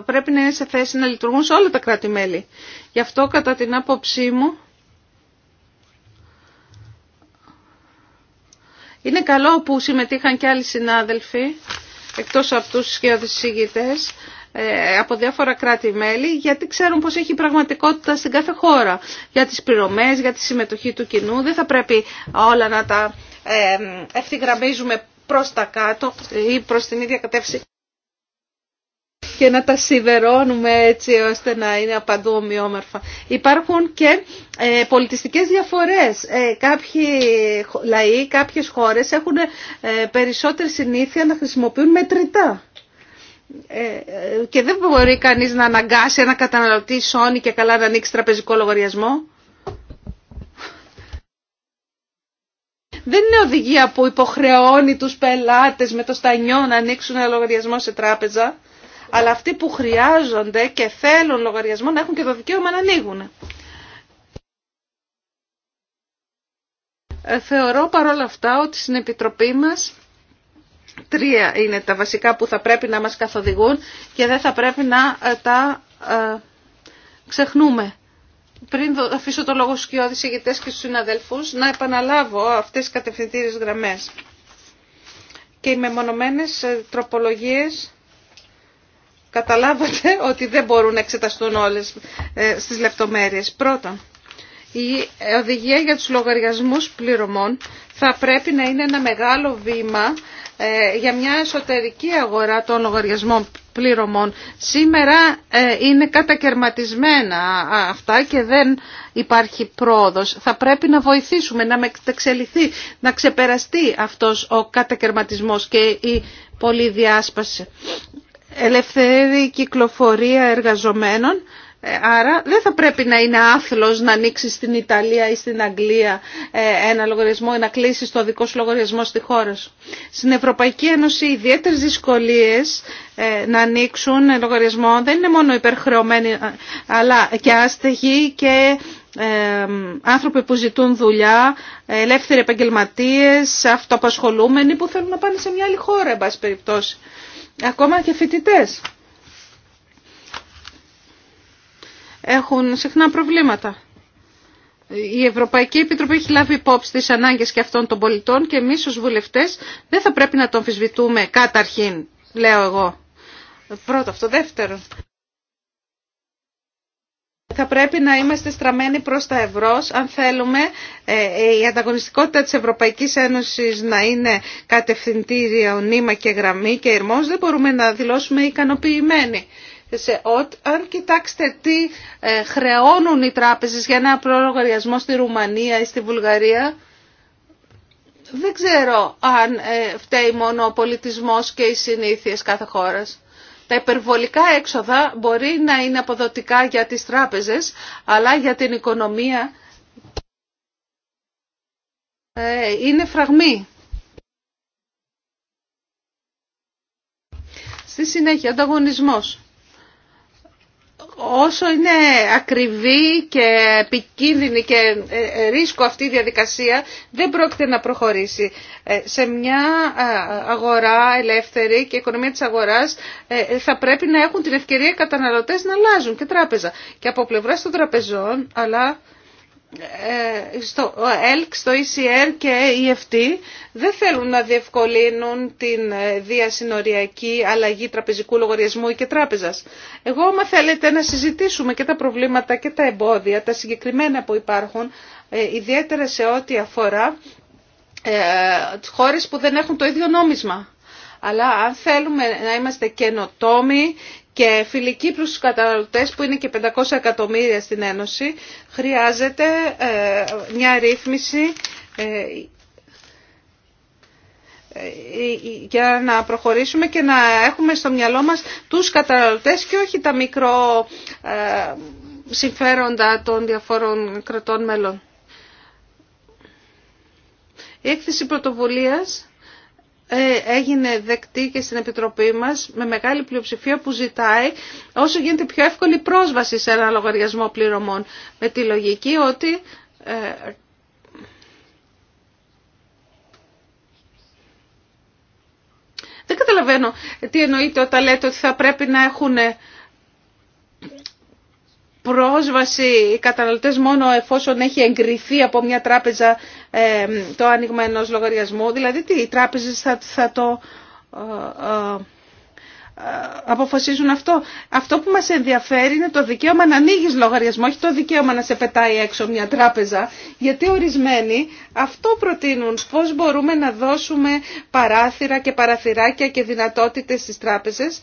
πρέπει να είναι σε θέση να λειτουργούν σε όλα τα κράτη-μέλη. Γι' αυτό κατά την άποψή μου Είναι καλό που συμμετείχαν και άλλοι συνάδελφοι, εκτός από τους σχεδοσυγητές, ε, από διάφορα κράτη-μέλη, γιατί ξέρουν πώς έχει πραγματικότητα στην κάθε χώρα. Για τις πληρωμές, για τη συμμετοχή του κοινού, δεν θα πρέπει όλα να τα ε, ευθυγραμμίζουμε προς τα κάτω ή προς την ίδια κατεύθυνση και να τα σιβερώνουμε έτσι ώστε να είναι απαντού ομοιόμορφα. Υπάρχουν και ε, πολιτιστικές διαφορές. Ε, κάποιοι λαοί, κάποιες χώρες έχουν ε, περισσότερη συνήθεια να χρησιμοποιούν μετρητά και δεν μπορεί κανείς να αναγκάσει ένα καταναλωτή Sony και καλά να ανοίξει τραπεζικό λογαριασμό. Δεν είναι οδηγία που υποχρεώνει τους πελάτες με το στανιό να ανοίξουν ένα λογαριασμό σε τράπεζα αλλά αυτοί που χρειάζονται και θέλουν λογαριασμό να έχουν και το δικαίωμα να ανοίγουν. Ε, θεωρώ παρόλα αυτά ότι στην Επιτροπή μας τρία είναι τα βασικά που θα πρέπει να μας καθοδηγούν και δεν θα πρέπει να ε, τα ε, ξεχνούμε. Πριν αφήσω το λόγο στους κοιόδης και στους συναδελφούς, να επαναλάβω αυτές τις κατευθυντήριες γραμμές. Και οι μεμονωμένες τροπολογίες καταλάβατε ότι δεν μπορούν να εξεταστούν όλες ε, στις λεπτομέρειες. Πρώτον, η οδηγία για τους λογαριασμούς πληρωμών θα πρέπει να είναι ένα μεγάλο βήμα ε, για μια εσωτερική αγορά των λογαριασμών πληρωμών. Σήμερα ε, είναι κατακαιρματισμένα αυτά και δεν υπάρχει πρόοδος. Θα πρέπει να βοηθήσουμε να μεταξελιχθεί, να ξεπεραστεί αυτός ο κατακαιρματισμός και η πολυδιάσπαση ελευθερή κυκλοφορία εργαζομένων, ε, άρα δεν θα πρέπει να είναι άθλος να ανοίξει στην Ιταλία ή στην Αγγλία ε, ένα λογαριασμό ή να κλείσει το δικό σου λογαριασμό στη χώρα σου. Στην Ευρωπαϊκή Ένωση ιδιαίτερες δυσκολίες ε, να ανοίξουν λογαριασμό δεν είναι μόνο υπερχρεωμένοι αλλά και άστεγοι και άνθρωποι που ζητούν δουλειά, ελεύθεροι επαγγελματίες, αυτοαπασχολούμενοι που θέλουν να πάνε σε μια άλλη χώρα, εν πάση περιπτώσει. Ακόμα και φοιτητέ. Έχουν συχνά προβλήματα. Η Ευρωπαϊκή Επιτροπή έχει λάβει υπόψη τις ανάγκες και αυτών των πολιτών και εμείς ως βουλευτές δεν θα πρέπει να τον αμφισβητούμε καταρχήν, λέω εγώ. Πρώτο αυτό. Δεύτερο. Θα πρέπει να είμαστε στραμμένοι προς τα ευρώ αν θέλουμε ε, ε, η ανταγωνιστικότητα της Ευρωπαϊκής Ένωσης να είναι κατευθυντήρια νήμα και γραμμή και ερμός δεν μπορούμε να δηλώσουμε ικανοποιημένοι. Σε, αν κοιτάξτε τι ε, χρεώνουν οι τράπεζες για ένα προλογαριασμό στη Ρουμανία ή στη Βουλγαρία, δεν ξέρω αν φταίει μόνο ο πολιτισμός και οι συνήθειες κάθε χώρας. Τα υπερβολικά έξοδα μπορεί να είναι αποδοτικά για τις τράπεζες, αλλά για την οικονομία ε, είναι φραγμή. Στη συνέχεια, ανταγωνισμός όσο είναι ακριβή και επικίνδυνη και ε, ε, ρίσκο αυτή η διαδικασία, δεν πρόκειται να προχωρήσει. Ε, σε μια αγορά ελεύθερη και οικονομία της αγοράς θα πρέπει να έχουν την ευκαιρία οι καταναλωτές να αλλάζουν και τράπεζα. Και από πλευράς των τραπεζών, αλλά ε, στο ΕΛΚ, στο ECR και EFT δεν θέλουν να διευκολύνουν την ε, διασυνοριακή αλλαγή τραπεζικού λογαριασμού και τράπεζας. Εγώ, άμα θέλετε, να συζητήσουμε και τα προβλήματα και τα εμπόδια, τα συγκεκριμένα που υπάρχουν, ε, ιδιαίτερα σε ό,τι αφορά ε, χώρες που δεν έχουν το ίδιο νόμισμα. Αλλά αν θέλουμε να είμαστε καινοτόμοι και φιλική προς τους καταναλωτές που είναι και 500 εκατομμύρια στην Ένωση χρειάζεται ε, μια ρύθμιση ε, ε, για να προχωρήσουμε και να έχουμε στο μυαλό μας τους καταναλωτές και όχι τα μικρό συμφέροντα των διαφόρων κρατών μέλων. Η έκθεση πρωτοβουλίας ε, έγινε δεκτή και στην Επιτροπή μας με μεγάλη πλειοψηφία που ζητάει όσο γίνεται πιο εύκολη πρόσβαση σε ένα λογαριασμό πληρωμών με τη λογική ότι ε, δεν καταλαβαίνω τι εννοείται όταν λέτε ότι θα πρέπει να έχουν πρόσβαση οι καταναλωτές μόνο εφόσον έχει εγκριθεί από μια τράπεζα ε, το άνοιγμα ενός λογαριασμού. Δηλαδή τι, οι τράπεζες θα, θα το ε, ε, αποφασίζουν αυτό. Αυτό που μας ενδιαφέρει είναι το δικαίωμα να ανοίγει λογαριασμό, όχι το δικαίωμα να σε πετάει έξω μια τράπεζα, γιατί ορισμένοι αυτό προτείνουν, πώς μπορούμε να δώσουμε παράθυρα και παραθυράκια και δυνατότητες στις τράπεζες,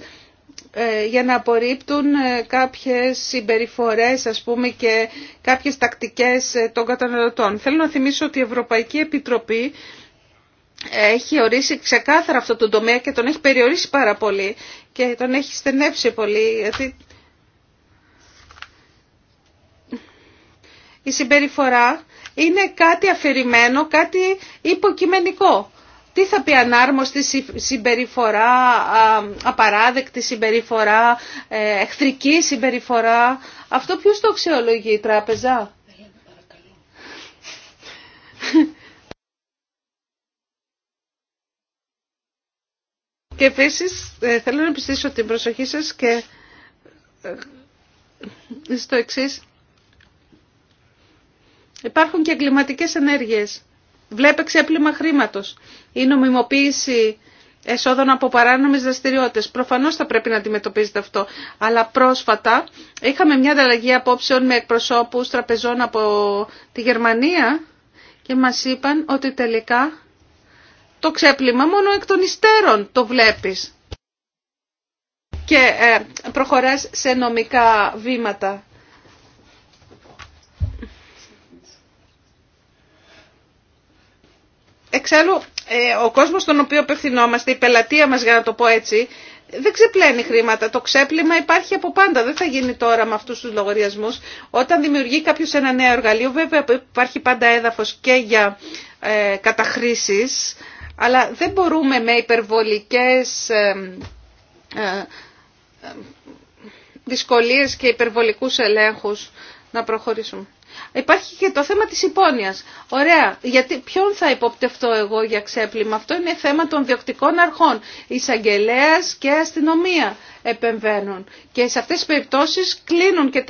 ε, για να απορρίπτουν ε, κάποιες συμπεριφορές ας πούμε και κάποιες τακτικές ε, των καταναλωτών. Θέλω να θυμίσω ότι η Ευρωπαϊκή Επιτροπή έχει ορίσει ξεκάθαρα αυτό το τομέα και τον έχει περιορίσει πάρα πολύ και τον έχει στενέψει πολύ γιατί η συμπεριφορά είναι κάτι αφηρημένο, κάτι υποκειμενικό. Τι θα πει ανάρμοστη συμπεριφορά, απαράδεκτη συμπεριφορά, ε, εχθρική συμπεριφορά. Αυτό ποιο το αξιολογεί η τράπεζα. Και επίση ε, θέλω να πιστήσω την προσοχή σας και ε, στο εξή. Υπάρχουν και εγκληματικέ ενέργειες. Βλέπε ξέπλυμα χρήματος ή νομιμοποίηση εσόδων από παράνομες δραστηριότητε. Προφανώς θα πρέπει να αντιμετωπίζετε αυτό. Αλλά πρόσφατα είχαμε μια ανταλλαγή απόψεων με εκπροσώπου τραπεζών από τη Γερμανία και μας είπαν ότι τελικά το ξέπλυμα μόνο εκ των υστέρων το βλέπεις και ε, προχωράς σε νομικά βήματα. Εξάλλου, ε, ο κόσμος στον οποίο απευθυνόμαστε, η πελατεία μας για να το πω έτσι, δεν ξεπλένει χρήματα. Το ξέπλυμα υπάρχει από πάντα. Δεν θα γίνει τώρα με αυτούς τους λογαριασμού. Όταν δημιουργεί κάποιος ένα νέο εργαλείο, βέβαια υπάρχει πάντα έδαφος και για ε, καταχρήσει, αλλά δεν μπορούμε με υπερβολικές ε, ε, ε δυσκολίε και υπερβολικούς ελέγχους να προχωρήσουμε. Υπάρχει και το θέμα της υπόνοιας. Ωραία, γιατί ποιον θα υποπτευτώ εγώ για ξέπλυμα. Αυτό είναι θέμα των διοκτικών αρχών. Εισαγγελέα και αστυνομία επεμβαίνουν. Και σε αυτές τις περιπτώσεις κλείνουν και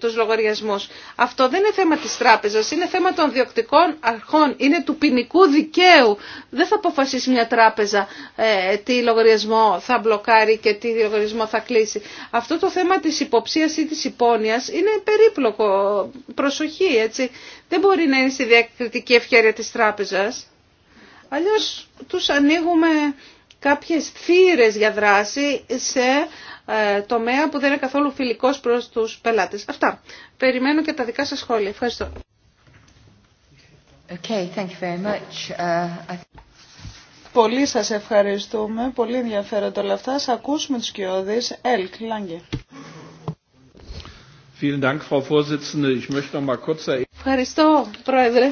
τους λογαριασμούς. Αυτό δεν είναι θέμα της τράπεζας, είναι θέμα των διοκτικών αρχών. Είναι του ποινικού δικαίου. Δεν θα αποφασίσει μια τράπεζα ε, τι λογαριασμό θα μπλοκάρει και τι λογαριασμό θα κλείσει. Αυτό το θέμα της υποψίας ή της υπόνοιας είναι περίπλοκο. Δεν μπορεί να είναι στη διακριτική ευχαίρεια της τράπεζας. Αλλιώς τους ανοίγουμε κάποιες θύρες για δράση σε ε, τομέα που δεν είναι καθόλου φιλικός προς τους πελάτες. Αυτά. Περιμένω και τα δικά σας σχόλια. Ευχαριστώ. Okay, thank you very much. Uh, Πολύ σας ευχαριστούμε. Πολύ ενδιαφέροντα όλα αυτά. Σας ακούσουμε τους κοιόδης. Ελκ, Λάγκε. Ευχαριστώ, Πρόεδρε.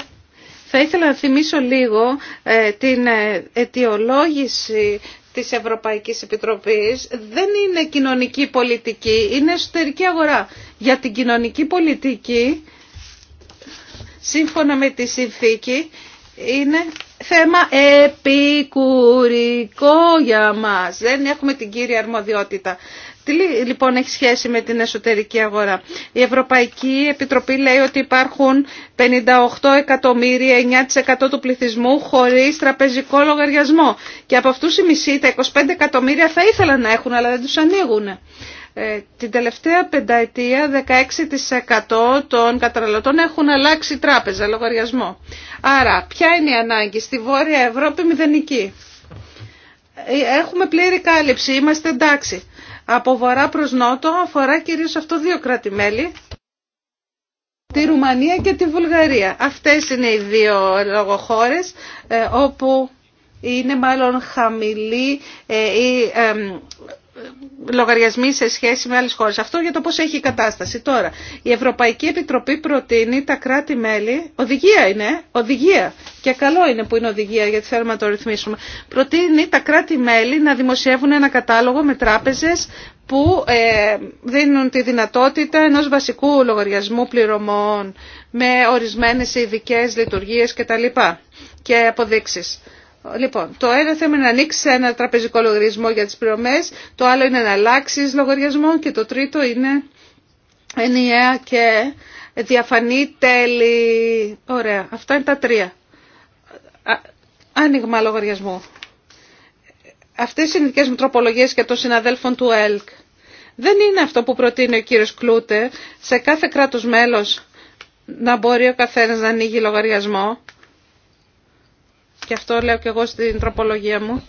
Θα ήθελα να θυμίσω λίγο ε, την ε, αιτιολόγηση της Ευρωπαϊκής Επιτροπής. Δεν είναι κοινωνική πολιτική, είναι εσωτερική αγορά. Για την κοινωνική πολιτική, σύμφωνα με τη συνθήκη, είναι θέμα επικουρικό για μας. Δεν έχουμε την κύρια αρμοδιότητα. Τι λοιπόν έχει σχέση με την εσωτερική αγορά. Η Ευρωπαϊκή Επιτροπή λέει ότι υπάρχουν 58 εκατομμύρια 9% του πληθυσμού χωρίς τραπεζικό λογαριασμό και από αυτούς η μισή τα 25 εκατομμύρια θα ήθελαν να έχουν αλλά δεν τους ανοίγουν. Ε, την τελευταία πενταετία 16% των καταναλωτών έχουν αλλάξει τράπεζα, λογαριασμό. Άρα, ποια είναι η ανάγκη στη Βόρεια Ευρώπη μηδενική. Ε, έχουμε πλήρη κάλυψη, είμαστε εντάξει από βορρά προς νότο αφορά κυρίως αυτό δύο τη Ρουμανία και τη Βουλγαρία. Αυτές είναι οι δύο λογοχώρες ε, όπου είναι μάλλον χαμηλή ε, η ε, λογαριασμοί σε σχέση με άλλες χώρες. Αυτό για το πώς έχει η κατάσταση τώρα. Η Ευρωπαϊκή Επιτροπή προτείνει τα κράτη-μέλη, οδηγία είναι, οδηγία, και καλό είναι που είναι οδηγία γιατί θέλουμε να το ρυθμίσουμε, προτείνει τα κράτη-μέλη να δημοσιεύουν ένα κατάλογο με τράπεζες που ε, δίνουν τη δυνατότητα ενός βασικού λογαριασμού πληρωμών με ορισμένες ειδικέ λειτουργίες κτλ. και αποδείξεις. Λοιπόν, το ένα θέμα είναι να ανοίξει ένα τραπεζικό λογαριασμό για τις πληρωμέ, το άλλο είναι να αλλάξει λογαριασμό και το τρίτο είναι ενιαία και διαφανή τέλη. Ωραία, αυτά είναι τα τρία. Άνοιγμα λογαριασμού. Αυτές είναι οι ειδικέ μου τροπολογίε και των συναδέλφων του ΕΛΚ. Δεν είναι αυτό που προτείνει ο κύριος Κλούτε σε κάθε κράτος μέλος να μπορεί ο καθένας να ανοίγει λογαριασμό και αυτό λέω και εγώ στην τροπολογία μου,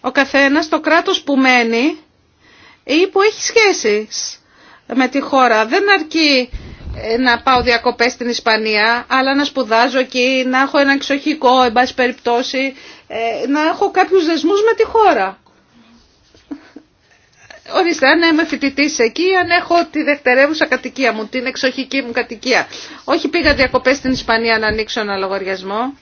ο καθένας το κράτος που μένει ή που έχει σχέσεις με τη χώρα. Δεν αρκεί ε, να πάω διακοπές στην Ισπανία, αλλά να σπουδάζω εκεί, να έχω ένα εξοχικό, εν πάση περιπτώσει, ε, να έχω κάποιους δεσμούς με τη χώρα. Ορίστε, αν είμαι φοιτητή εκεί, αν έχω τη δευτερεύουσα κατοικία μου, την εξοχική μου κατοικία. Όχι πήγα διακοπέ στην Ισπανία να ανοίξω ένα λογαριασμό.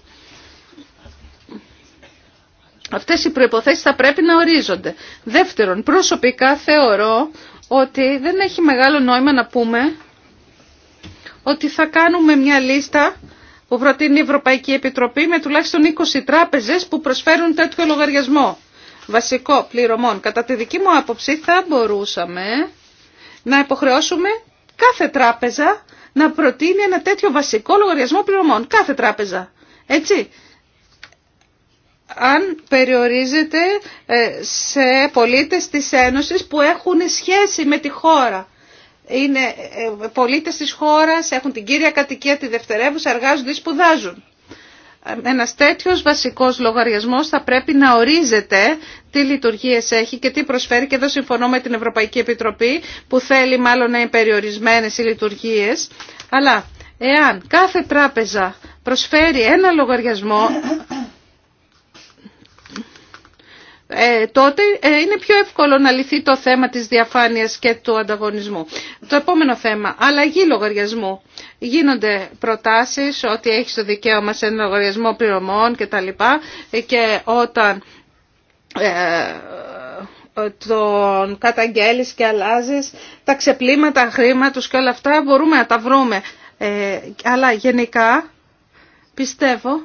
Αυτέ οι προποθέσει θα πρέπει να ορίζονται. Δεύτερον, προσωπικά θεωρώ ότι δεν έχει μεγάλο νόημα να πούμε ότι θα κάνουμε μια λίστα που προτείνει η Ευρωπαϊκή Επιτροπή με τουλάχιστον 20 τράπεζες που προσφέρουν τέτοιο λογαριασμό βασικό πληρωμό. Κατά τη δική μου άποψη θα μπορούσαμε να υποχρεώσουμε κάθε τράπεζα να προτείνει ένα τέτοιο βασικό λογαριασμό πληρωμών. Κάθε τράπεζα. Έτσι. Αν περιορίζεται ε, σε πολίτες της Ένωσης που έχουν σχέση με τη χώρα. Είναι ε, ε, πολίτες της χώρας, έχουν την κύρια κατοικία, τη δευτερεύουσα, εργάζονται ή σπουδάζουν ένας τέτοιος βασικός λογαριασμός θα πρέπει να ορίζεται τι λειτουργίες έχει και τι προσφέρει και εδώ συμφωνώ με την Ευρωπαϊκή Επιτροπή που θέλει μάλλον να είναι περιορισμένες οι λειτουργίες αλλά εάν κάθε τράπεζα προσφέρει ένα λογαριασμό ε, τότε ε, είναι πιο εύκολο να λυθεί το θέμα της διαφάνειας και του ανταγωνισμού. Το επόμενο θέμα, αλλαγή λογαριασμού. Γίνονται προτάσεις ότι έχει το δικαίωμα σε ένα λογαριασμό πληρωμών κτλ. Και, τα λοιπά, και όταν ε, τον καταγγέλεις και αλλάζεις τα ξεπλήματα χρήματος και όλα αυτά μπορούμε να τα βρούμε. αλλά γενικά πιστεύω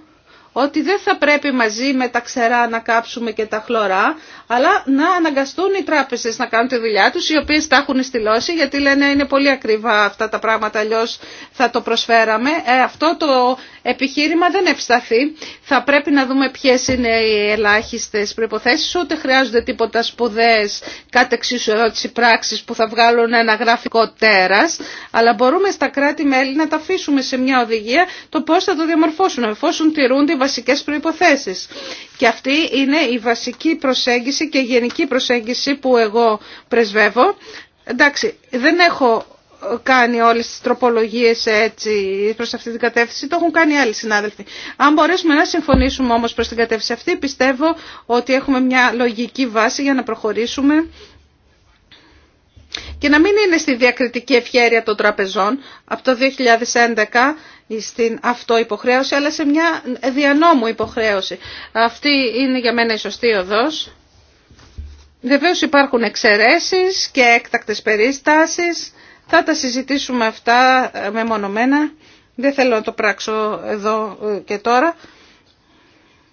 ότι δεν θα πρέπει μαζί με τα ξερά να κάψουμε και τα χλωρά, αλλά να αναγκαστούν οι τράπεζε να κάνουν τη δουλειά του, οι οποίε τα έχουν στυλώσει, γιατί λένε είναι πολύ ακριβά αυτά τα πράγματα, αλλιώ θα το προσφέραμε. Ε, αυτό το επιχείρημα δεν ευσταθεί. Θα πρέπει να δούμε ποιε είναι οι ελάχιστε προποθέσει, ούτε χρειάζονται τίποτα σπουδαίες εξίσου ερώτηση πράξη που θα βγάλουν ένα γραφικό τέρα, αλλά μπορούμε στα κράτη-μέλη να τα αφήσουμε σε μια οδηγία το πώ θα το διαμορφώσουν, εφόσον τηρούνται οι βασικέ προποθέσει. Και αυτή είναι η βασική προσέγγιση και γενική προσέγγιση που εγώ πρεσβεύω. Εντάξει, δεν έχω κάνει όλες τις τροπολογίες έτσι προς αυτή την κατεύθυνση, το έχουν κάνει άλλοι συνάδελφοι. Αν μπορέσουμε να συμφωνήσουμε όμως προς την κατεύθυνση αυτή, πιστεύω ότι έχουμε μια λογική βάση για να προχωρήσουμε και να μην είναι στη διακριτική ευχέρεια των τραπεζών από το 2011 στην αυτοϋποχρέωση, αλλά σε μια διανόμου υποχρέωση. Αυτή είναι για μένα η σωστή οδός Βεβαίως υπάρχουν εξαιρέσεις και έκτακτες περιστάσεις. Θα τα συζητήσουμε αυτά μεμονωμένα. Δεν θέλω να το πράξω εδώ και τώρα.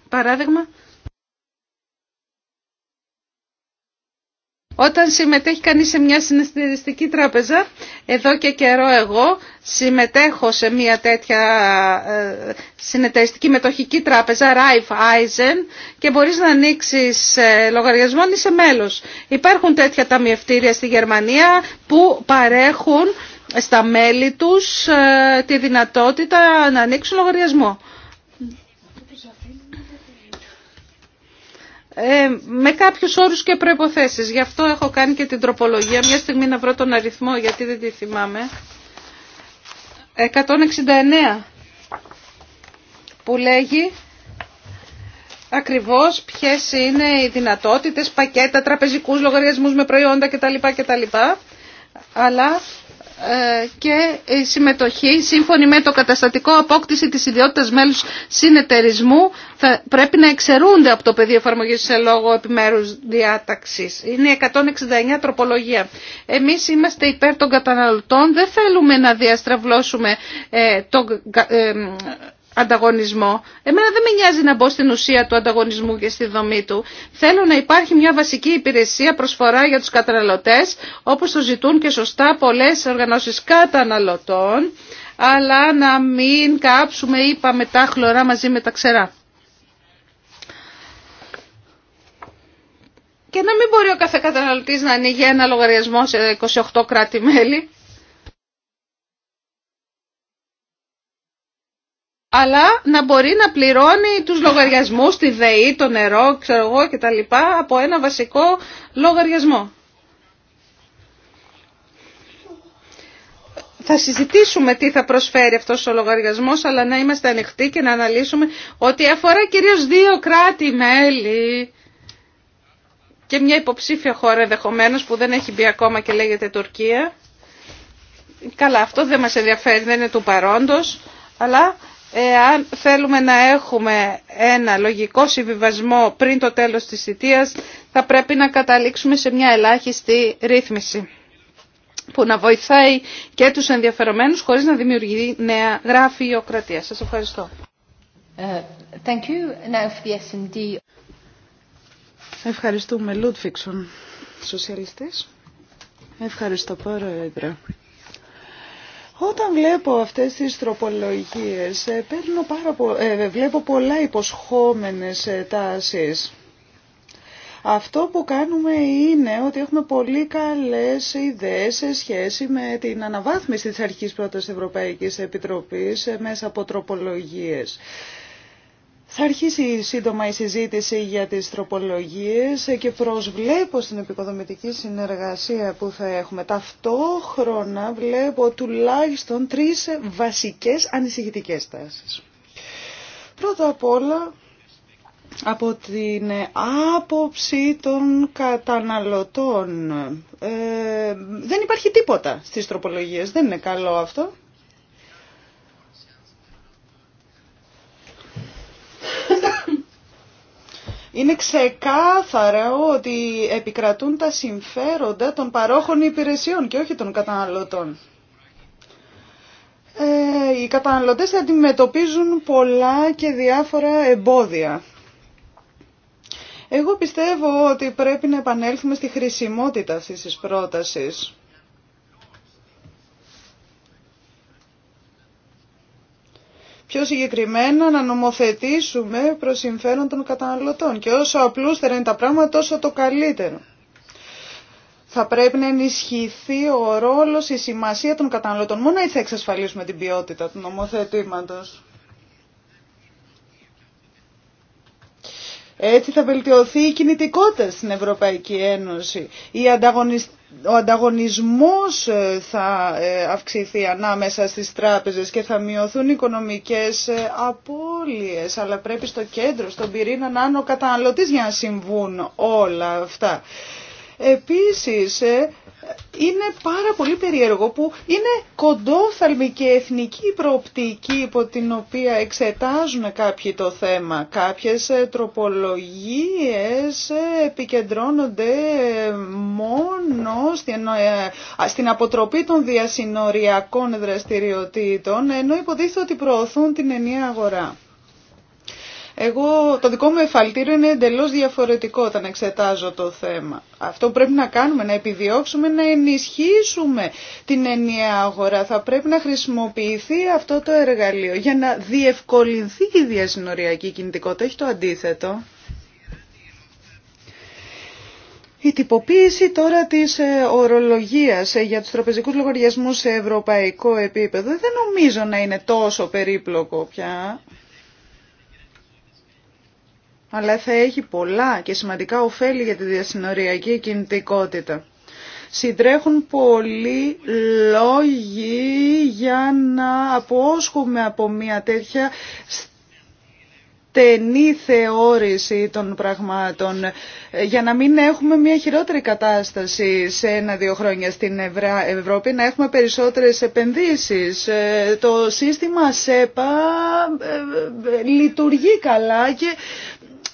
Παράδειγμα, Όταν συμμετέχει κανείς σε μια συνεταιριστική τράπεζα, εδώ και καιρό εγώ συμμετέχω σε μια τέτοια ε, συνεταιριστική μετοχική τράπεζα, Raiffeisen, και μπορείς να ανοίξεις ε, λογαριασμό ή σε μέλος. Υπάρχουν τέτοια ταμιευτήρια στη Γερμανία που παρέχουν στα μέλη τους ε, τη δυνατότητα να ανοίξουν λογαριασμό. Ε, με κάποιους όρους και προϋποθέσεις. Γι' αυτό έχω κάνει και την τροπολογία. Μια στιγμή να βρω τον αριθμό γιατί δεν τη θυμάμαι. 169 που λέγει ακριβώς ποιες είναι οι δυνατότητες, πακέτα, τραπεζικούς λογαριασμούς με προϊόντα κτλ. κτλ. Αλλά ε, και η συμμετοχή σύμφωνη με το καταστατικό απόκτηση της ιδιότητας μέλους συνεταιρισμού θα πρέπει να εξαιρούνται από το πεδίο εφαρμογή σε λόγο επιμέρους διάταξης. Είναι 169 τροπολογία. Εμείς είμαστε υπέρ των καταναλωτών, δεν θέλουμε να διαστραβλώσουμε ε, τον ε, ανταγωνισμό. Εμένα δεν με νοιάζει να μπω στην ουσία του ανταγωνισμού και στη δομή του. Θέλω να υπάρχει μια βασική υπηρεσία προσφορά για τους καταναλωτές, όπως το ζητούν και σωστά πολλές οργανώσεις καταναλωτών, αλλά να μην κάψουμε, είπαμε, τα χλωρά μαζί με τα ξερά. Και να μην μπορεί ο κάθε καταναλωτής να ανοίγει ένα λογαριασμό σε 28 κράτη-μέλη. αλλά να μπορεί να πληρώνει τους λογαριασμούς, τη ΔΕΗ, το νερό, ξέρω εγώ και τα λοιπά, από ένα βασικό λογαριασμό. Θα συζητήσουμε τι θα προσφέρει αυτός ο λογαριασμός, αλλά να είμαστε ανοιχτοί και να αναλύσουμε ότι αφορά κυρίως δύο κράτη-μέλη και μια υποψήφια χώρα ενδεχομένω που δεν έχει μπει ακόμα και λέγεται Τουρκία. Καλά, αυτό δεν μας ενδιαφέρει, δεν είναι του παρόντος, αλλά εάν θέλουμε να έχουμε ένα λογικό συμβιβασμό πριν το τέλος της θητείας, θα πρέπει να καταλήξουμε σε μια ελάχιστη ρύθμιση που να βοηθάει και τους ενδιαφερομένους χωρίς να δημιουργεί νέα γράφη ή οκρατία. Σας ευχαριστώ. Ε, thank Ευχαριστούμε. Λούτφιξον, σοσιαλιστής. Ευχαριστώ, Πρόεδρε. Όταν βλέπω αυτές τις τροπολογίες, ε, παίρνω πάρα ε, βλέπω πολλά υποσχόμενες ε, τάσεις. Αυτό που κάνουμε είναι ότι έχουμε πολύ καλές ιδέες σε σχέση με την αναβάθμιση της αρχής πρώτας Ευρωπαϊκής Επιτροπής μέσα από τροπολογίες. Θα αρχίσει σύντομα η συζήτηση για τις τροπολογίες και προσβλέπω στην επικοδομητική συνεργασία που θα έχουμε. Ταυτόχρονα βλέπω τουλάχιστον τρεις βασικές ανησυχητικές τάσεις. Πρώτα απ' όλα από την άποψη των καταναλωτών. Ε, δεν υπάρχει τίποτα στις τροπολογίες, δεν είναι καλό αυτό. Είναι ξεκάθαρο ότι επικρατούν τα συμφέροντα των παρόχων υπηρεσιών και όχι των καταναλωτών. Ε, οι καταναλωτές αντιμετωπίζουν πολλά και διάφορα εμπόδια. Εγώ πιστεύω ότι πρέπει να επανέλθουμε στη χρησιμότητα αυτής της πρότασης. πιο συγκεκριμένα να νομοθετήσουμε προς συμφέρον των καταναλωτών και όσο απλούστερα είναι τα πράγματα τόσο το καλύτερο. Θα πρέπει να ενισχυθεί ο ρόλος, η σημασία των καταναλωτών. Μόνο έτσι θα εξασφαλίσουμε την ποιότητα του νομοθετήματος. Έτσι θα βελτιωθεί η κινητικότητα στην Ευρωπαϊκή Ένωση. Η Ο ανταγωνισμός ε, θα ε, αυξηθεί ανάμεσα στις τράπεζες και θα μειωθούν οι οικονομικές ε, απώλειες. Αλλά πρέπει στο κέντρο, στον πυρήνα να είναι ο καταναλωτής για να συμβούν όλα αυτά. Επίσης, ε, είναι πάρα πολύ περίεργο που είναι κοντόφθαλμη και εθνική προοπτική υπό την οποία εξετάζουν κάποιοι το θέμα. Κάποιες ε, τροπολογίες ε, επικεντρώνονται μόνο στην, στην αποτροπή των διασυνοριακών δραστηριοτήτων, ενώ υποτίθεται ότι προωθούν την ενιαία αγορά. Εγώ, το δικό μου εφαλτήριο είναι εντελώς διαφορετικό όταν εξετάζω το θέμα. Αυτό που πρέπει να κάνουμε, να επιδιώξουμε, να ενισχύσουμε την ενιαία αγορά. Θα πρέπει να χρησιμοποιηθεί αυτό το εργαλείο για να διευκολυνθεί η διασυνοριακή κινητικότητα, Έχει το αντίθετο. Η τυποποίηση τώρα της ε, ορολογίας ε, για τους τραπεζικούς λογαριασμούς σε ευρωπαϊκό επίπεδο δεν νομίζω να είναι τόσο περίπλοκο πια αλλά θα έχει πολλά και σημαντικά ωφέλη για τη διασυνοριακή κινητικότητα. Συντρέχουν πολλοί λόγοι για να απόσχουμε από μια τέτοια στενή θεώρηση των πραγμάτων για να μην έχουμε μια χειρότερη κατάσταση σε ένα-δύο χρόνια στην Ευρώπη, να έχουμε περισσότερες επενδύσεις. Ε, το σύστημα ΣΕΠΑ ε, ε, λειτουργεί καλά και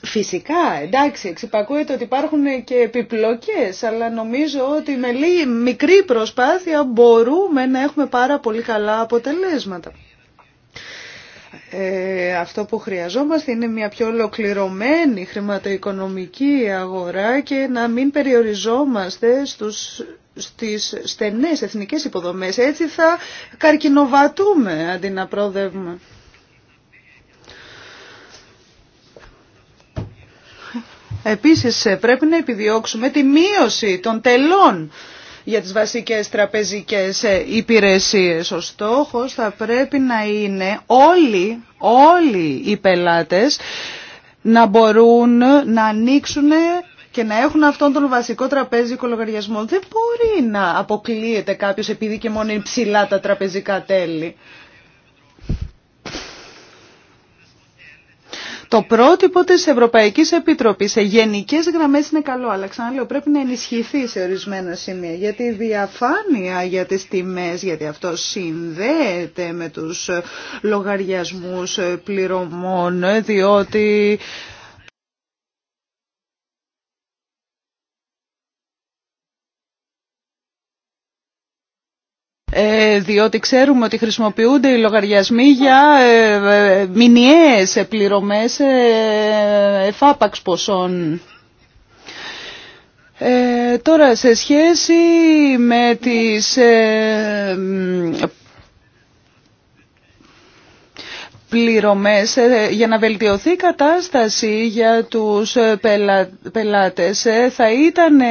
Φυσικά, εντάξει, εξυπακούεται ότι υπάρχουν και επιπλοκές, αλλά νομίζω ότι με λίγη μικρή προσπάθεια μπορούμε να έχουμε πάρα πολύ καλά αποτελέσματα. Ε, αυτό που χρειαζόμαστε είναι μια πιο ολοκληρωμένη χρηματοοικονομική αγορά και να μην περιοριζόμαστε στους, στις στενές εθνικές υποδομές. Έτσι θα καρκινοβατούμε αντί να πρόδευουμε. Επίσης ε, πρέπει να επιδιώξουμε τη μείωση των τελών για τις βασικές τραπεζικές ε, υπηρεσίες. Ο στόχος θα πρέπει να είναι όλοι, όλοι οι πελάτες να μπορούν να ανοίξουν και να έχουν αυτόν τον βασικό τραπέζικο λογαριασμό. Δεν μπορεί να αποκλείεται κάποιος επειδή και μόνο είναι ψηλά τα τραπεζικά τέλη. Το πρότυπο τη Ευρωπαϊκής Επιτροπής σε γενικέ γραμμές είναι καλό, αλλά ξαναλέω πρέπει να ενισχυθεί σε ορισμένα σημεία, γιατί η διαφάνεια για τι τιμέ, γιατί αυτό συνδέεται με τους λογαριασμούς πληρωμών, διότι Ε, διότι ξέρουμε ότι χρησιμοποιούνται οι λογαριασμοί για ε, ε, μηνιαίες πληρωμές εφάπαξ ποσών. τώρα, σε σχέση με τις πληρωμές ε, για να βελτιωθεί η κατάσταση για τους ε, πελάτες. Ε, θα ήταν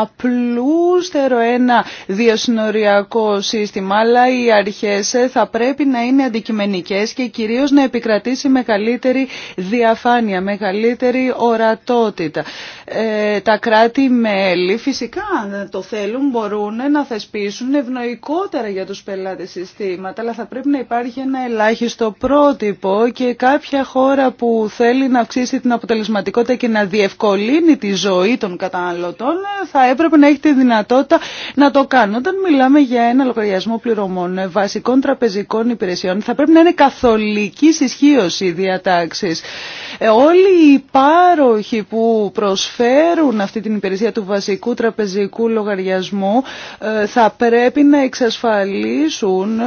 απλούστερο ένα διασυνοριακό σύστημα, αλλά οι αρχές θα πρέπει να είναι αντικειμενικές και κυρίως να επικρατήσει μεγαλύτερη διαφάνεια, μεγαλύτερη ορατότητα. Ε, τα κράτη-μέλη φυσικά το θέλουν μπορούν να θεσπίσουν ευνοϊκότερα για τους πελάτες συστήματα αλλά θα πρέπει να υπάρχει ένα ελάχιστο πρότυπο και κάποια χώρα που θέλει να αυξήσει την αποτελεσματικότητα και να διευκολύνει τη ζωή των καταναλωτών θα έπρεπε να έχει τη δυνατότητα να το κάνουν. Όταν μιλάμε για ένα λογαριασμό πληρωμών βασικών τραπεζικών υπηρεσιών θα πρέπει να είναι καθολική ισχύωση διατάξεις. Ε, όλοι οι πάροχοι που προσφέρουν αυτή την υπηρεσία του βασικού τραπεζικού λογαριασμού ε, θα πρέπει να εξασφαλίσουν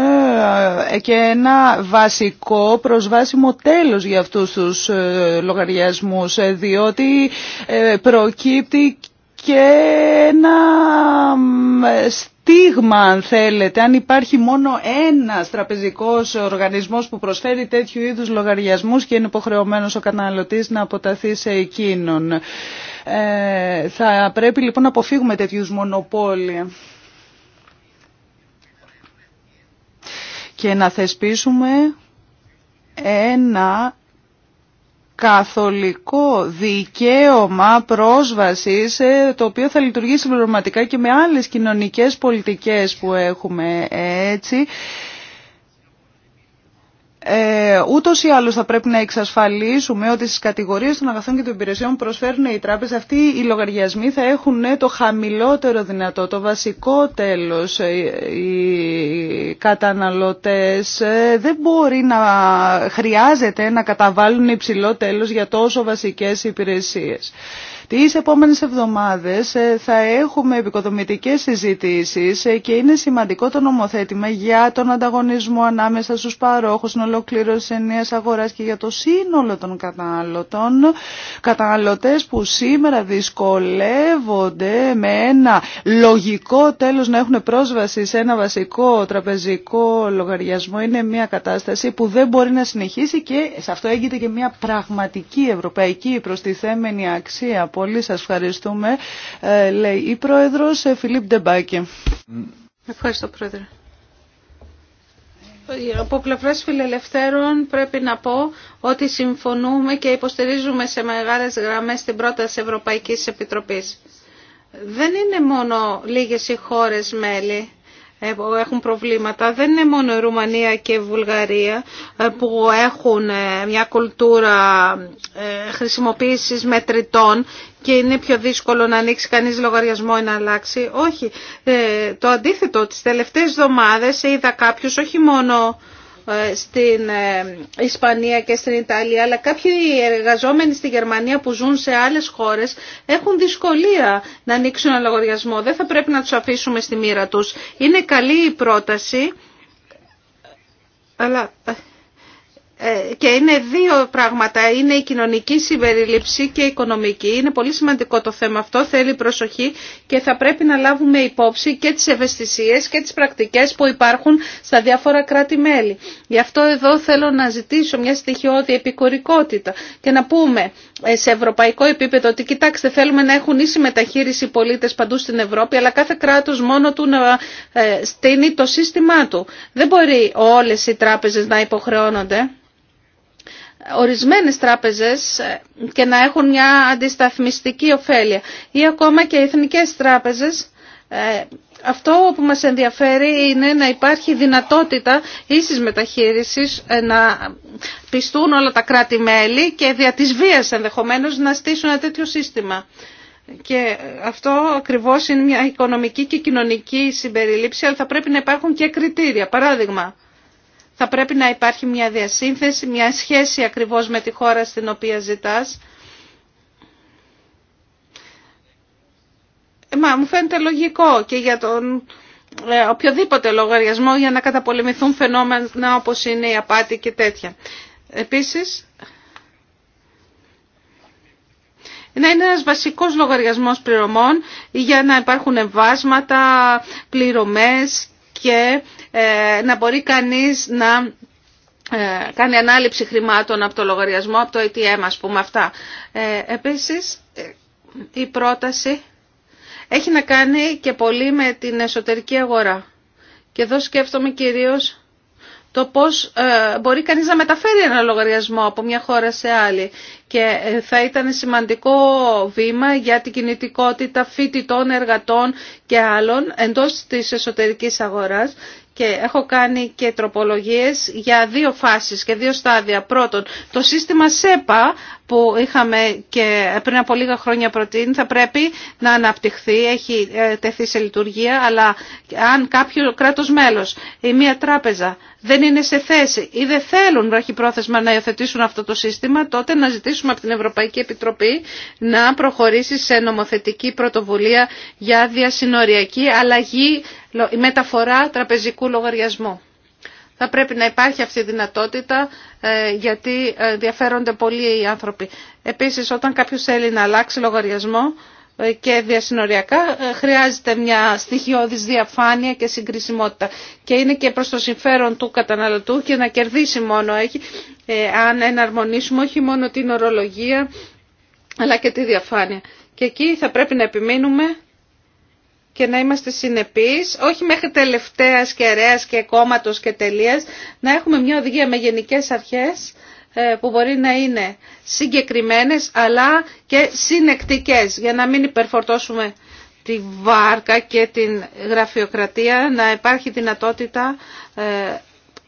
ε, και ένα βασικό προσβάσιμο τέλος για αυτούς τους λογαριασμούς διότι προκύπτει και ένα Τίγμα αν θέλετε, αν υπάρχει μόνο ένας τραπεζικός οργανισμός που προσφέρει τέτοιου είδους λογαριασμούς και είναι υποχρεωμένος ο καταναλωτής να αποταθεί σε εκείνον. Ε, θα πρέπει λοιπόν να αποφύγουμε τέτοιους μονοπόλια. Και να θεσπίσουμε ένα καθολικό δικαίωμα πρόσβασης ε, το οποίο θα λειτουργήσει συμπληρωματικά και με άλλες κοινωνικές πολιτικές που έχουμε έτσι ε, ούτως ή άλλω θα πρέπει να εξασφαλίσουμε ότι στις κατηγορίες των αγαθών και των υπηρεσιών που προσφέρουν οι τράπεζε. αυτοί οι λογαριασμοί θα έχουν ναι, το χαμηλότερο δυνατό, το βασικό τέλος. Ε, οι καταναλωτές ε, δεν μπορεί να χρειάζεται να καταβάλουν υψηλό τέλο για τόσο βασικές υπηρεσίες. Τις επόμενες εβδομάδες ε, θα έχουμε επικοδομητικές συζητήσεις ε, και είναι σημαντικό το νομοθέτημα για τον ανταγωνισμό ανάμεσα στους παρόχους, στην ολοκλήρωση νέας αγοράς και για το σύνολο των καταναλωτών. Καταναλωτές που σήμερα δυσκολεύονται με ένα λογικό τέλος να έχουν πρόσβαση σε ένα βασικό τραπεζικό λογαριασμό είναι μια κατάσταση που δεν μπορεί να συνεχίσει και σε αυτό έγινε και μια πραγματική ευρωπαϊκή προστιθέμενη αξία Πολύ σας ευχαριστούμε, ε, λέει η Πρόεδρος ε, Φιλίπ Ντεμπάκη. Ευχαριστώ Πρόεδρε. Από πλευρά φιλελευθέρων πρέπει να πω ότι συμφωνούμε και υποστηρίζουμε σε μεγάλες γραμμές την πρόταση Ευρωπαϊκής Επιτροπής. Δεν είναι μόνο λίγες οι χώρες μέλη έχουν προβλήματα. Δεν είναι μόνο η Ρουμανία και η Βουλγαρία ε, που έχουν ε, μια κουλτούρα ε, χρησιμοποίησης μετρητών και είναι πιο δύσκολο να ανοίξει κανείς λογαριασμό ή να αλλάξει. Όχι, το αντίθετο, τις τελευταίες εβδομάδες είδα κάποιους όχι μόνο ε, στην ε, Ισπανία και στην Ιταλία, αλλά κάποιοι εργαζόμενοι στη Γερμανία που ζουν σε άλλες χώρες έχουν δυσκολία να ανοίξουν ένα λογαριασμό. Δεν θα πρέπει να τους αφήσουμε στη μοίρα τους. Είναι καλή η πρόταση, αλλά ε, ε, και είναι δύο πράγματα. Είναι η κοινωνική συμπεριλήψη και η οικονομική. Είναι πολύ σημαντικό το θέμα αυτό, θέλει προσοχή και θα πρέπει να λάβουμε υπόψη και τις ευαισθησίες και τις πρακτικές που υπάρχουν στα διάφορα κράτη-μέλη. Γι' αυτό εδώ θέλω να ζητήσω μια στοιχειώδη επικορικότητα και να πούμε ε, σε ευρωπαϊκό επίπεδο ότι κοιτάξτε θέλουμε να έχουν ίση μεταχείριση οι πολίτες παντού στην Ευρώπη αλλά κάθε κράτος μόνο του να ε, στείνει το σύστημά του. Δεν μπορεί όλε οι τράπεζε να υποχρεώνονται ορισμένες τράπεζες ε, και να έχουν μια αντισταθμιστική ωφέλεια ή ακόμα και εθνικές τράπεζες ε, αυτό που μας ενδιαφέρει είναι να υπάρχει δυνατότητα ίσης μεταχείρισης ε, να πιστούν όλα τα κράτη-μέλη και δια της βίας ενδεχομένως να στήσουν ένα τέτοιο σύστημα. Και αυτό ακριβώς είναι μια οικονομική και κοινωνική συμπεριλήψη, αλλά θα πρέπει να υπάρχουν και κριτήρια. Παράδειγμα, θα πρέπει να υπάρχει μια διασύνθεση, μια σχέση ακριβώς με τη χώρα στην οποία ζητάς. Μα μου φαίνεται λογικό και για τον ε, οποιοδήποτε λογαριασμό για να καταπολεμηθούν φαινόμενα όπως είναι η απάτη και τέτοια. Επίσης, να είναι ένας βασικός λογαριασμός πληρωμών για να υπάρχουν εμβάσματα, πληρωμές και ε, να μπορεί κανείς να ε, κάνει ανάληψη χρημάτων από το λογαριασμό, από το ATM ας πούμε αυτά. Ε, επίσης η πρόταση έχει να κάνει και πολύ με την εσωτερική αγορά. Και εδώ σκέφτομαι κυρίως το πώς ε, μπορεί κανείς να μεταφέρει ένα λογαριασμό από μια χώρα σε άλλη. Και ε, θα ήταν σημαντικό βήμα για την κινητικότητα φοιτητών, εργατών και άλλων εντός της εσωτερικής αγοράς και έχω κάνει και τροπολογίες για δύο φάσεις και δύο στάδια. Πρώτον, το σύστημα ΣΕΠΑ που είχαμε και πριν από λίγα χρόνια προτείνει θα πρέπει να αναπτυχθεί, έχει ε, τεθεί σε λειτουργία, αλλά αν κάποιο κράτος μέλος ή μια τράπεζα δεν είναι σε θέση ή δεν θέλουν πρόθεσμα να υιοθετήσουν αυτό το σύστημα, τότε να ζητήσουμε από την Ευρωπαϊκή Επιτροπή να προχωρήσει σε νομοθετική πρωτοβουλία για διασυνοριακή αλλαγή η μεταφορά τραπεζικού λογαριασμού. Θα πρέπει να υπάρχει αυτή η δυνατότητα ε, γιατί ενδιαφέρονται πολλοί οι άνθρωποι. Επίσης όταν κάποιος θέλει να αλλάξει λογαριασμό ε, και διασυνοριακά ε, χρειάζεται μια στοιχειώδης διαφάνεια και συγκρισιμότητα και είναι και προς το συμφέρον του καταναλωτού και να κερδίσει μόνο έχει αν εναρμονίσουμε όχι μόνο την ορολογία αλλά και τη διαφάνεια. Και εκεί θα πρέπει να επιμείνουμε και να είμαστε συνεπείς, όχι μέχρι τελευταίας και αρέας και κόμματος και τελείας, να έχουμε μια οδηγία με γενικές αρχές ε, που μπορεί να είναι συγκεκριμένες αλλά και συνεκτικές για να μην υπερφορτώσουμε τη βάρκα και την γραφειοκρατία, να υπάρχει δυνατότητα ε,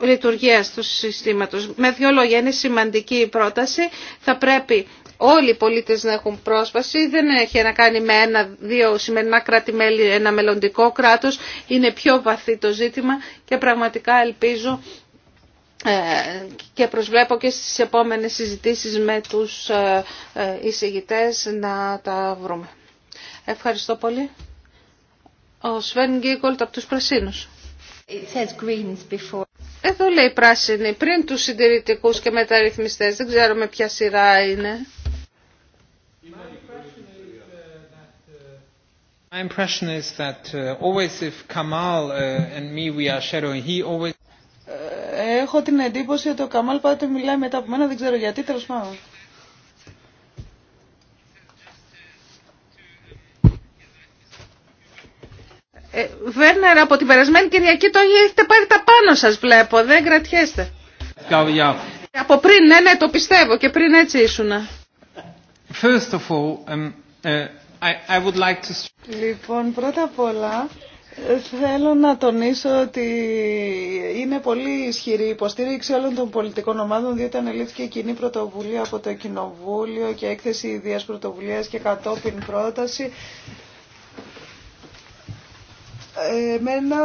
λειτουργίας του συστήματος. Με δύο λόγια είναι σημαντική η πρόταση. Θα πρέπει όλοι οι πολίτες να έχουν πρόσβαση. Δεν έχει να κάνει με ένα-δύο σημερινά κράτη-μέλη, ένα μελλοντικό κράτος. Είναι πιο βαθύ το ζήτημα και πραγματικά ελπίζω ε, και προσβλέπω και στις επόμενες συζητήσεις με τους ε, ε, εισηγητές να τα βρούμε. Ευχαριστώ πολύ. Ο Σβέν Γκίγκολτ από τους Πρασίνους. Εδώ λέει πράσινη, πριν τους συντηρητικούς και μεταρρυθμιστές, δεν ξέρουμε ποια σειρά είναι. Uh, uh, My impression is that uh, always if Kamal and me we are shadowing, he always. Ε, έχω την εντύπωση ότι ο Καμάλ πάντοτε μιλάει μετά από μένα, δεν ξέρω γιατί, τέλο πάντων. Ε, Βέρνερ, από την περασμένη Κυριακή το έχετε πάρει τα πάνω σας βλέπω, δεν κρατιέστε. Από πριν, ναι, ναι, το πιστεύω και πριν έτσι ήσουνα. Λοιπόν, πρώτα απ' όλα, Θέλω να τονίσω ότι είναι πολύ ισχυρή η υποστήριξη όλων των πολιτικών ομάδων, διότι ανελήφθηκε κοινή πρωτοβουλία από το Κοινοβούλιο και έκθεση ιδίας πρωτοβουλίας και κατόπιν πρόταση Εμένα,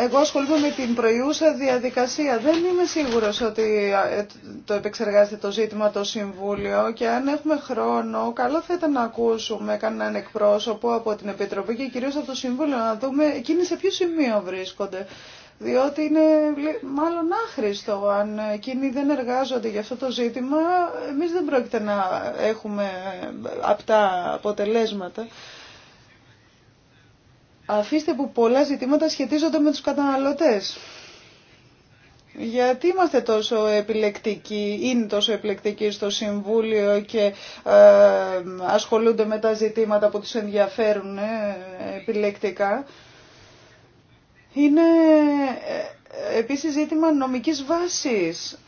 εγώ ασχολούμαι με την προϊούσα διαδικασία. Δεν είμαι σίγουρος ότι ε, το επεξεργάζεται το ζήτημα το Συμβούλιο και αν έχουμε χρόνο, καλό θα ήταν να ακούσουμε κανέναν εκπρόσωπο από την Επιτροπή και κυρίως από το Συμβούλιο να δούμε εκείνοι σε ποιο σημείο βρίσκονται. Διότι είναι μάλλον άχρηστο αν εκείνοι δεν εργάζονται για αυτό το ζήτημα, εμείς δεν πρόκειται να έχουμε ε, απτά αποτελέσματα. Αφήστε που πολλά ζητήματα σχετίζονται με τους καταναλωτές. Γιατί είμαστε τόσο επιλεκτικοί, είναι τόσο επιλεκτικοί στο Συμβούλιο και ε, ασχολούνται με τα ζητήματα που τους ενδιαφέρουν ε, επιλεκτικά. Είναι ε, ε επίσης ζήτημα νομικής βάσης.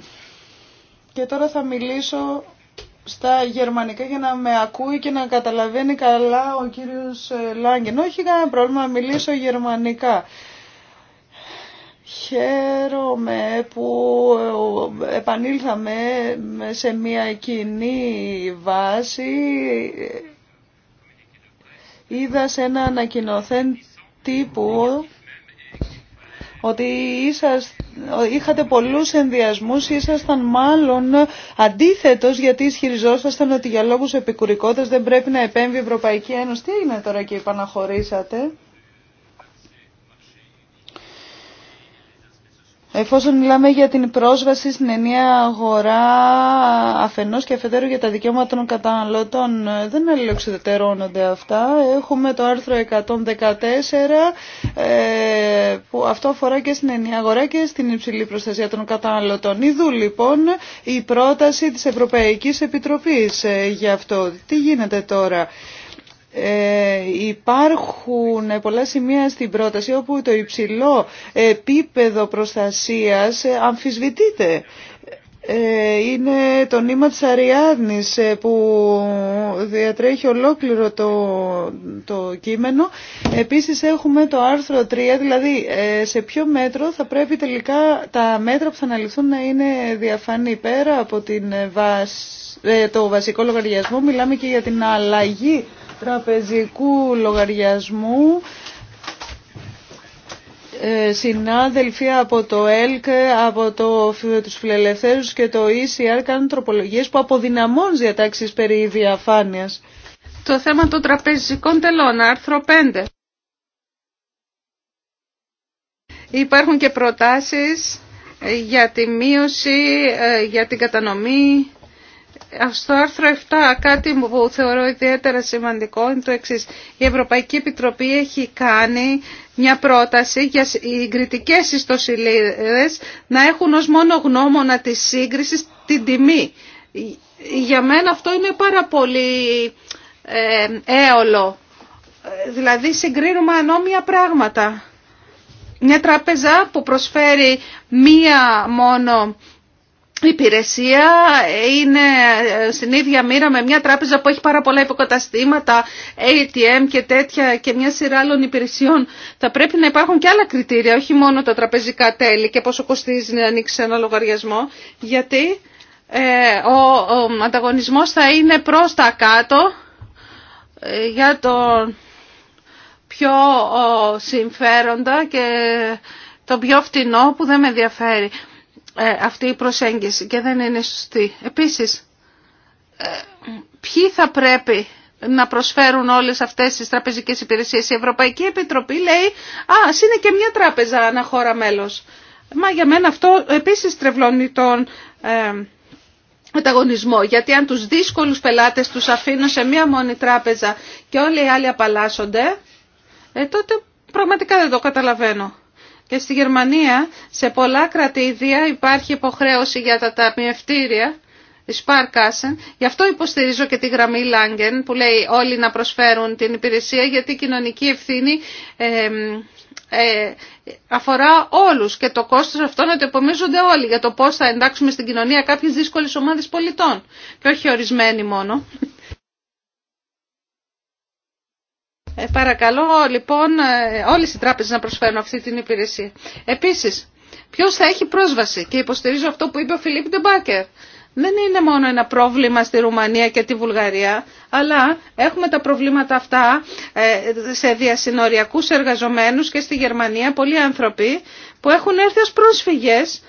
Και τώρα θα μιλήσω στα γερμανικά για να με ακούει και να καταλαβαίνει καλά ο κύριος ε, Λάγκεν. Όχι κανένα πρόβλημα μιλήσω γερμανικά. Χαίρομαι που ε, επανήλθαμε σε μια κοινή βάση. Είδα σε ένα ανακοινωθέν τύπου ότι ήσασταν είχατε πολλούς ενδιασμούς, ήσασταν μάλλον αντίθετος γιατί ισχυριζόσασταν ότι για λόγους επικουρικότητας δεν πρέπει να επέμβει η Ευρωπαϊκή Ένωση. Τι έγινε τώρα και επαναχωρήσατε. Εφόσον μιλάμε για την πρόσβαση στην ενιαία αγορά αφενός και αφετέρου για τα δικαιώματα των καταναλωτών, ε, δεν αλληλοξιδετερώνονται αυτά. Έχουμε το άρθρο 114 ε, που αυτό αφορά και στην ενιαία αγορά και στην υψηλή προστασία των καταναλωτών. Ιδού λοιπόν η πρόταση της Ευρωπαϊκής Επιτροπής ε, για αυτό. Τι γίνεται τώρα. Ε, υπάρχουν πολλά σημεία στην πρόταση όπου το υψηλό επίπεδο προστασίας αμφισβητείται. Ε, είναι το νήμα της Αριάδνης ε, που διατρέχει ολόκληρο το, το κείμενο. Επίσης έχουμε το άρθρο 3, δηλαδή σε ποιο μέτρο θα πρέπει τελικά τα μέτρα που θα αναλυθούν να είναι διαφανή πέρα από την το βασικό λογαριασμό. Μιλάμε και για την αλλαγή τραπεζικού λογαριασμού. Ε, συνάδελφοι από το ΕΛΚ, από το, τους Φιλελευθέρους και το ECR κάνουν τροπολογίες που αποδυναμώνουν διατάξεις περί διαφάνειας. Το θέμα των τραπεζικών τελών, άρθρο 5. Υπάρχουν και προτάσεις για τη μείωση, ε, για την κατανομή στο άρθρο 7 κάτι που θεωρώ ιδιαίτερα σημαντικό είναι το εξής. Η Ευρωπαϊκή Επιτροπή έχει κάνει μια πρόταση για οι κριτικές ιστοσελίδες να έχουν ως μόνο γνώμονα της σύγκρισης την τιμή. Για μένα αυτό είναι πάρα πολύ ε, έολο. Δηλαδή συγκρίνουμε ανώμια πράγματα. Μια τραπεζά που προσφέρει μία μόνο η υπηρεσία είναι ε, στην ίδια μοίρα με μια τράπεζα που έχει πάρα πολλά υποκαταστήματα, ATM και τέτοια και μια σειρά άλλων υπηρεσιών. Θα πρέπει να υπάρχουν και άλλα κριτήρια, όχι μόνο τα τραπεζικά τέλη και πόσο κοστίζει να ανοίξει ένα λογαριασμό, γιατί ε, ο ανταγωνισμός θα είναι προς τα κάτω ε, για τον πιο συμφέροντα και τον πιο φτηνό που δεν με ενδιαφέρει. Ε, αυτή η προσέγγιση και δεν είναι σωστή. Επίσης, ε, ποιοι θα πρέπει να προσφέρουν όλες αυτές τις τραπεζικές υπηρεσίες. Η Ευρωπαϊκή Επιτροπή λέει «Α, ας είναι και μια τράπεζα ένα χώρα μέλος». Μα για μένα αυτό επίσης τρευλώνει τον ε, γιατί αν τους δύσκολους πελάτες τους αφήνω σε μία μόνη τράπεζα και όλοι οι άλλοι απαλλάσσονται, ε, τότε πραγματικά δεν το καταλαβαίνω. Και στη Γερμανία σε πολλά κρατήδια υπάρχει υποχρέωση για τα ταμιευτήρια, η Sparkassen. Γι' αυτό υποστηρίζω και τη γραμμή Langen που λέει όλοι να προσφέρουν την υπηρεσία γιατί η κοινωνική ευθύνη ε, αφορά όλους και το κόστος αυτό να το επομίζονται όλοι για το πώς θα εντάξουμε στην κοινωνία κάποιες δύσκολες ομάδες πολιτών και όχι ορισμένοι μόνο. Ε, παρακαλώ λοιπόν ε, όλες οι τράπεζες να προσφέρουν αυτή την υπηρεσία. Επίσης, ποιος θα έχει πρόσβαση και υποστηρίζω αυτό που είπε ο Φιλίπ Ντεμπάκερ. Δεν είναι μόνο ένα πρόβλημα στη Ρουμανία και τη Βουλγαρία, αλλά έχουμε τα προβλήματα αυτά ε, σε διασυνοριακούς εργαζομένους και στη Γερμανία πολλοί άνθρωποι που έχουν έρθει ως πρόσφυγες,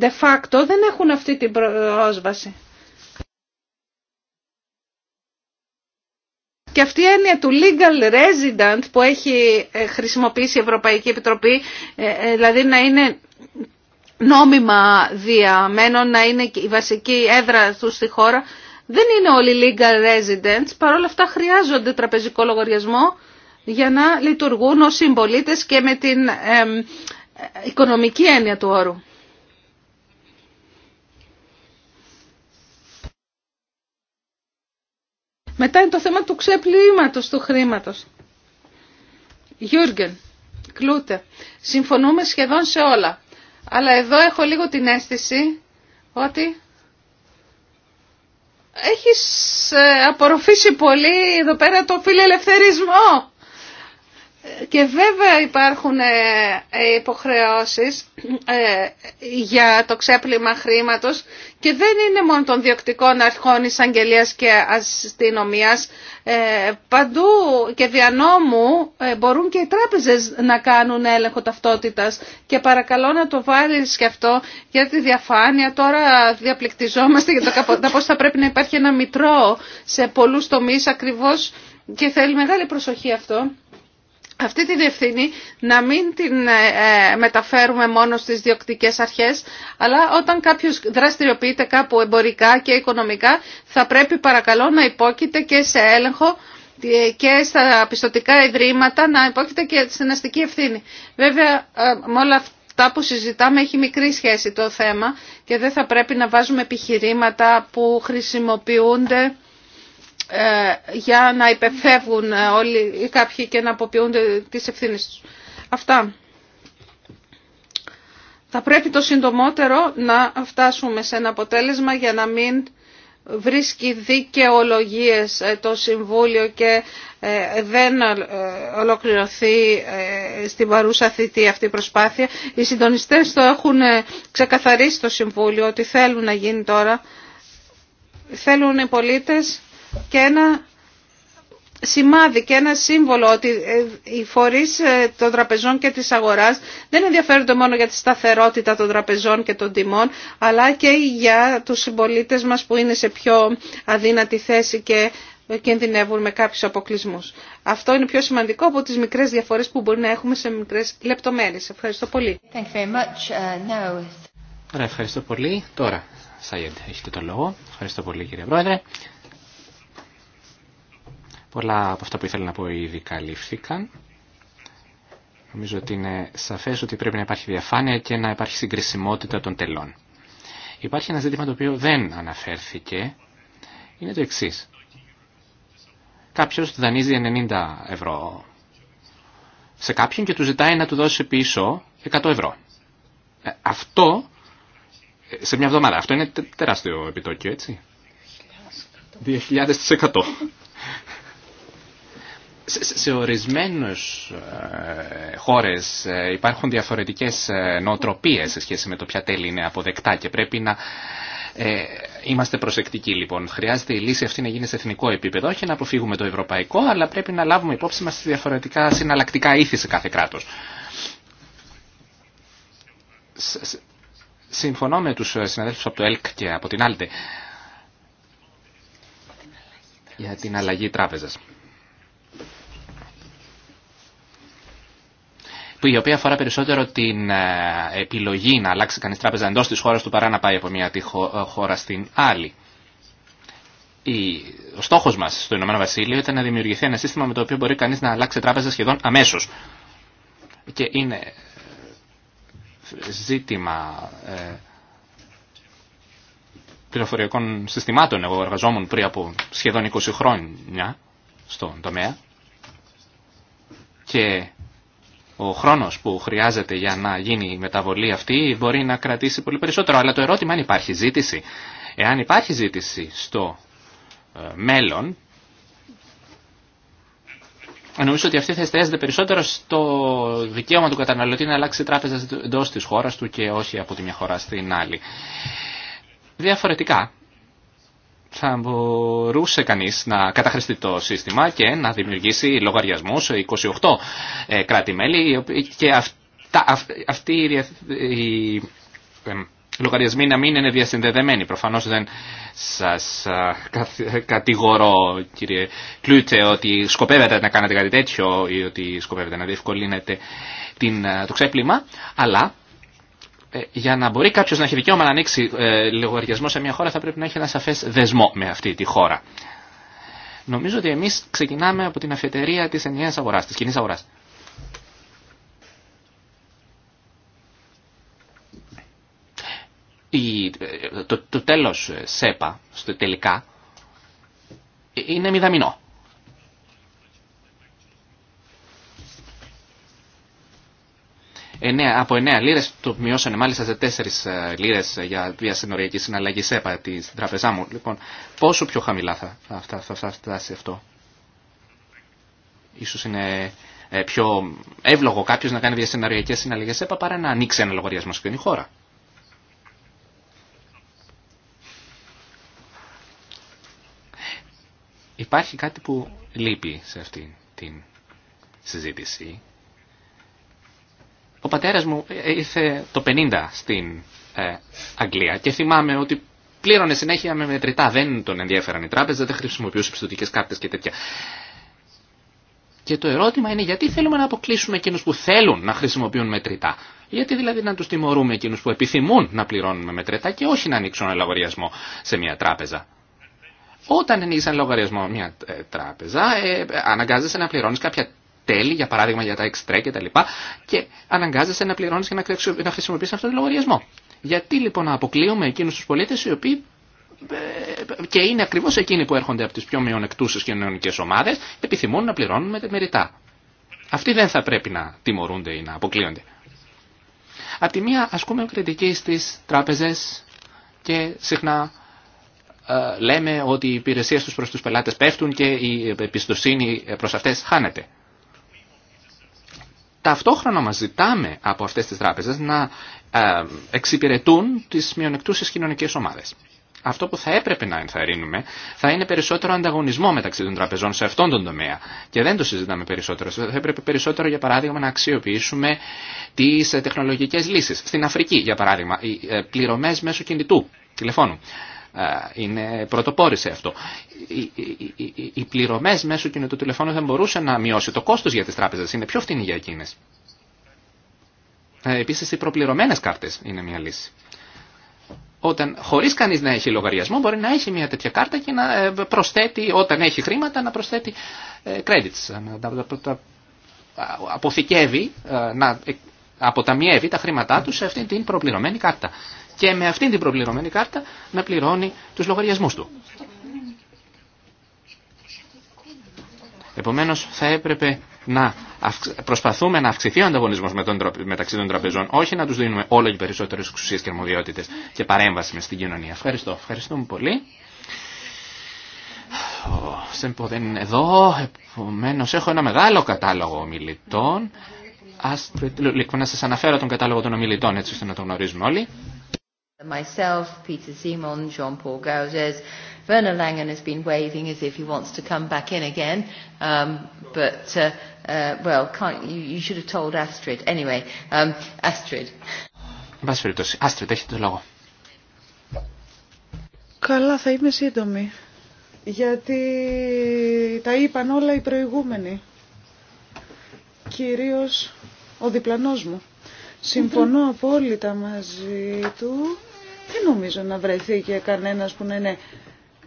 de facto δεν έχουν αυτή την πρόσβαση. Και αυτή η έννοια του legal resident που έχει ε, χρησιμοποιήσει η Ευρωπαϊκή Επιτροπή, ε, ε, δηλαδή να είναι νόμιμα διαμένων, να είναι η βασική έδρα του στη χώρα, δεν είναι όλοι legal residents, παρόλα αυτά χρειάζονται τραπεζικό λογαριασμό για να λειτουργούν ως συμπολίτε και με την οικονομική έννοια του όρου. Μετά είναι το θέμα του ξεπλήματος του χρήματος. Γιούργεν, κλούτε, συμφωνούμε σχεδόν σε όλα. Αλλά εδώ έχω λίγο την αίσθηση ότι έχεις ε, απορροφήσει πολύ εδώ πέρα το φιλελευθερισμό. Και βέβαια υπάρχουν ε, ε, υποχρεώσεις ε, για το ξέπλυμα χρήματος και δεν είναι μόνο των διοκτικών αρχών εισαγγελίας και αστυνομίας. Παντού και δια νόμου μπορούν και οι τράπεζες να κάνουν έλεγχο ταυτότητας και παρακαλώ να το βάλεις και αυτό για τη διαφάνεια. Τώρα διαπληκτιζόμαστε για το πώς θα πρέπει να υπάρχει ένα μητρό σε πολλούς τομείς ακριβώς και θέλει μεγάλη προσοχή αυτό αυτή την ευθύνη να μην την ε, μεταφέρουμε μόνο στις διοκτικές αρχές, αλλά όταν κάποιος δραστηριοποιείται κάπου εμπορικά και οικονομικά, θα πρέπει παρακαλώ να υπόκειται και σε έλεγχο ε, και στα πιστοτικά ιδρύματα να υπόκειται και στην αστική ευθύνη. Βέβαια, ε, με όλα αυτά που συζητάμε έχει μικρή σχέση το θέμα και δεν θα πρέπει να βάζουμε επιχειρήματα που χρησιμοποιούνται ε, για να υπεφεύγουν ε, όλοι ή κάποιοι και να αποποιούνται τις ευθύνες τους. Αυτά. Θα πρέπει το συντομότερο να φτάσουμε σε ένα αποτέλεσμα για να μην βρίσκει δικαιολογίες ε, το Συμβούλιο και δεν ολοκληρωθεί στην παρούσα θητή αυτή η προσπάθεια. Οι συντονιστές το έχουν ξεκαθαρίσει το Συμβούλιο ότι θέλουν να γίνει τώρα. Θέλουν οι πολίτες και ένα σημάδι και ένα σύμβολο ότι ε, οι φορείς ε, των τραπεζών και της αγοράς δεν ενδιαφέρονται μόνο για τη σταθερότητα των τραπεζών και των τιμών αλλά και για τους συμπολίτε μας που είναι σε πιο αδύνατη θέση και κινδυνεύουν με κάποιους αποκλεισμούς. Αυτό είναι πιο σημαντικό από τις μικρές διαφορές που μπορεί να έχουμε σε μικρές λεπτομέρειες. Ευχαριστώ πολύ. Uh, ευχαριστώ πολύ. Τώρα, Σάιεντ, έχετε το λόγο. Ευχαριστώ πολύ κύριε Πρόεδρε. Πολλά από αυτά που ήθελα να πω ήδη καλύφθηκαν. Νομίζω ότι είναι σαφές ότι πρέπει να υπάρχει διαφάνεια και να υπάρχει συγκρισιμότητα των τελών. Υπάρχει ένα ζήτημα το οποίο δεν αναφέρθηκε. Είναι το εξή. Κάποιο δανείζει 90 ευρώ σε κάποιον και του ζητάει να του δώσει πίσω 100 ευρώ. Ε, αυτό ε, σε μια εβδομάδα. Αυτό είναι τεράστιο επιτόκιο, έτσι. 2.000% σε ορισμένους ε, χώρες ε, υπάρχουν διαφορετικές ε, νοοτροπίες σε σχέση με το ποια τέλη είναι αποδεκτά και πρέπει να είμαστε προσεκτικοί λοιπόν. Χρειάζεται η λύση αυτή να γίνει σε εθνικό επίπεδο, όχι να αποφύγουμε το ευρωπαϊκό, αλλά πρέπει να λάβουμε υπόψη μας διαφορετικά συναλλακτικά ήθη σε κάθε κράτος. Συμφωνώ με τους συναδέλφους από το ΕΛΚ και από την ΑΛΤΕ για την αλλαγή τράπεζας. που η οποία αφορά περισσότερο την ε, επιλογή να αλλάξει κανείς τράπεζα εντός της χώρας του παρά να πάει από μια ε, χώρα στην άλλη. Ο στόχος μας στο Ηνωμένο Βασίλειο ήταν να δημιουργηθεί ένα σύστημα με το οποίο μπορεί κανείς να αλλάξει τράπεζα σχεδόν αμέσως. Και είναι ε, ζήτημα πληροφοριακών συστημάτων. Εγώ εργαζόμουν πριν από σχεδόν 20 χρόνια στον τομέα και ο χρόνος που χρειάζεται για να γίνει η μεταβολή αυτή μπορεί να κρατήσει πολύ περισσότερο. Αλλά το ερώτημα αν υπάρχει ζήτηση. Εάν υπάρχει ζήτηση στο ε, μέλλον, νομίζω ότι αυτή θα εστιάζεται περισσότερο στο δικαίωμα του καταναλωτή να αλλάξει τράπεζα εντό της χώρας του και όχι από τη μια χώρα στην άλλη. Διαφορετικά, θα μπορούσε κανείς να καταχρηστεί το σύστημα και να δημιουργήσει λογαριασμούς 28 ε, κράτη-μέλη και αυτοί οι λογαριασμοί να μην είναι διασυνδεδεμένοι. Προφανώς δεν σας κατηγορώ κύριε Κλούτσε, ότι σκοπεύετε να κάνετε κάτι τέτοιο ή ότι σκοπεύετε να διευκολύνετε το ξέπλυμα, αλλά ε, για να μπορεί κάποιο να έχει δικαίωμα να ανοίξει ε, λογαριασμό σε μια χώρα θα πρέπει να έχει ένα σαφέ δεσμό με αυτή τη χώρα. Νομίζω ότι εμεί ξεκινάμε από την αφιτερία τη ενιαία αγορά, τη κοινή αγορά. Ε, το, το τέλος ΣΕΠΑ, στο τελικά, είναι μηδαμινό. 9, από 9 λίρε το μειώσανε μάλιστα σε 4 ε, λίρες για διασυνοριακή συναλλαγή ΣΕΠΑ τη τραπεζά μου. Λοιπόν, πόσο πιο χαμηλά θα, θα, θα, θα φτάσει αυτό. Ίσως είναι ε, πιο εύλογο κάποιο να κάνει διασυνοριακές συναλλαγή ΣΕΠΑ παρά να ανοίξει ένα λογαριασμό στην χώρα. Υπάρχει κάτι που λείπει σε αυτή την συζήτηση ο πατέρας μου ήρθε το 50 στην ε, Αγγλία και θυμάμαι ότι πλήρωνε συνέχεια με μετρητά. Δεν τον ενδιαφέραν οι τράπεζε, δεν χρησιμοποιούσε πιστοτικέ κάρτε και τέτοια. Και το ερώτημα είναι γιατί θέλουμε να αποκλείσουμε εκείνου που θέλουν να χρησιμοποιούν μετρητά. Γιατί δηλαδή να του τιμωρούμε εκείνου που επιθυμούν να πληρώνουν με μετρητά και όχι να ανοίξουν λογαριασμό σε μια τράπεζα. Όταν ανοίγει ένα λογαριασμό μια ε, τράπεζα, ε, αναγκάζεσαι να πληρώνει κάποια τέλη, για παράδειγμα για τα εξτρέ και τα λοιπά, και αναγκάζεσαι να πληρώνει και να χρησιμοποιήσει αυτόν τον λογαριασμό. Γιατί λοιπόν να αποκλείουμε εκείνου του πολίτε οι οποίοι ε, και είναι ακριβώ εκείνοι που έρχονται από τι πιο μειονεκτούσες κοινωνικές ομάδε, επιθυμούν να πληρώνουν με μεριτά. Αυτοί δεν θα πρέπει να τιμωρούνται ή να αποκλείονται. Απ' τη μία ασκούμε κριτική στις τράπεζες και συχνά ε, λέμε ότι οι υπηρεσίες του προς τους πελάτες πέφτουν και η εμπιστοσύνη προς αυτές χάνεται ταυτόχρονα μας ζητάμε από αυτές τις τράπεζες να ε, εξυπηρετούν τις μειονεκτούσες κοινωνικές ομάδες. Αυτό που θα έπρεπε να ενθαρρύνουμε θα είναι περισσότερο ανταγωνισμό μεταξύ των τραπεζών σε αυτόν τον τομέα. Και δεν το συζητάμε περισσότερο. Θα έπρεπε περισσότερο, για παράδειγμα, να αξιοποιήσουμε τι τεχνολογικέ λύσει. Στην Αφρική, για παράδειγμα, οι ε, πληρωμέ μέσω κινητού τηλεφώνου είναι πρωτοπόρη σε αυτό. Οι, οι, πληρωμές μέσω κινητού τηλεφώνου δεν μπορούσαν να μειώσει το κόστος για τις τράπεζες. Είναι πιο φθηνή για εκείνες. Ε, Επίση οι προπληρωμένε κάρτε είναι μια λύση. Όταν χωρίς κανείς να έχει λογαριασμό μπορεί να έχει μια τέτοια κάρτα και να ε, προσθέτει όταν έχει χρήματα να προσθέτει ε, credits. Να αποθηκεύει, να αποταμιεύει τα χρήματά του σε αυτή την προπληρωμένη κάρτα και με αυτήν την προπληρωμένη κάρτα να πληρώνει τους λογαριασμούς του. Επομένως θα έπρεπε να προσπαθούμε να αυξηθεί ο ανταγωνισμός μεταξύ των τραπεζών, όχι να τους δίνουμε όλο και περισσότερες εξουσίες και αρμοδιότητες και παρέμβαση με στην κοινωνία. Ευχαριστώ. Ευχαριστούμε πολύ. Ο Σέμπο δεν είναι εδώ, επομένω έχω ένα μεγάλο κατάλογο ομιλητών. Ας, λοιπόν, να σας αναφέρω τον κατάλογο των ομιλητών, έτσι ώστε να τον γνωρίζουμε όλοι. Myself, Peter Simon, Jean-Paul Gauges, Werner Langen has been waving as if he wants to come back in again, um, but, uh, uh, well, can't, you, you should have told Astrid. Anyway, um, Astrid. Astrid, έχετε το λόγο. Καλά, θα είμαι σύντομη, γιατί τα είπαν όλα οι προηγούμενοι, κυρίως ο διπλανός μου. Συμφωνώ απόλυτα μαζί του δεν νομίζω να βρεθεί και κανένας που να είναι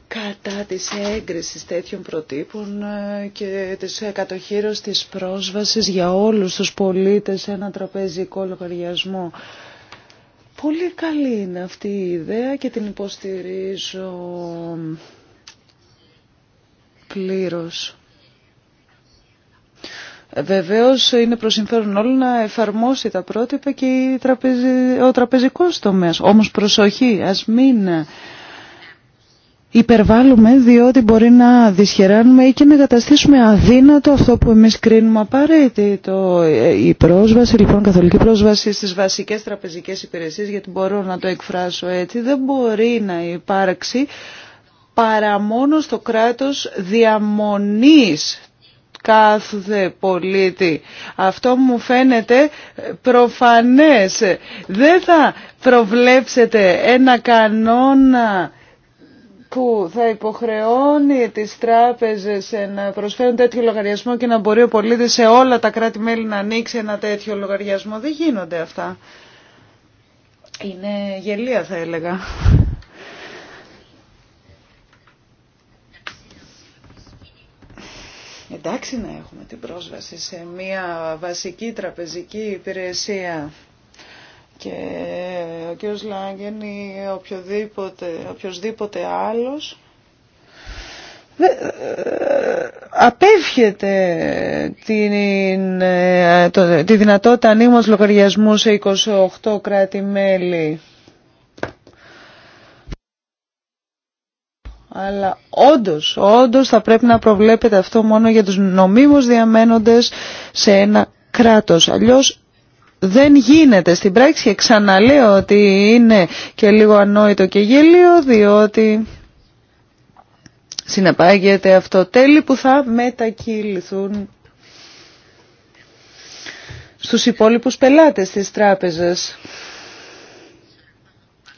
κατά της έγκρισης τέτοιων προτύπων ε, και της κατοχήρωσης της πρόσβασης για όλους τους πολίτες σε ένα τραπεζικό λογαριασμό. Πολύ καλή είναι αυτή η ιδέα και την υποστηρίζω πλήρως. Βεβαίως είναι προς συμφέρον όλων να εφαρμόσει τα πρότυπα και ο τραπεζικός τομέας. Όμως προσοχή, ας μην υπερβάλλουμε διότι μπορεί να δυσχεράνουμε ή και να καταστήσουμε αδύνατο αυτό που εμείς κρίνουμε απαραίτητο. Ε, η πρόσβαση, λοιπόν, καθολική πρόσβαση στις βασικές τραπεζικές υπηρεσίες, γιατί μπορώ να το εκφράσω έτσι, δεν μπορεί να υπάρξει παρά μόνο στο κράτος διαμονής κάθε πολίτη. Αυτό μου φαίνεται προφανές. Δεν θα προβλέψετε ένα κανόνα που θα υποχρεώνει τις τράπεζες να προσφέρουν τέτοιο λογαριασμό και να μπορεί ο πολίτης σε όλα τα κράτη-μέλη να ανοίξει ένα τέτοιο λογαριασμό. Δεν γίνονται αυτά. Είναι γελία θα έλεγα. Εντάξει να έχουμε την πρόσβαση σε μια βασική τραπεζική υπηρεσία και ο κ. Λάγκεν ή οποιοδήποτε, οποιοσδήποτε άλλος ε, απέφχεται την, ε, τη δυνατότητα ανήμως λογαριασμού σε 28 κράτη-μέλη. Αλλά όντως, όντως θα πρέπει να προβλέπετε αυτό μόνο για τους νομίμους διαμένοντες σε ένα κράτος. Αλλιώς δεν γίνεται στην πράξη και ξαναλέω ότι είναι και λίγο ανόητο και γελίο διότι συνεπάγεται αυτό τέλει που θα μετακυληθούν στους υπόλοιπους πελάτες της τράπεζας.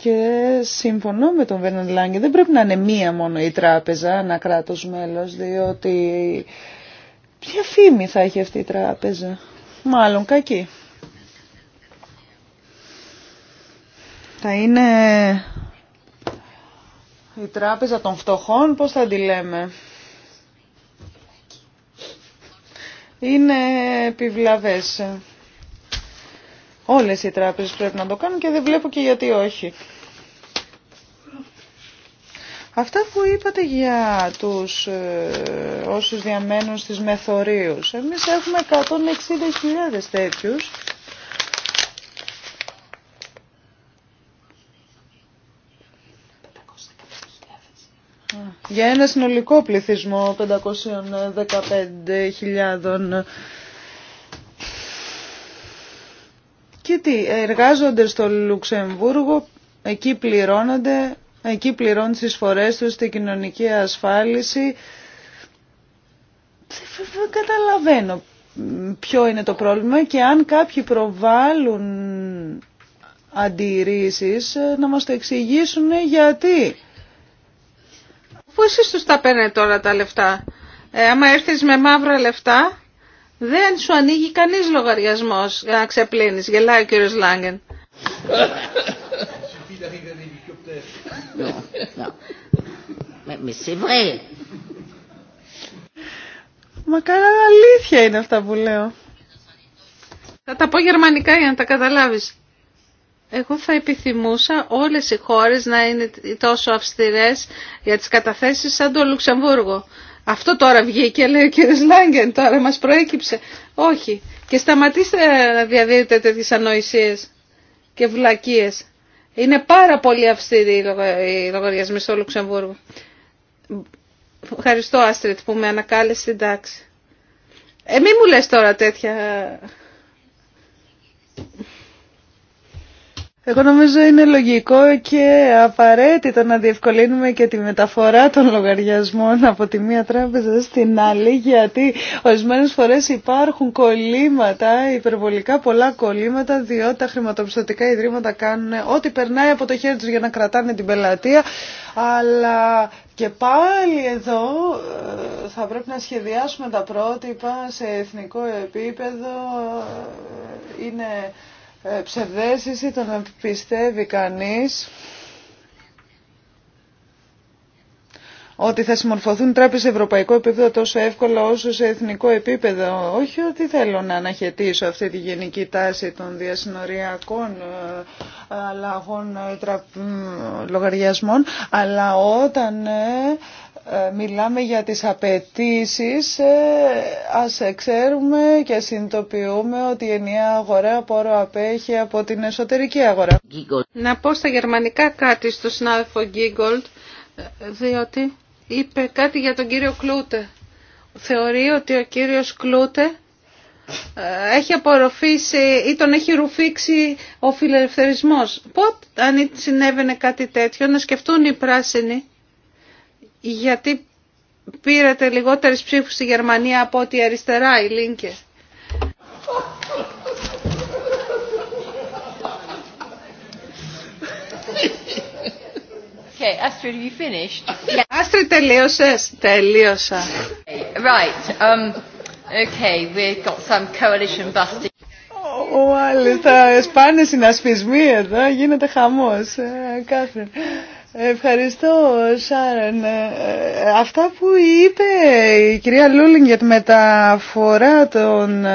Και συμφωνώ με τον Βέρναν δεν πρέπει να είναι μία μόνο η τράπεζα, ένα κράτος μέλος, διότι ποια φήμη θα έχει αυτή η τράπεζα. Μάλλον κακή. Θα είναι η τράπεζα των φτωχών, πώς θα τη λέμε. Είναι επιβλαβές. Όλες οι τράπεζες πρέπει να το κάνουν και δεν βλέπω και γιατί όχι. Αυτά που είπατε για τους ε, όσους διαμένουν στις μεθορίους. Εμείς έχουμε 160.000 τέτοιους. Για ένα συνολικό πληθυσμό 515.000 και τι, εργάζονται στο Λουξεμβούργο, εκεί πληρώνονται εκεί πληρώνουν τις φορές τους την κοινωνική ασφάλιση. Δεν καταλαβαίνω ποιο είναι το πρόβλημα και αν κάποιοι προβάλλουν αντιρρήσεις να μας το εξηγήσουν γιατί. Πού εσείς τους τα παίρνετε τώρα τα λεφτά. Ε, άμα έρθεις με μαύρα λεφτά δεν σου ανοίγει κανείς λογαριασμός να ξεπλύνεις. Γελάει ο κύριος Λάγκεν. mais c'est vrai. Μα καλά αλήθεια είναι αυτά που λέω. Θα τα πω γερμανικά για να τα καταλάβεις. Εγώ θα επιθυμούσα όλες οι χώρες να είναι τόσο αυστηρές για τις καταθέσεις σαν το Λουξεμβούργο. Αυτό τώρα βγήκε, λέει ο κ. Λάγκεν, τώρα μας προέκυψε. Όχι. Και σταματήστε να διαδίδετε τέτοιες ανοησίες και βλακίες. Είναι πάρα πολύ αυστηροί οι λογαριασμοί στο Λουξεμβούργο. Ευχαριστώ Άστριτ που με ανακάλεσε στην τάξη. Ε, μη μου λες τώρα τέτοια... Εγώ νομίζω είναι λογικό και απαραίτητο να διευκολύνουμε και τη μεταφορά των λογαριασμών από τη μία τράπεζα στην άλλη, γιατί ορισμένες φορές υπάρχουν κολλήματα, υπερβολικά πολλά κολλήματα, διότι τα χρηματοπιστωτικά ιδρύματα κάνουν ό,τι περνάει από το χέρι τους για να κρατάνε την πελατεία, αλλά και πάλι εδώ ε, θα πρέπει να σχεδιάσουμε τα πρότυπα σε εθνικό επίπεδο, ε, είναι ε, ψευδέσεις ή το να πιστεύει κανείς ότι θα συμμορφωθούν τράπεζες σε ευρωπαϊκό επίπεδο τόσο εύκολα όσο σε εθνικό επίπεδο. Όχι ότι θέλω να αναχαιτήσω αυτή τη γενική τάση των διασυνοριακών ε, αλλαγών ε, λογαριασμών, αλλά όταν ε, μιλάμε για τις απαιτήσει, ε, ας ξέρουμε και συνειδητοποιούμε ότι η ενιαία αγορά πόρο απέχει από την εσωτερική αγορά. Να πω στα γερμανικά κάτι στο συνάδελφο Γκίγκολτ, διότι είπε κάτι για τον κύριο Κλούτε. Θεωρεί ότι ο κύριος Κλούτε ε, έχει απορροφήσει ή τον έχει ρουφήξει ο φιλελευθερισμός. Πότε αν συνέβαινε κάτι τέτοιο να σκεφτούν οι πράσινοι γιατί πήρατε λιγότερες ψήφους στη Γερμανία από ότι αριστερά, η Λίνκε. Okay, Astrid, you finished. Astrid, τελείωσες. Τελείωσα. Right. Um, okay, we've got some coalition busting. Μάλιστα, σπάνε συνασπισμοί εδώ, γίνεται χαμός. Ε, κάθε. Ευχαριστώ, Σάρεν. Ε, ε, αυτά που είπε η κυρία Λούλινγκ για τη, μεταφορά των,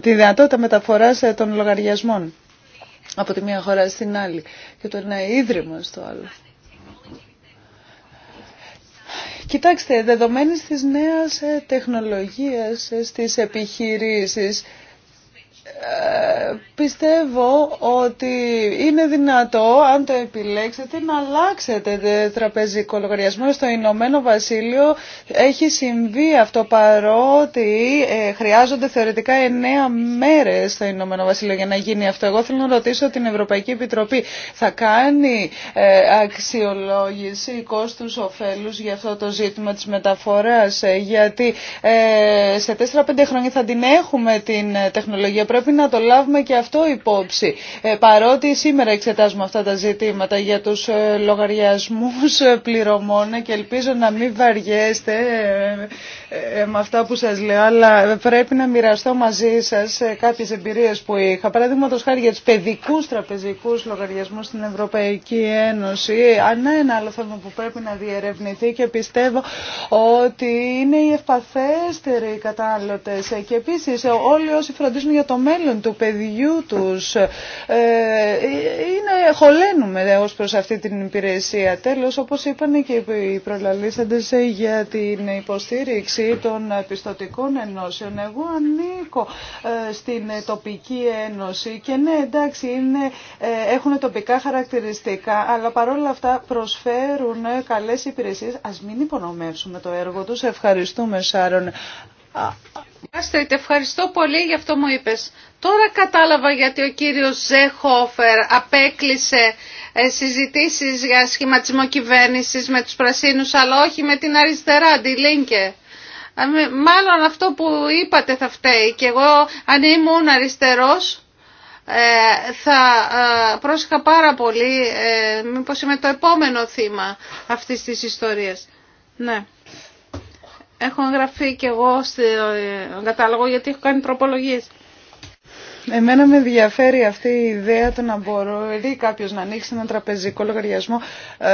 τη δυνατότητα μεταφοράς ε, των λογαριασμών από τη μία χώρα στην άλλη και το ένα ίδρυμα στο άλλο. Κοιτάξτε, δεδομένης της νέας τεχνολογίας στις επιχειρήσεις, ε, πιστεύω ότι είναι δυνατό, αν το επιλέξετε, να αλλάξετε τραπεζικό λογαριασμό. Στο Ηνωμένο Βασίλειο έχει συμβεί αυτό παρότι ε, χρειάζονται θεωρητικά εννέα μέρες στο Ηνωμένο Βασίλειο για να γίνει αυτό. Εγώ θέλω να ρωτήσω την Ευρωπαϊκή Επιτροπή. Θα κάνει ε, αξιολόγηση κόστους ωφέλους για αυτό το ζήτημα της μεταφοράς γιατί σε τέσσερα-πέντε χρόνια θα την έχουμε την τεχνολογία πρέπει να το λάβουμε και αυτό υπόψη. Ε, παρότι σήμερα εξετάζουμε αυτά τα ζητήματα για τους ε, λογαριασμούς ε, πληρωμών και ελπίζω να μην βαριέστε με αυτά που σας λέω, αλλά πρέπει να μοιραστώ μαζί σας κάποιες εμπειρίες που είχα. Παραδείγματο χάρη για τους παιδικούς τραπεζικούς λογαριασμούς στην Ευρωπαϊκή Ένωση. Αν ένα άλλο θέμα που πρέπει να διερευνηθεί και πιστεύω ότι είναι οι ευπαθέστεροι κατάλληλοι. Και επίσης όλοι όσοι φροντίζουν για το μέλλον του παιδιού τους. Ε, είναι, χωλένουμε ε, ως προς αυτή την υπηρεσία. Τέλος, όπως είπαν και οι προλαλήσαντες ε, για την υποστήριξη των πιστοτικών ενώσεων, εγώ ανήκω στην τοπική ένωση και ναι, εντάξει, είναι, έχουν τοπικά χαρακτηριστικά, αλλά παρόλα αυτά προσφέρουν καλές υπηρεσίες. Ας μην υπονομεύσουμε το έργο τους. Ευχαριστούμε, Σάρων είτε ευχαριστώ πολύ για αυτό μου είπες. Τώρα κατάλαβα γιατί ο κύριος Ζέχοφερ απέκλεισε ε, συζητήσεις για σχηματισμό κυβέρνησης με τους πρασίνους, αλλά όχι με την αριστερά, τη Λίνκε. Ε, μάλλον αυτό που είπατε θα φταίει και εγώ αν ήμουν αριστερός ε, θα πρόσεχα πάρα πολύ μήπως είμαι το επόμενο θύμα αυτής της ιστορίας. Ναι. Έχω εγγραφεί και εγώ στο ε, κατάλογο γιατί έχω κάνει τροπολογίες. Εμένα με ενδιαφέρει αυτή η ιδέα το να μπορεί δηλαδή κάποιο να ανοίξει ένα τραπεζικό λογαριασμό ε,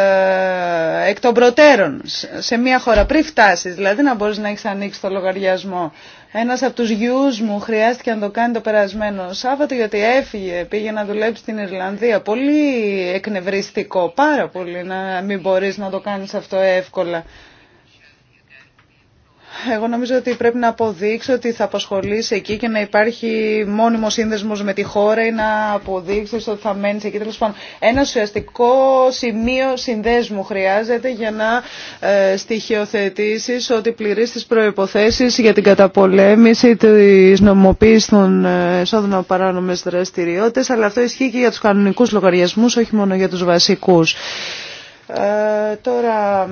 εκ των προτέρων σε μια χώρα πριν φτάσει. Δηλαδή να μπορεί να έχει ανοίξει το λογαριασμό. Ένα από του γιου μου χρειάστηκε να το κάνει το περασμένο Σάββατο γιατί έφυγε, πήγε να δουλέψει στην Ιρλανδία. Πολύ εκνευριστικό, πάρα πολύ να μην μπορεί να το κάνει αυτό εύκολα. Εγώ νομίζω ότι πρέπει να αποδείξει ότι θα απασχολήσει εκεί και να υπάρχει μόνιμο σύνδεσμο με τη χώρα ή να αποδείξει ότι θα μένει εκεί. Τέλος πάντων, ένα ουσιαστικό σημείο συνδέσμου χρειάζεται για να ε, στοιχειοθετήσεις ότι πληρείς τι προποθέσει για την καταπολέμηση τη νομοποίηση των ε, εσόδων από παράνομε δραστηριότητε. αλλά αυτό ισχύει και για του κανονικού λογαριασμού, όχι μόνο για του βασικού. Ε, τώρα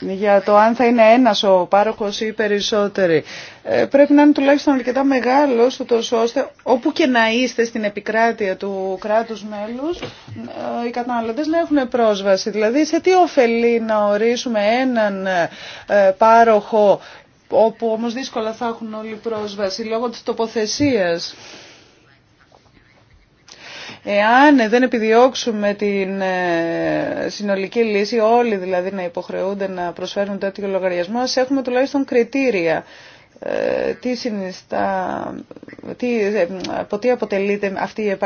για το αν θα είναι ένας ο πάροχος ή περισσότεροι. Ε, πρέπει να είναι τουλάχιστον αρκετά μεγάλος, ώστε όπου και να είστε στην επικράτεια του κράτους μέλους, ε, οι καταναλωτές να έχουν πρόσβαση. Δηλαδή, σε τι ωφελεί να ορίσουμε έναν ε, πάροχο, όπου όμως δύσκολα θα έχουν όλοι πρόσβαση, λόγω της τοποθεσίας. Εάν δεν επιδιώξουμε την ε, συνολική λύση, όλοι δηλαδή να υποχρεούνται να προσφέρουν τέτοιο λογαριασμό, ας έχουμε τουλάχιστον κριτήρια. Ε, τι συνιστά, τι, ε, από τι αποτελείται αυτή η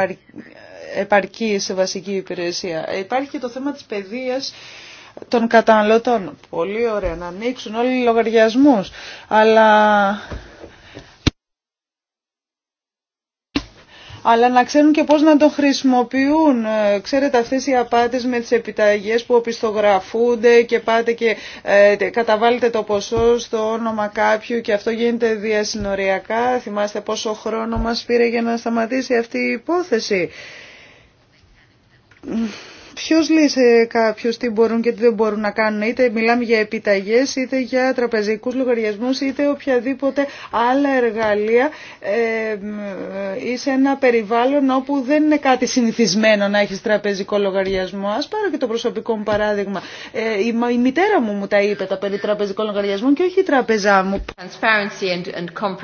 επαρκή, σε βασική υπηρεσία. Υπάρχει και το θέμα της παιδείας των καταναλωτών. Πολύ ωραία να ανοίξουν όλοι οι λογαριασμούς. Αλλά αλλά να ξέρουν και πώς να το χρησιμοποιούν. Ε, ξέρετε αυτές οι απάτες με τις επιταγές που οπισθογραφούνται και πάτε και ε, καταβάλλετε το ποσό στο όνομα κάποιου και αυτό γίνεται διασυνοριακά. Θυμάστε πόσο χρόνο μας πήρε για να σταματήσει αυτή η υπόθεση. Ποιο λέει σε κάποιους τι μπορούν και τι δεν μπορούν να κάνουν. Είτε μιλάμε για επιταγές, είτε για τραπεζικούς λογαριασμούς, είτε οποιαδήποτε άλλα εργαλεία ή σε ε, ένα περιβάλλον όπου δεν είναι κάτι συνηθισμένο να έχεις τραπεζικό λογαριασμό. Α πάρω και το προσωπικό μου παράδειγμα. Ε, η, μητέρα μου μου τα είπε τα περί τραπεζικών λογαριασμών και όχι η τραπεζά μου. Transparency and,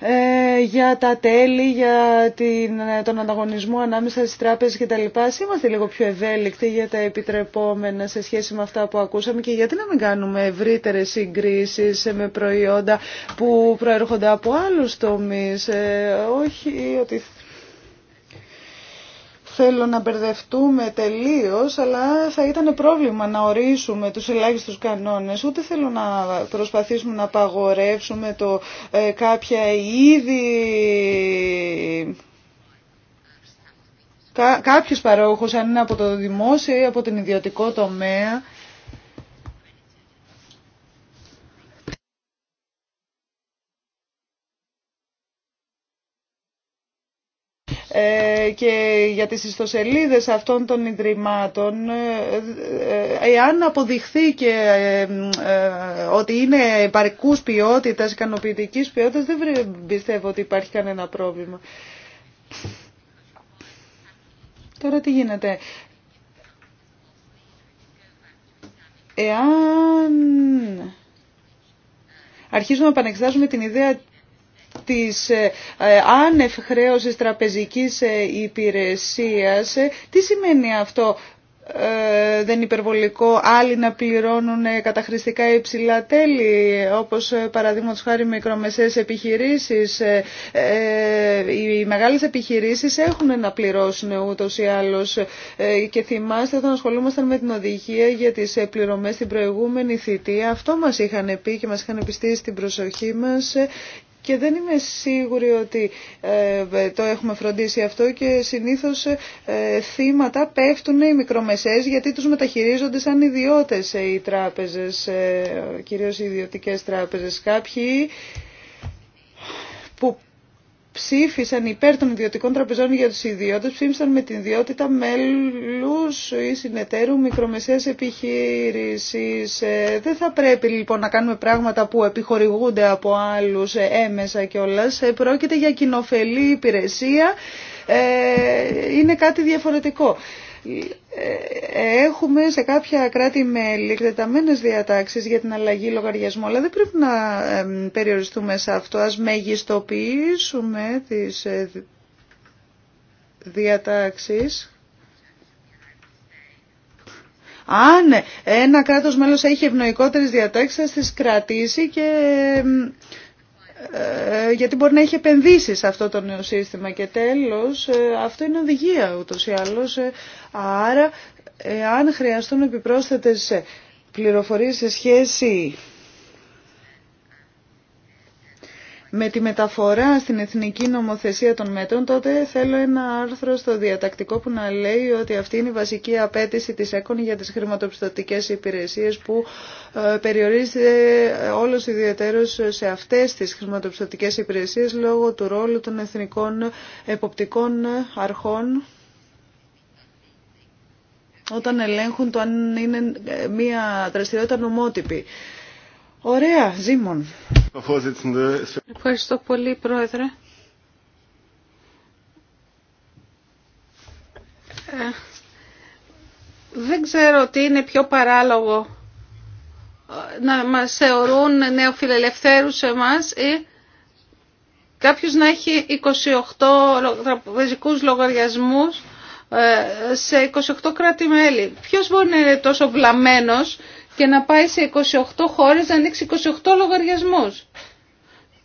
ε, για τα τέλη, για την, τον ανταγωνισμό ανάμεσα στις τράπεζες και τα λοιπά. Είμαστε λίγο πιο ευέλικτοι για τα επιτρεπόμενα σε σχέση με αυτά που ακούσαμε και γιατί να μην κάνουμε ευρύτερε συγκρίσει με προϊόντα που προέρχονται από άλλους τομείς. Ε, όχι ότι θέλω να μπερδευτούμε τελείως, αλλά θα ήταν πρόβλημα να ορίσουμε τους ελάχιστους κανόνες. Ούτε θέλω να προσπαθήσουμε να απαγορεύσουμε το ε, κάποια είδη... Κα, κάποιους παρόχους, αν είναι από το δημόσιο ή από την ιδιωτικό τομέα, Ε, και για τις ιστοσελίδες αυτών των ιδρυμάτων ε, ε, εάν αποδειχθεί και ότι είναι παρικούς ποιότητας, ικανοποιητικής ποιότητας δεν πιστεύω ότι υπάρχει κανένα πρόβλημα. Τώρα τι γίνεται. Εάν αρχίζουμε να επανεξετάζουμε την ιδέα της ε, ε, άνευ χρέωσης τραπεζικής ε, υπηρεσίας. Τι σημαίνει αυτό δεν υπερβολικό άλλοι να πληρώνουν καταχρηστικά υψηλά τέλη όπως παραδείγματος χάρη μικρομεσαίες επιχειρήσεις οι μεγάλες επιχειρήσεις έχουν να πληρώσουν ούτως ή άλλως και θυμάστε όταν ασχολούμασταν με την οδηγία για τις πληρωμές στην προηγούμενη θητεία αυτό μας είχαν πει και μας είχαν πιστεί στην προσοχή μας και δεν είμαι σίγουρη ότι ε, το έχουμε φροντίσει αυτό και συνήθως ε, θύματα πέφτουν οι μικρομεσές γιατί τους μεταχειρίζονται σαν ιδιώτες ε, οι τράπεζες, κυρίως οι ιδιωτικές τράπεζες. Κάποιοι που ψήφισαν υπέρ των ιδιωτικών τραπεζών για τους ιδιώτες, ψήφισαν με την ιδιότητα μέλους ή συνεταίρου μικρομεσαίας επιχείρησης. Ε, δεν θα πρέπει λοιπόν να κάνουμε πράγματα που επιχορηγούνται από άλλους ε, έμεσα κιόλα. Ε, πρόκειται για κοινοφελή υπηρεσία, είναι κάτι διαφορετικό έχουμε σε κάποια κράτη-μέλη εκτεταμένες διατάξεις για την αλλαγή λογαριασμού, αλλά δεν πρέπει να περιοριστούμε σε αυτό. Ας μεγιστοποιήσουμε τις ε, διατάξεις. Αν ένα κράτος μέλος έχει ευνοϊκότερες διατάξεις, θα τις κρατήσει και ε, γιατί μπορεί να έχει επενδύσει σε αυτό το νέο σύστημα και τέλος ε, αυτό είναι οδηγία ούτως ή άλλως. Ε, άρα, αν χρειαστούν επιπρόσθετες πληροφορίες σε σχέση με τη μεταφορά στην εθνική νομοθεσία των μέτρων, τότε θέλω ένα άρθρο στο διατακτικό που να λέει ότι αυτή είναι η βασική απέτηση της ΕΚΟΝ για τις χρηματοπιστωτικές υπηρεσίες που ε, περιορίζεται όλος ιδιαίτερος σε αυτές τις χρηματοπιστωτικές υπηρεσίες λόγω του ρόλου των εθνικών εποπτικών αρχών όταν ελέγχουν το αν είναι ε, μία δραστηριότητα νομότυπη. Ωραία, Ζήμων. Ευχαριστώ πολύ, Πρόεδρε. Ε, δεν ξέρω τι είναι πιο παράλογο ε, να μας θεωρούν νεοφιλελευθέρους εμάς ή κάποιος να έχει 28 τραπεζικούς λογαριασμούς ε, σε 28 κράτη-μέλη. Ποιος μπορεί να είναι τόσο βλαμμένος και να πάει σε 28 χώρες να ανοίξει 28 λογαριασμούς.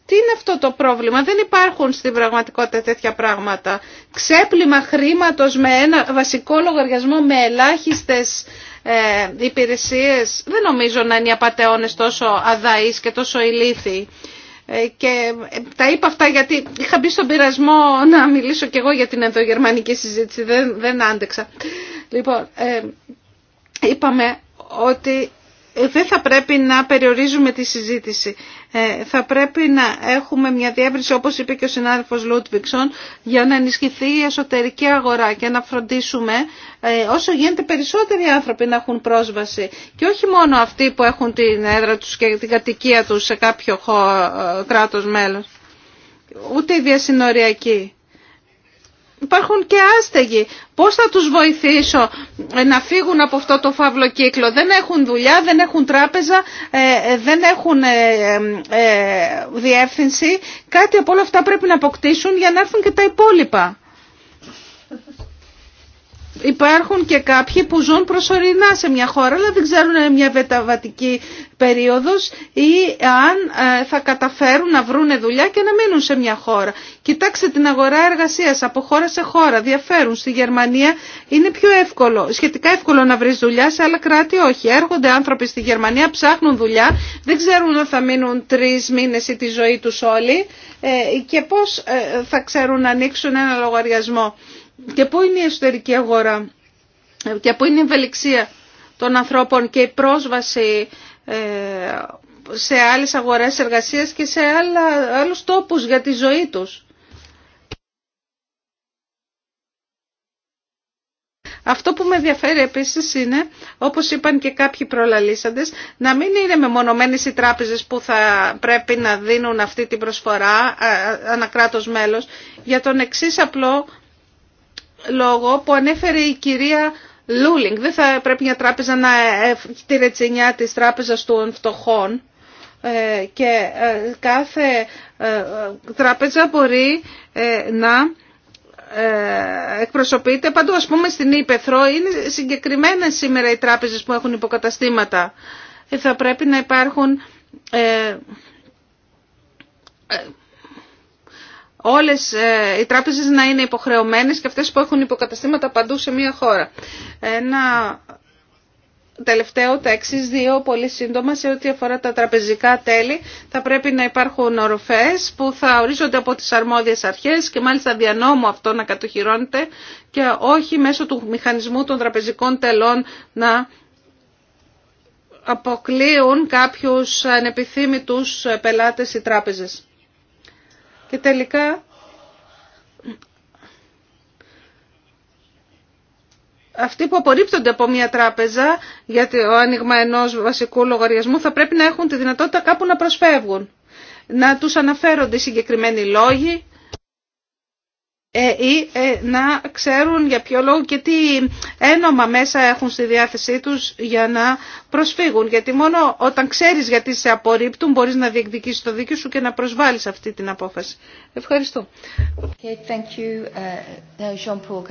Τι είναι αυτό το πρόβλημα. Δεν υπάρχουν στην πραγματικότητα τέτοια πράγματα. Ξέπλυμα χρήματος με ένα βασικό λογαριασμό με ελάχιστες ε, υπηρεσίες. Δεν νομίζω να είναι οι απαταιώνες τόσο αδαείς και τόσο ηλίθιοι. Ε, και ε, τα είπα αυτά γιατί είχα μπει στον πειρασμό να μιλήσω κι εγώ για την ενδογερμανική συζήτηση. Δεν, δεν άντεξα. Λοιπόν, ε, είπαμε ότι ε, δεν θα πρέπει να περιορίζουμε τη συζήτηση. Ε, θα πρέπει να έχουμε μια διεύρυνση, όπως είπε και ο συνάδελφος Λούτβιξον, για να ενισχυθεί η εσωτερική αγορά και να φροντίσουμε ε, όσο γίνεται περισσότεροι άνθρωποι να έχουν πρόσβαση. Και όχι μόνο αυτοί που έχουν την έδρα τους και την κατοικία τους σε κάποιο κράτος μέλος. Ούτε οι διασυνοριακοί υπάρχουν και άστεγοι. Πώς θα τους βοηθήσω ε, να φύγουν από αυτό το φαύλο κύκλο. Δεν έχουν δουλειά, δεν έχουν τράπεζα, ε, ε, δεν έχουν διεύθυνση. Κάτι από όλα αυτά πρέπει να αποκτήσουν για να έρθουν και τα υπόλοιπα. Υπάρχουν και κάποιοι που ζουν προσωρινά σε μια χώρα, αλλά δεν ξέρουν αν είναι μια βεταβατική περίοδος ή αν ε, θα καταφέρουν να βρουν δουλειά και να μείνουν σε μια χώρα. Κοιτάξτε την αγορά εργασίας από χώρα σε χώρα, διαφέρουν. Στη Γερμανία είναι πιο εύκολο, σχετικά εύκολο να βρεις δουλειά, σε άλλα κράτη όχι. Έρχονται άνθρωποι στη Γερμανία, ψάχνουν δουλειά, δεν ξέρουν αν θα μείνουν τρει μήνες ή τη ζωή τους όλοι ε, και πώς ε, θα ξέρουν να ανοίξουν ένα λογαριασμό. Και πού είναι η εσωτερική αγορά και πού είναι η ευελιξία των ανθρώπων και η πρόσβαση ε, σε άλλες αγορές εργασίας και σε άλλα, άλλους τόπους για τη ζωή τους. Αυτό που με ενδιαφέρει επίσης είναι, όπως είπαν και κάποιοι προλαλήσαντες, να μην είναι μεμονωμένες οι τράπεζες που θα πρέπει να δίνουν αυτή την προσφορά ε, ε, ανακράτος μέλος για τον εξής απλό λόγο που ανέφερε η κυρία Λούλινγκ. Δεν θα πρέπει μια τράπεζα να τη ρετσινιά της τράπεζας των φτωχών ε, και ε, κάθε ε, τράπεζα μπορεί να εκπροσωπείται παντού ας πούμε στην Ήπεθρο είναι συγκεκριμένες σήμερα οι τράπεζες που έχουν υποκαταστήματα θα πρέπει να υπάρχουν όλες ε, οι τράπεζες να είναι υποχρεωμένες και αυτές που έχουν υποκαταστήματα παντού σε μία χώρα. Ένα τελευταίο, τα δύο, πολύ σύντομα, σε ό,τι αφορά τα τραπεζικά τέλη, θα πρέπει να υπάρχουν οροφές που θα ορίζονται από τις αρμόδιες αρχές και μάλιστα διανόμου αυτό να κατοχυρώνεται και όχι μέσω του μηχανισμού των τραπεζικών τελών να αποκλείουν κάποιους ανεπιθύμητους πελάτες ή τράπεζες. Και τελικά αυτοί που απορρίπτονται από μια τράπεζα για το άνοιγμα ενός βασικού λογαριασμού θα πρέπει να έχουν τη δυνατότητα κάπου να προσφεύγουν. Να τους αναφέρονται συγκεκριμένοι λόγοι ε, ή ε, να ξέρουν για ποιο λόγο και τι ένομα μέσα έχουν στη διάθεσή τους για να προσφύγουν. Γιατί μόνο όταν ξέρεις γιατί σε απορρίπτουν μπορείς να διεκδικήσεις το δίκιο σου και να προσβάλλεις αυτή την απόφαση. Ευχαριστώ. Okay, thank you. Uh, uh Jean-Paul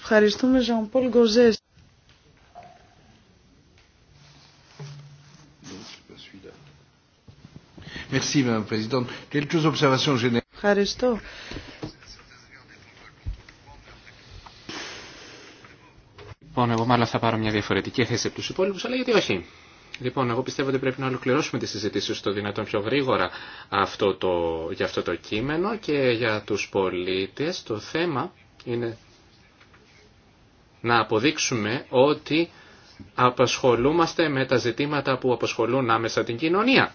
Ευχαριστούμε Jean-Paul Merci, Madame la Quelques observations générales. Ευχαριστώ. Λοιπόν, εγώ μάλλον θα πάρω μια διαφορετική θέση από του υπόλοιπου, αλλά γιατί όχι. Λοιπόν, εγώ πιστεύω ότι πρέπει να ολοκληρώσουμε τη συζήτηση στο δυνατόν πιο γρήγορα αυτό το, για αυτό το κείμενο και για τους πολίτες. Το θέμα είναι να αποδείξουμε ότι απασχολούμαστε με τα ζητήματα που απασχολούν άμεσα την κοινωνία.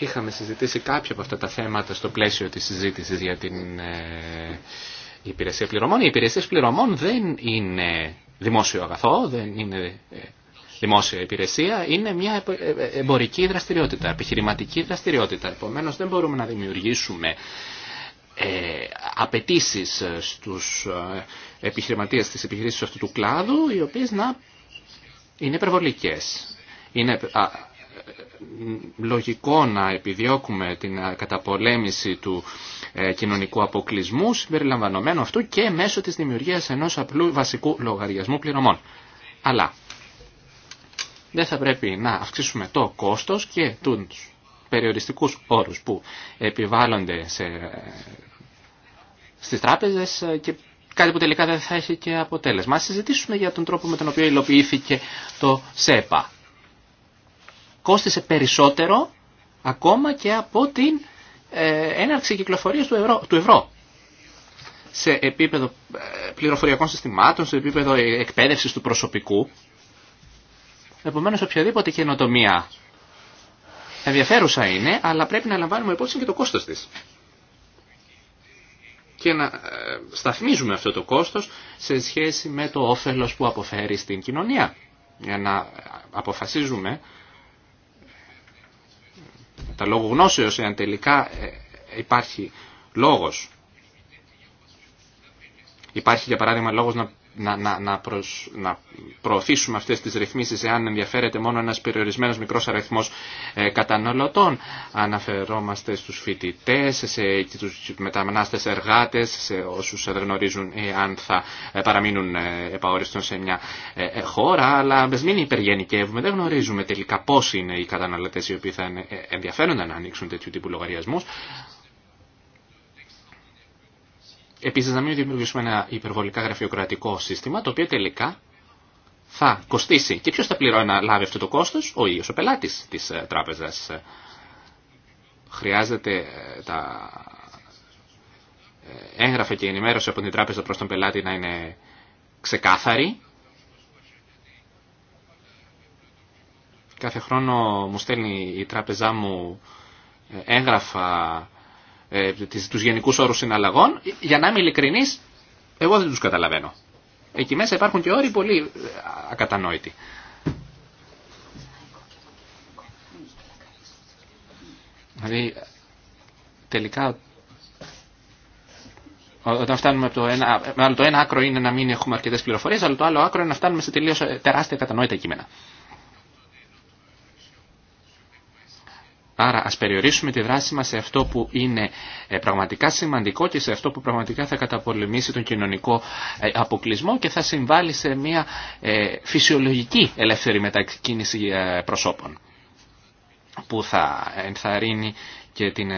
Είχαμε συζητήσει κάποια από αυτά τα θέματα στο πλαίσιο της συζήτησης για την ε, υπηρεσία πληρωμών. Οι υπηρεσίες πληρωμών δεν είναι δημόσιο αγαθό, δεν είναι ε, δημόσια υπηρεσία, είναι μια ε, εμπορική δραστηριότητα, επιχειρηματική δραστηριότητα. Επομένως δεν μπορούμε να δημιουργήσουμε ε, απαιτήσει στους επιχειρηματίες της επιχειρήσης αυτού του κλάδου, οι οποίες να είναι υπερβολικές. Είναι λογικό να επιδιώκουμε την καταπολέμηση του ε, κοινωνικού αποκλεισμού, συμπεριλαμβανομένου αυτού και μέσω της δημιουργίας ενός απλού βασικού λογαριασμού πληρωμών. Αλλά δεν θα πρέπει να αυξήσουμε το κόστος και τους περιοριστικούς όρους που επιβάλλονται σε, ε, στις τράπεζες ε, και κάτι που τελικά δεν θα έχει και αποτέλεσμα. Ας συζητήσουμε για τον τρόπο με τον οποίο υλοποιήθηκε το ΣΕΠΑ κόστισε περισσότερο ακόμα και από την ε, έναρξη κυκλοφορίας του ευρώ, του ευρώ. Σε επίπεδο ε, πληροφοριακών συστημάτων, σε επίπεδο ε, εκπαίδευσης του προσωπικού. Επομένως οποιαδήποτε καινοτομία ενδιαφέρουσα είναι, αλλά πρέπει να λαμβάνουμε υπόψη και το κόστος της. Και να σταθμίζουμε αυτό το κόστος σε σχέση με το όφελος που αποφέρει στην κοινωνία. Για να αποφασίζουμε τα Λόγω γνώσεως, εάν τελικά ε, υπάρχει λόγος, υπάρχει για παράδειγμα λόγος να να, να, προωθήσουμε αυτές τις ρυθμίσεις εάν ενδιαφέρεται μόνο ένας περιορισμένος μικρός αριθμός ε, καταναλωτών. Αναφερόμαστε στους φοιτητές, σε, μετανάστε τους εργάτες, σε όσους δεν γνωρίζουν αν θα ε, παραμείνουν ε, επαόριστον σε μια χώρα, αλλά μην υπεργενικεύουμε, δεν γνωρίζουμε τελικά πώ είναι οι καταναλωτές οι οποίοι θα ενδιαφέρονται να ανοίξουν τέτοιου τύπου λογαριασμούς. Επίσης να μην δημιουργήσουμε ένα υπερβολικά γραφειοκρατικό σύστημα, το οποίο τελικά θα κοστίσει. Και ποιος θα πληρώνει να λάβει αυτό το κόστος, ο ίδιος ο πελάτης της ε, τράπεζας. Χρειάζεται ε, τα ε, έγγραφα και ενημέρωση από την τράπεζα προς τον πελάτη να είναι ξεκάθαρη. Κάθε χρόνο μου στέλνει η τράπεζά μου έγγραφα ε, του γενικού όρου συναλλαγών, για να είμαι ειλικρινή, εγώ δεν του καταλαβαίνω. Εκεί μέσα υπάρχουν και όροι πολύ ε, ακατανόητοι. Δηλαδή, τελικά, όταν φτάνουμε από το ένα, το ένα άκρο είναι να μην έχουμε αρκετέ πληροφορίε, αλλά το άλλο άκρο είναι να φτάνουμε σε τελείω ε, τεράστια κατανόητα κείμενα. Άρα ας περιορίσουμε τη δράση μας σε αυτό που είναι ε, πραγματικά σημαντικό και σε αυτό που πραγματικά θα καταπολεμήσει τον κοινωνικό ε, αποκλεισμό και θα συμβάλλει σε μια ε, φυσιολογική ελεύθερη μετακίνηση προσώπων που θα ενθαρρύνει και την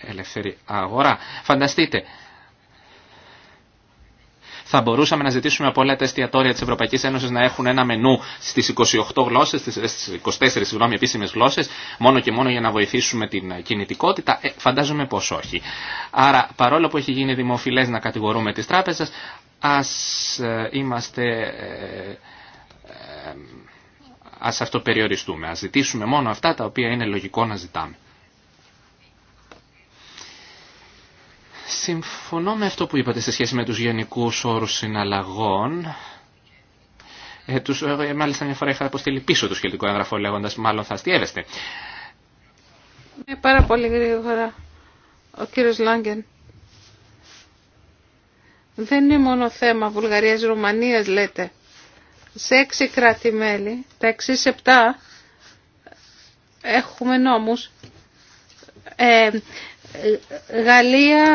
ελεύθερη αγορά. Φανταστείτε θα μπορούσαμε να ζητήσουμε από όλα τα εστιατόρια της Ευρωπαϊκής Ένωσης να έχουν ένα μενού στι 28 γλώσσε, στι 24 συγγνώμη, επίσημες γλώσσες, μόνο και μόνο για να βοηθήσουμε την ε, κινητικότητα. Ε, φαντάζομαι πώ. όχι. Άρα παρόλο που έχει γίνει δημοφιλέ να κατηγορούμε τις τράπεζες, ε, είμαστε... Ε, ε, ας αυτοπεριοριστούμε, ας ζητήσουμε μόνο αυτά τα οποία είναι λογικό να ζητάμε. Συμφωνώ με αυτό που είπατε σε σχέση με τους γενικούς όρους συναλλαγών. Ε, τους, ε, ε, μάλιστα μια φορά είχα αποστείλει πίσω το σχετικό έγγραφο λέγοντας μάλλον θα αστείευεστε. Ε, πάρα πολύ γρήγορα. Ο κύριος Λάγκεν. Δεν είναι μόνο θέμα Βουλγαρίας-Ρουμανίας λέτε. Σε έξι κράτη-μέλη, τα εξή επτά, έχουμε νόμους ε, Γαλλία,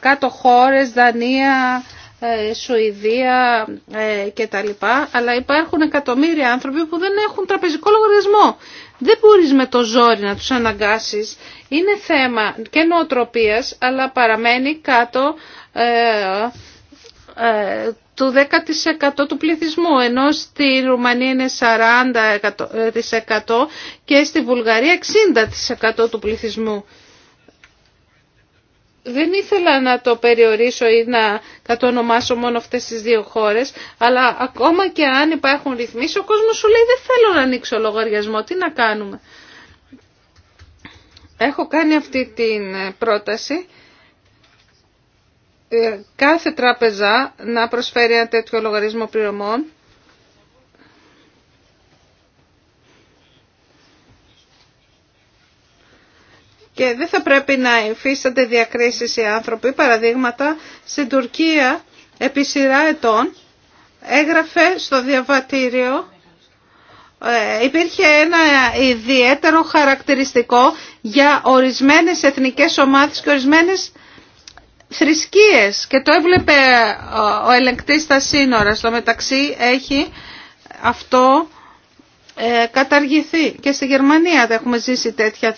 κάτω χώρες, Δανία, ε, Σουηδία ε, και τα λοιπά, αλλά υπάρχουν εκατομμύρια άνθρωποι που δεν έχουν τραπεζικό λογαριασμό. Δεν μπορείς με το ζόρι να τους αναγκάσεις. Είναι θέμα και νοοτροπίας, αλλά παραμένει κάτω ε, του 10% του πληθυσμού, ενώ στη Ρουμανία είναι 40% και στη Βουλγαρία 60% του πληθυσμού δεν ήθελα να το περιορίσω ή να κατονομάσω μόνο αυτές τις δύο χώρες, αλλά ακόμα και αν υπάρχουν ρυθμίσεις, ο κόσμος σου λέει δεν θέλω να ανοίξω λογαριασμό, τι να κάνουμε. Έχω κάνει αυτή την ε, πρόταση ε, κάθε τράπεζα να προσφέρει ένα τέτοιο λογαριασμό πληρωμών και δεν θα πρέπει να υφίστανται διακρίσεις οι άνθρωποι. Παραδείγματα, στην Τουρκία επί σειρά ετών έγραφε στο διαβατήριο ε, υπήρχε ένα ιδιαίτερο χαρακτηριστικό για ορισμένες εθνικές ομάδες και ορισμένες θρησκείες και το έβλεπε ε, ο ελεγκτής στα σύνορα. Στο μεταξύ έχει αυτό ε, καταργηθεί και στη Γερμανία έχουμε ζήσει τέτοια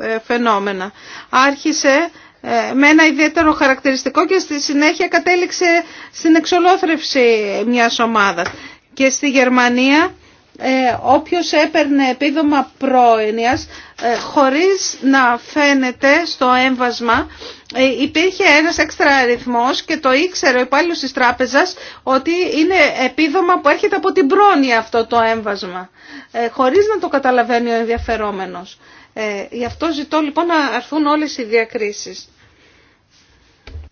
ε, φαινόμενα. Άρχισε ε, με ένα ιδιαίτερο χαρακτηριστικό και στη συνέχεια κατέληξε στην εξολόθρευση μιας ομάδας. Και στη Γερμανία ε, όποιος έπαιρνε επίδομα πρόενιας χωρίς να φαίνεται στο έμβασμα υπήρχε ένας έξτρα αριθμός και το ήξερε ο υπάλληλος της τράπεζας ότι είναι επίδομα που έρχεται από την πρόνοια αυτό το έμβασμα χωρίς να το καταλαβαίνει ο ενδιαφερόμενος. Ε, γι' αυτό ζητώ λοιπόν να αρθούν όλες οι διακρίσεις.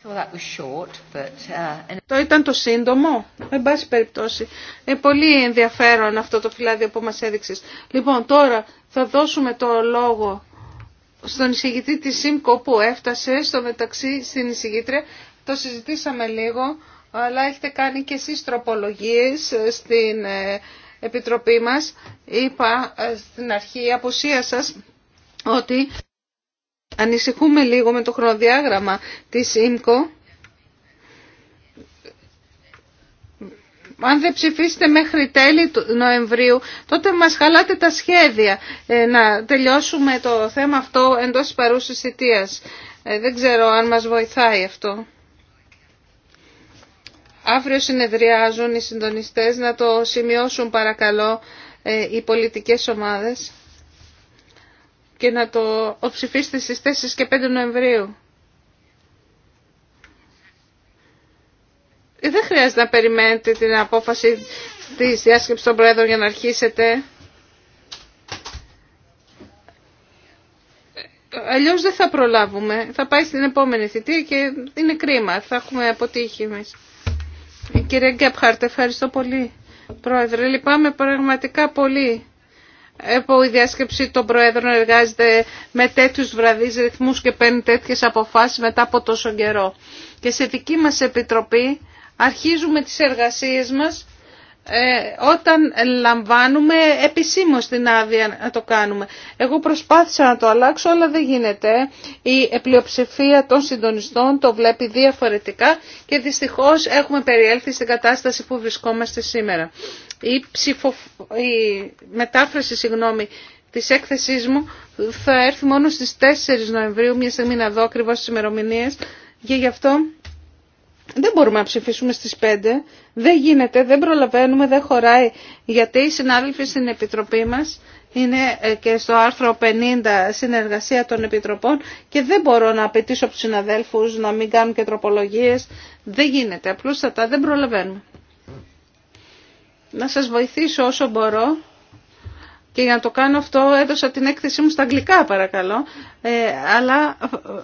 Uh, το ήταν το σύντομο, εν πάση περιπτώσει. Είναι πολύ ενδιαφέρον αυτό το φυλάδιο που μας έδειξες. Λοιπόν, τώρα θα δώσουμε το λόγο στον εισηγητή της ΣΥΜΚΟ που έφτασε, στο μεταξύ στην εισηγήτρια. Το συζητήσαμε λίγο, αλλά έχετε κάνει και εσείς τροπολογίες ε, στην ε, Επιτροπή μας. Είπα ε, στην αρχή η αποσία σας ότι ανησυχούμε λίγο με το χρονοδιάγραμμα της ΙΜΚΟ. Αν δεν ψηφίσετε μέχρι τέλη του Νοεμβρίου, τότε μας χαλάτε τα σχέδια ε, να τελειώσουμε το θέμα αυτό εντός της παρούσης θητείας. Ε, δεν ξέρω αν μας βοηθάει αυτό. Αύριο συνεδριάζουν οι συντονιστές να το σημειώσουν παρακαλώ ε, οι πολιτικές ομάδες και να το ψηφίσετε στις 4 και 5 Νοεμβρίου. Δεν χρειάζεται να περιμένετε την απόφαση της διάσκεψης των Προέδρων για να αρχίσετε. Αλλιώς δεν θα προλάβουμε. Θα πάει στην επόμενη θητεία και είναι κρίμα. Θα έχουμε αποτύχει εμείς. Κύριε Γκέπχαρτ, ευχαριστώ πολύ. Πρόεδρε, λυπάμαι πραγματικά πολύ που η διάσκεψη των Προέδρων εργάζεται με τέτοιους βραδείς ρυθμούς και παίρνει τέτοιες αποφάσεις μετά από τόσο καιρό. Και σε δική μας επιτροπή αρχίζουμε τις εργασίες μας ε, όταν λαμβάνουμε επισήμως την άδεια να το κάνουμε. Εγώ προσπάθησα να το αλλάξω αλλά δεν γίνεται. Η πλειοψηφία των συντονιστών το βλέπει διαφορετικά και δυστυχώς έχουμε περιέλθει στην κατάσταση που βρισκόμαστε σήμερα. Η, μετάφραση συγγνώμη, της έκθεσής μου θα έρθει μόνο στις 4 Νοεμβρίου, μια στιγμή να δω ακριβώς τις ημερομηνίες και γι' αυτό δεν μπορούμε να ψηφίσουμε στις 5 δεν γίνεται, δεν προλαβαίνουμε, δεν χωράει, γιατί οι συνάδελφοι στην Επιτροπή μας είναι ε, και στο άρθρο 50 συνεργασία των Επιτροπών και δεν μπορώ να απαιτήσω από τους συναδέλφους να μην κάνουν και τροπολογίες. Δεν γίνεται, απλούστατα δεν προλαβαίνουμε. Να σας βοηθήσω όσο μπορώ και για να το κάνω αυτό έδωσα την έκθεσή μου στα αγγλικά παρακαλώ. Ε, αλλά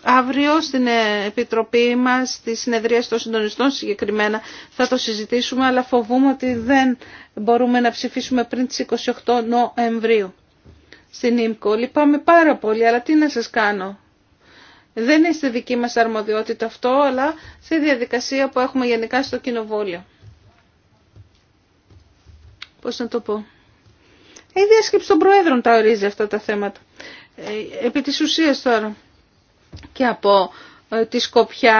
αύριο στην ε, Επιτροπή μας, στη συνεδρία των συντονιστών συγκεκριμένα, θα το συζητήσουμε, αλλά φοβούμαι ότι δεν μπορούμε να ψηφίσουμε πριν τις 28 Νοεμβρίου στην ΙΜΚΟ. Λυπάμαι πάρα πολύ, αλλά τι να σας κάνω. Δεν είναι στη δική μας αρμοδιότητα αυτό, αλλά στη διαδικασία που έχουμε γενικά στο κοινοβόλιο. Πώς να το πω. Η διάσκεψη των Προέδρων τα ορίζει αυτά τα θέματα. Ε, επί της ουσίας τώρα και από ε, τη Σκοπιά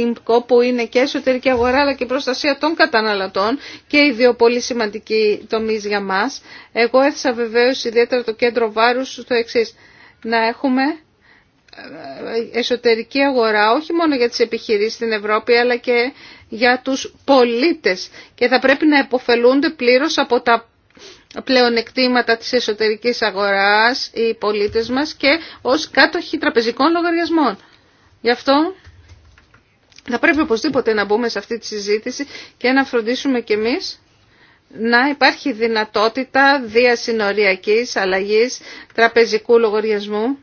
ΙΜΚΟ που είναι και εσωτερική αγορά αλλά και προστασία των καταναλωτών και οι δύο πολύ σημαντικοί τομεί για μας. Εγώ έθεσα βεβαίω ιδιαίτερα το κέντρο βάρους στο εξή να έχουμε ε, εσωτερική αγορά όχι μόνο για τις επιχειρήσεις στην Ευρώπη αλλά και για τους πολίτες και θα πρέπει να υποφελούνται πλήρως από τα πλεονεκτήματα της εσωτερικής αγοράς οι πολίτες μας και ως κάτοχοι τραπεζικών λογαριασμών. Γι' αυτό θα πρέπει οπωσδήποτε να μπούμε σε αυτή τη συζήτηση και να φροντίσουμε κι εμείς να υπάρχει δυνατότητα διασυνοριακής αλλαγής τραπεζικού λογαριασμού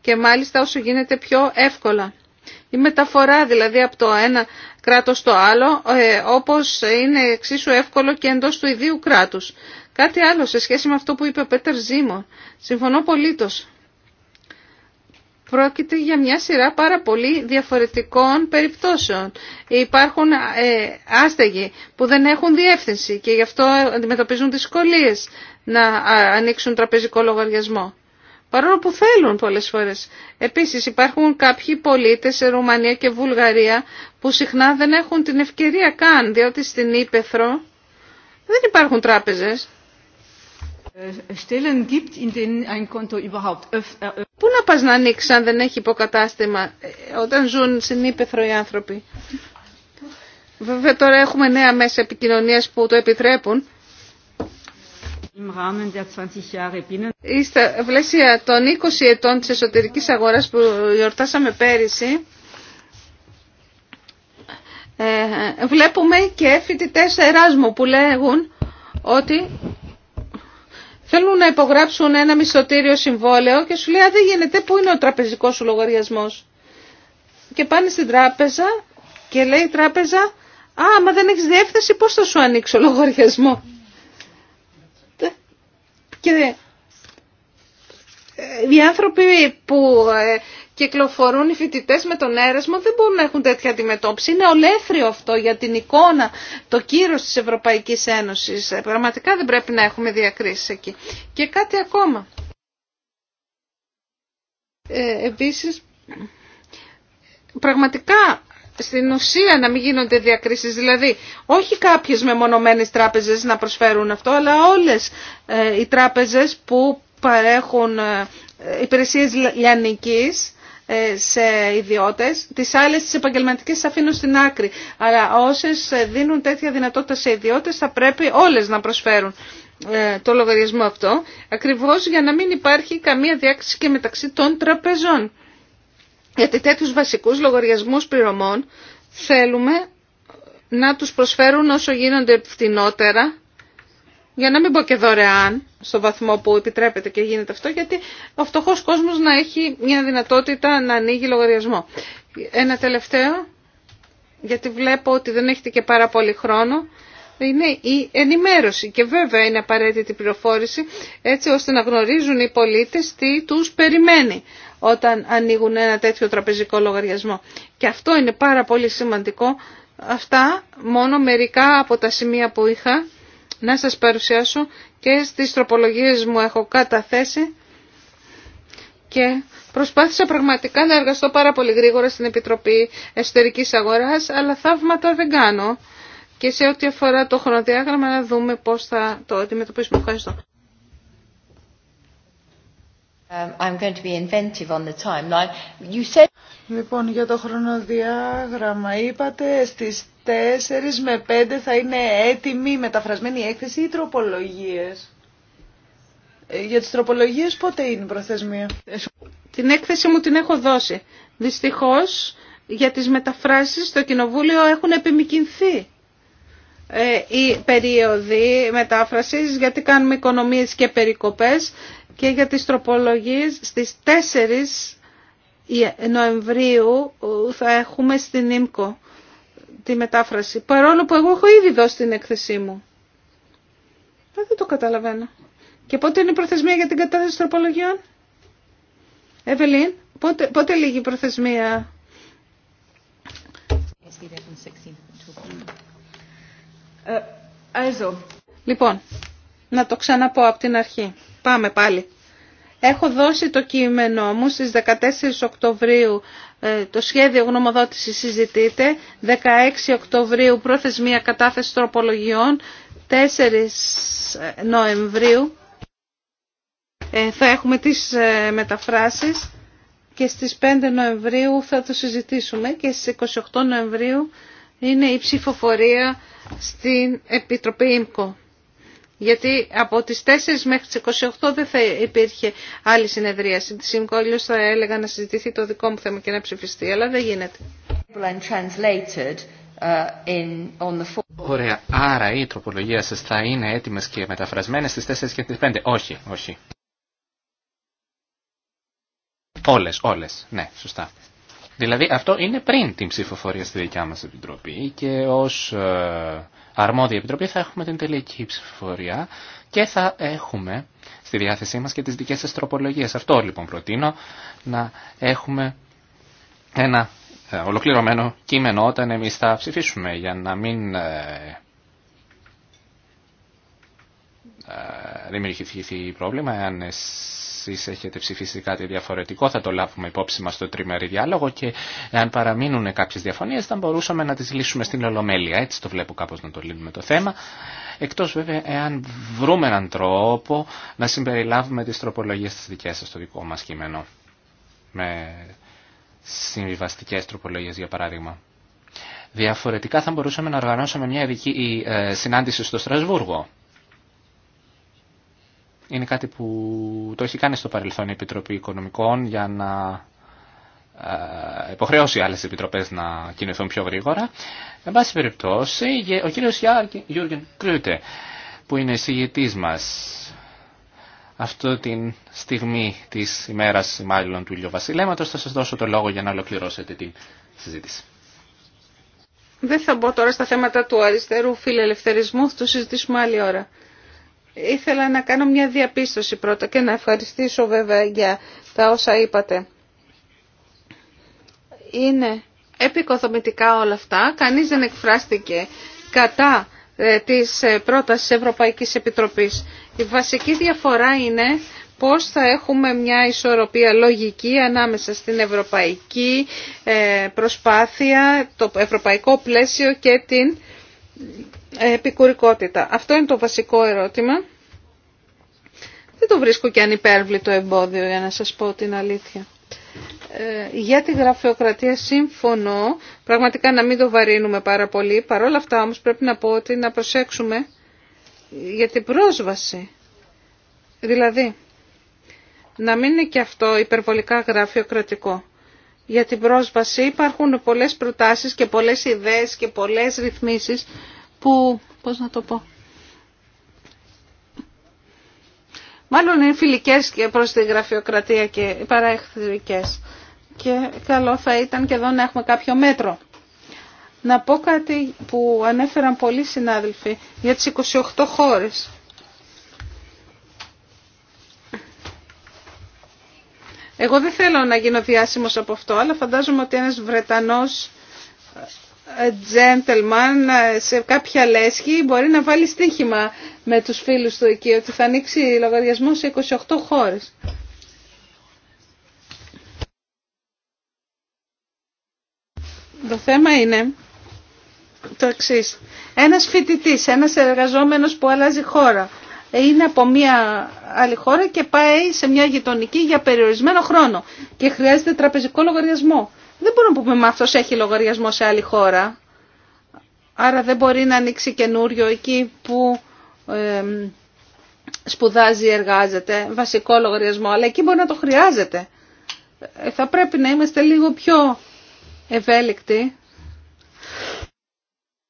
και μάλιστα όσο γίνεται πιο εύκολα. Η μεταφορά δηλαδή από το ένα κράτος στο άλλο, ε, όπως είναι εξίσου εύκολο και εντός του ιδίου κράτους. Κάτι άλλο σε σχέση με αυτό που είπε ο Πέτερ Ζήμων. Συμφωνώ πολύτος. Πρόκειται για μια σειρά πάρα πολύ διαφορετικών περιπτώσεων. Υπάρχουν ε, άστεγοι που δεν έχουν διεύθυνση και γι' αυτό αντιμετωπίζουν δυσκολίες να ανοίξουν τραπεζικό λογαριασμό. Παρόλο που θέλουν πολλές φορές. Επίσης υπάρχουν κάποιοι πολίτες σε Ρουμανία και Βουλγαρία που συχνά δεν έχουν την ευκαιρία καν διότι στην Ήπεθρο δεν υπάρχουν τράπεζες. Ε, ε, ε. Πού να πας να ανοίξεις αν δεν έχει υποκατάστημα όταν ζουν συνήπεθρο οι άνθρωποι. Βέβαια τώρα έχουμε νέα μέσα επικοινωνίας που το επιτρέπουν. Στα πλαίσια των 20 ετών της εσωτερικής αγοράς που γιορτάσαμε πέρυσι, βλέπουμε και φοιτητές Εράσμου που λέγουν ότι θέλουν να υπογράψουν ένα μισθωτήριο συμβόλαιο και σου λέει δεν γίνεται πού είναι ο τραπεζικός σου λογαριασμός. Και πάνε στην τράπεζα και λέει η τράπεζα «Α, μα δεν έχεις διεύθυνση, πώς θα σου ανοίξω λογαριασμό». Και ε, οι άνθρωποι που ε, κυκλοφορούν οι φοιτητέ με τον αίρεσμο, δεν μπορούν να έχουν τέτοια αντιμετώπιση. Είναι ολέθριο αυτό για την εικόνα, το κύρος της Ευρωπαϊκής Ένωσης. Ε, πραγματικά δεν πρέπει να έχουμε διακρίσεις εκεί. Και κάτι ακόμα. Ε, επίσης, πραγματικά στην ουσία να μην γίνονται διακρίσεις. Δηλαδή, όχι κάποιες μεμονωμένες τράπεζες να προσφέρουν αυτό, αλλά όλες ε, οι τράπεζες που παρέχουν ε, υπηρεσίες λιανικής ε, σε ιδιώτες, τις άλλες τις επαγγελματικές αφήνω στην άκρη. Αλλά όσε δίνουν τέτοια δυνατότητα σε ιδιώτες θα πρέπει όλες να προσφέρουν ε, το λογαριασμό αυτό, ακριβώς για να μην υπάρχει καμία διάκριση και μεταξύ των τραπεζών. Γιατί τέτοιου βασικούς λογαριασμούς πληρωμών θέλουμε να τους προσφέρουν όσο γίνονται φτηνότερα, για να μην πω και δωρεάν, στο βαθμό που επιτρέπεται και γίνεται αυτό, γιατί ο φτωχό κόσμο να έχει μια δυνατότητα να ανοίγει λογαριασμό. Ένα τελευταίο, γιατί βλέπω ότι δεν έχετε και πάρα πολύ χρόνο, είναι η ενημέρωση και βέβαια είναι απαραίτητη η πληροφόρηση έτσι ώστε να γνωρίζουν οι πολίτες τι τους περιμένει όταν ανοίγουν ένα τέτοιο τραπεζικό λογαριασμό. Και αυτό είναι πάρα πολύ σημαντικό. Αυτά μόνο μερικά από τα σημεία που είχα να σας παρουσιάσω και στις τροπολογίες μου έχω καταθέσει και προσπάθησα πραγματικά να εργαστώ πάρα πολύ γρήγορα στην Επιτροπή Εσωτερικής Αγοράς, αλλά θαύματα δεν κάνω. Και σε ό,τι αφορά το χρονοδιάγραμμα να δούμε πώς θα το αντιμετωπίσουμε. Ευχαριστώ. Um, λοιπόν, για το χρονοδιάγραμμα είπατε στις Τέσσερις με πέντε θα είναι έτοιμη μεταφρασμένη έκθεση ή τροπολογίες. Ε, για τις τροπολογίες πότε είναι η προθεσμία. Την έκθεση μου την έχω δώσει. Δυστυχώς για τις μεταφράσεις στο Κοινοβούλιο έχουν επιμηκυνθεί η ε, περίοδοι μετάφρασης γιατί κάνουμε οικονομίες και περικοπές και για τις τροπολογίες στις 4 Νοεμβρίου ε, θα έχουμε στην ΙΜΚΟ τη μετάφραση, παρόλο που εγώ έχω ήδη δώσει την έκθεσή μου. δεν το καταλαβαίνω. Και πότε είναι η προθεσμία για την κατάθεση τροπολογιών? Εβελίν, πότε, πότε λίγη η προθεσμία? Ε, λοιπόν, να το ξαναπώ από την αρχή. Πάμε πάλι. Έχω δώσει το κείμενό μου στις 14 Οκτωβρίου ε, το σχέδιο γνωμοδότησης συζητείται. 16 Οκτωβρίου προθεσμία κατάθεση τροπολογιών. 4 ε, Νοεμβρίου ε, θα έχουμε τις μεταφράσεις και στις 5 Νοεμβρίου θα το συζητήσουμε και στις 28 Νοεμβρίου είναι η ψηφοφορία στην Επιτροπή ΙΜΚΟ. Γιατί από τις 4 μέχρι τις 28 δεν θα υπήρχε άλλη συνεδρίαση. Τη συγκόλιο θα έλεγα να συζητηθεί το δικό μου θέμα και να ψηφιστεί, αλλά δεν γίνεται. Uh, Ωραία, άρα η τροπολογία σας θα είναι έτοιμες και μεταφρασμένες στις 4 και τις 5. Όχι, όχι. Όλες, όλες. Ναι, σωστά. Δηλαδή αυτό είναι πριν την ψηφοφορία στη δικιά μας επιτροπή και ως... Ε, αρμόδια επιτροπή θα έχουμε την τελική ψηφοφορία και θα έχουμε στη διάθεσή μας και τις δικές σας τροπολογίες. Αυτό λοιπόν προτείνω να έχουμε ένα ε, ολοκληρωμένο κείμενο όταν εμείς θα ψηφίσουμε για να μην ε, ε, δημιουργηθεί πρόβλημα αν εσεί έχετε ψηφίσει κάτι διαφορετικό θα το λάβουμε υπόψη μα στο τριμερή διάλογο και αν παραμείνουν κάποιε διαφωνίε, θα μπορούσαμε να τι λύσουμε στην Ολομέλεια. Έτσι το βλέπω κάπως να το λύνουμε το θέμα. Εκτό βέβαια εάν βρούμε έναν τρόπο να συμπεριλάβουμε τι τροπολογίε τη δικέ σα στο δικό μα κείμενο. Με συμβιβαστικέ τροπολογίε, για παράδειγμα. Διαφορετικά θα μπορούσαμε να οργανώσουμε μια ειδική ε, συνάντηση στο Στρασβούργο είναι κάτι που το έχει κάνει στο παρελθόν η Επιτροπή Οικονομικών για να ε, υποχρεώσει άλλες επιτροπές να κινηθούν πιο γρήγορα. Εν πάση περιπτώσει, ο κύριος Γιούργεν Κρούτε, που είναι εισηγητής μας αυτή τη στιγμή της ημέρας μάλλον του ηλιοβασιλέματος, θα σας δώσω το λόγο για να ολοκληρώσετε την συζήτηση. Δεν θα μπω τώρα στα θέματα του αριστερού φιλελευθερισμού, θα το συζητήσουμε άλλη ώρα. Ήθελα να κάνω μια διαπίστωση πρώτα και να ευχαριστήσω βέβαια για τα όσα είπατε. Είναι επικοδομητικά όλα αυτά. Κανείς δεν εκφράστηκε κατά ε, της ε, πρότασης Ευρωπαϊκής Επιτροπής. Η βασική διαφορά είναι πώς θα έχουμε μια ισορροπία λογική ανάμεσα στην ευρωπαϊκή ε, προσπάθεια, το ευρωπαϊκό πλαίσιο και την επικουρικότητα. Αυτό είναι το βασικό ερώτημα. Δεν το βρίσκω και ανυπέρβλητο εμπόδιο για να σας πω την αλήθεια. Ε, για τη γραφειοκρατία συμφωνώ, πραγματικά να μην το βαρύνουμε πάρα πολύ, παρόλα αυτά όμως πρέπει να πω ότι να προσέξουμε για την πρόσβαση. Δηλαδή, να μην είναι και αυτό υπερβολικά γραφειοκρατικό. Για την πρόσβαση υπάρχουν πολλές προτάσεις και πολλές ιδέες και πολλές ρυθμίσεις που, πώς να το πω, μάλλον είναι φιλικές και προς τη γραφειοκρατία και παραεχθρικές. Και καλό θα ήταν και εδώ να έχουμε κάποιο μέτρο. Να πω κάτι που ανέφεραν πολλοί συνάδελφοι για τις 28 χώρες. Εγώ δεν θέλω να γίνω διάσημος από αυτό, αλλά φαντάζομαι ότι ένας Βρετανός gentleman σε κάποια λέσχη μπορεί να βάλει στοίχημα με τους φίλους του εκεί ότι θα ανοίξει λογαριασμό σε 28 χώρες. Το θέμα είναι το εξή. Ένας φοιτητής, ένας εργαζόμενος που αλλάζει χώρα είναι από μια άλλη χώρα και πάει σε μια γειτονική για περιορισμένο χρόνο και χρειάζεται τραπεζικό λογαριασμό. Δεν μπορούμε να πούμε μα αυτός έχει λογαριασμό σε άλλη χώρα. Άρα δεν μπορεί να ανοίξει καινούριο εκεί που σπουδάζει ή εργάζεται, βασικό λογαριασμό, αλλά εκεί μπορεί να το χρειάζεται. Ε, θα πρέπει να είμαστε λίγο πιο ευέλικτοι.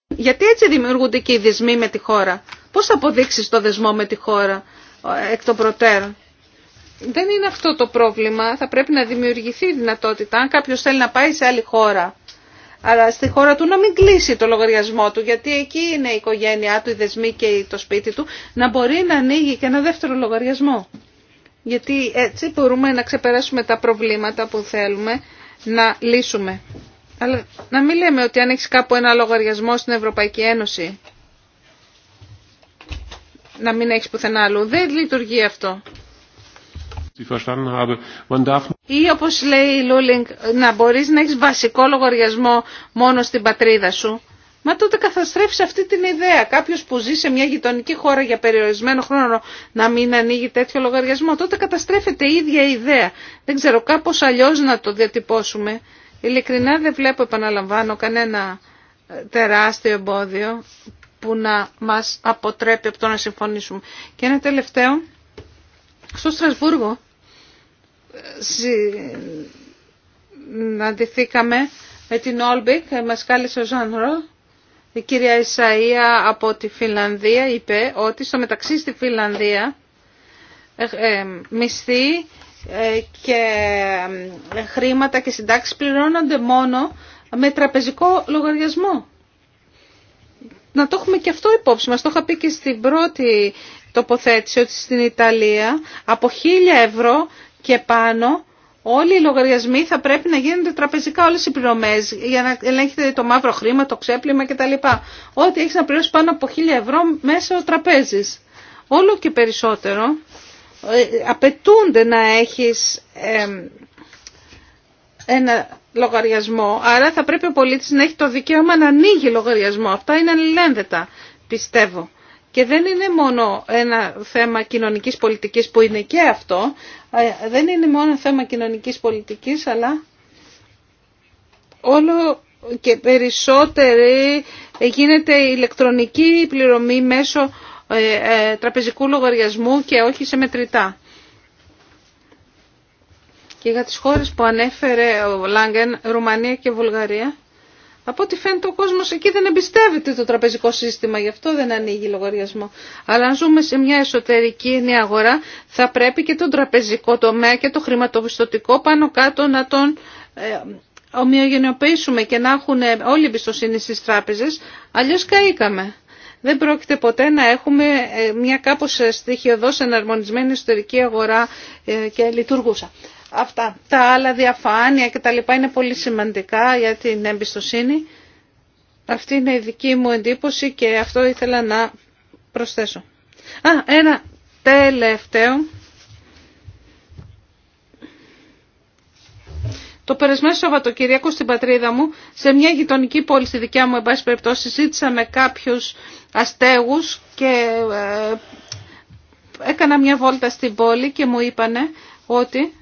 Γιατί έτσι δημιουργούνται και οι δεσμοί με τη χώρα. Πώς θα αποδείξεις το δεσμό με τη χώρα ε, εκ των προτέρων δεν είναι αυτό το πρόβλημα. Θα πρέπει να δημιουργηθεί η δυνατότητα αν κάποιο θέλει να πάει σε άλλη χώρα. Αλλά στη χώρα του να μην κλείσει το λογαριασμό του, γιατί εκεί είναι η οικογένειά του, οι δεσμοί και το σπίτι του, να μπορεί να ανοίγει και ένα δεύτερο λογαριασμό. Γιατί έτσι μπορούμε να ξεπεράσουμε τα προβλήματα που θέλουμε να λύσουμε. Αλλά να μην λέμε ότι αν έχει κάπου ένα λογαριασμό στην Ευρωπαϊκή Ένωση, να μην έχει πουθενά άλλου. Δεν λειτουργεί αυτό. Ή όπως λέει η Λούλινγκ, να μπορείς να έχεις βασικό λογαριασμό μόνο στην πατρίδα σου. Μα τότε καταστρέφεις αυτή την ιδέα. Κάποιος που ζει σε μια γειτονική χώρα για περιορισμένο χρόνο να μην ανοίγει τέτοιο λογαριασμό, τότε καταστρέφεται η ίδια ιδέα. Δεν ξέρω κάπως αλλιώς να το διατυπώσουμε. Ειλικρινά δεν βλέπω, επαναλαμβάνω, κανένα ε, τεράστιο εμπόδιο που να μας αποτρέπει από το να συμφωνήσουμε. Και ένα τελευταίο. Στο Στρασβούργο συναντηθήκαμε με την Όλμπικ, μας κάλεσε ο Ζάνρο. Η κυρία Ισαΐα από τη Φιλανδία είπε ότι στο μεταξύ στη Φιλανδία ε, ε, μισθοί ε, και χρήματα και συντάξεις πληρώνονται μόνο με τραπεζικό λογαριασμό. Να το έχουμε και αυτό υπόψη μας. Το είχα πει και στην πρώτη τοποθέτηση ότι στην Ιταλία από 1000 ευρώ και πάνω όλοι οι λογαριασμοί θα πρέπει να γίνονται τραπεζικά όλες οι πληρωμές για να ελέγχετε το μαύρο χρήμα, το ξέπλυμα κτλ. Ό,τι έχεις να πληρώσει πάνω από 1000 ευρώ ο τραπέζης. Όλο και περισσότερο ε, απαιτούνται να έχεις ένα λογαριασμό, άρα θα πρέπει ο πολίτης να έχει το δικαίωμα να ανοίγει λογαριασμό. Αυτά είναι αλληλένδετα, πιστεύω. Και δεν είναι μόνο ένα θέμα κοινωνικής πολιτικής που είναι και αυτό, ε, δεν είναι μόνο θέμα κοινωνικής πολιτικής, αλλά όλο και περισσότερη γίνεται ηλεκτρονική πληρωμή μέσω ε, ε, τραπεζικού λογαριασμού και όχι σε μετρητά. Και για τις χώρες που ανέφερε ο Λάγκεν, Ρουμανία και Βουλγαρία, από ό,τι φαίνεται ο κόσμος εκεί δεν εμπιστεύεται το τραπεζικό σύστημα, γι' αυτό δεν ανοίγει λογαριασμό. Αλλά αν ζούμε σε μια εσωτερική νέα αγορά, θα πρέπει και τον τραπεζικό τομέα και το χρηματοπιστωτικό πάνω κάτω να τον ε, ομοιογενειοποιήσουμε και να έχουν ε, όλοι εμπιστοσύνη στις τράπεζες, αλλιώς καήκαμε. Δεν πρόκειται ποτέ να έχουμε ε, μια κάπως ε, στοιχειοδός εναρμονισμένη εσωτερική αγορά και λειτουργούσα. Αυτά τα άλλα διαφάνεια και τα λοιπά είναι πολύ σημαντικά για την εμπιστοσύνη. Αυτή είναι η δική μου εντύπωση και αυτό ήθελα να προσθέσω. Α, ένα τελευταίο. Το περασμένο Σαββατοκύριακο στην πατρίδα μου, σε μια γειτονική πόλη στη δικιά μου, εν πάση περιπτώσει, συζήτησα με κάποιους αστέγους και ε, έκανα μια βόλτα στην πόλη και μου είπανε ότι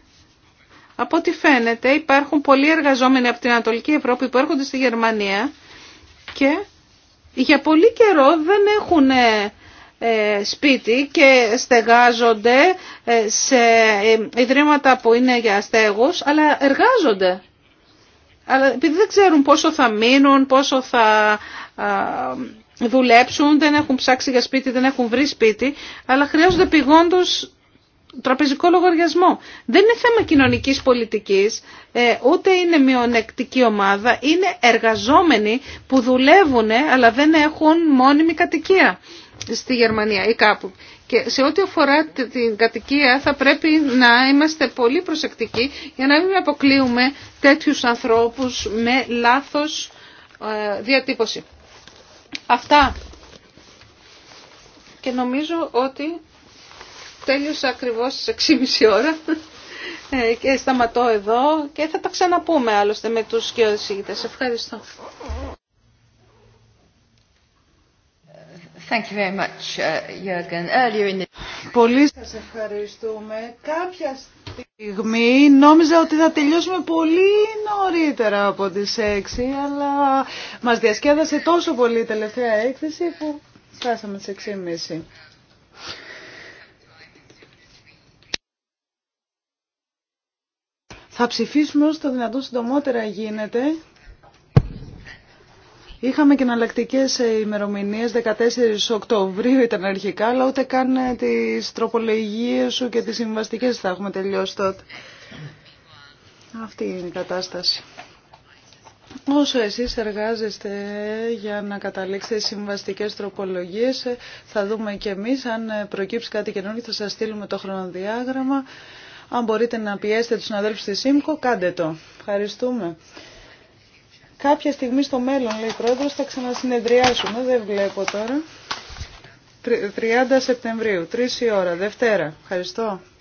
από ό,τι φαίνεται υπάρχουν πολλοί εργαζόμενοι από την Ανατολική Ευρώπη που έρχονται στη Γερμανία και για πολύ καιρό δεν έχουν ε, ε, σπίτι και στεγάζονται ε, σε ιδρύματα που είναι για στέγους, αλλά εργάζονται. Αλλά επειδή δεν ξέρουν πόσο θα μείνουν, πόσο θα δουλέψουν, δεν έχουν ψάξει για σπίτι, δεν έχουν βρει σπίτι, αλλά χρειάζονται πηγόντως τραπεζικό λογαριασμό. Δεν είναι θέμα κοινωνικής πολιτικής, ε, ούτε είναι μειονεκτική ομάδα, είναι εργαζόμενοι που δουλεύουν ε, αλλά δεν έχουν μόνιμη κατοικία στη Γερμανία ή κάπου. Και σε ό,τι αφορά την κατοικία θα πρέπει να είμαστε πολύ προσεκτικοί για να μην αποκλείουμε τέτοιους ανθρώπους με λάθος ε, διατύπωση. Αυτά. Και νομίζω ότι Τέλειωσα ακριβώς στις 6.30 ώρα ε, και σταματώ εδώ και θα τα ξαναπούμε άλλωστε με τους σκιοδησίγητες. Ευχαριστώ. Thank you very much, uh, Earlier in the... Πολύ σας ευχαριστούμε. Κάποια στιγμή νόμιζα ότι θα τελειώσουμε πολύ νωρίτερα από τις 6, αλλά μας διασκέδασε τόσο πολύ η τελευταία έκθεση που φτάσαμε στις 6.30. Θα ψηφίσουμε όσο το δυνατόν συντομότερα γίνεται. Είχαμε και εναλλακτικέ ημερομηνίε, 14 Οκτωβρίου ήταν αρχικά, αλλά ούτε καν ε, τι τροπολογίε σου και τι συμβαστικέ θα έχουμε τελειώσει τότε. Αυτή είναι η κατάσταση. Όσο εσείς εργάζεστε για να καταλήξετε συμβαστικές τροπολογίες, ε, θα δούμε και εμείς αν προκύψει κάτι καινούργιο, θα σας στείλουμε το χρονοδιάγραμμα αν μπορείτε να πιέσετε τους συναδέλφους στη ΣΥΜΚΟ, κάντε το. Ευχαριστούμε. Κάποια στιγμή στο μέλλον, λέει η Πρόεδρος, θα ξανασυνεδριάσουμε. Δεν βλέπω τώρα. 30 Σεπτεμβρίου, 3 η ώρα, Δευτέρα. Ευχαριστώ.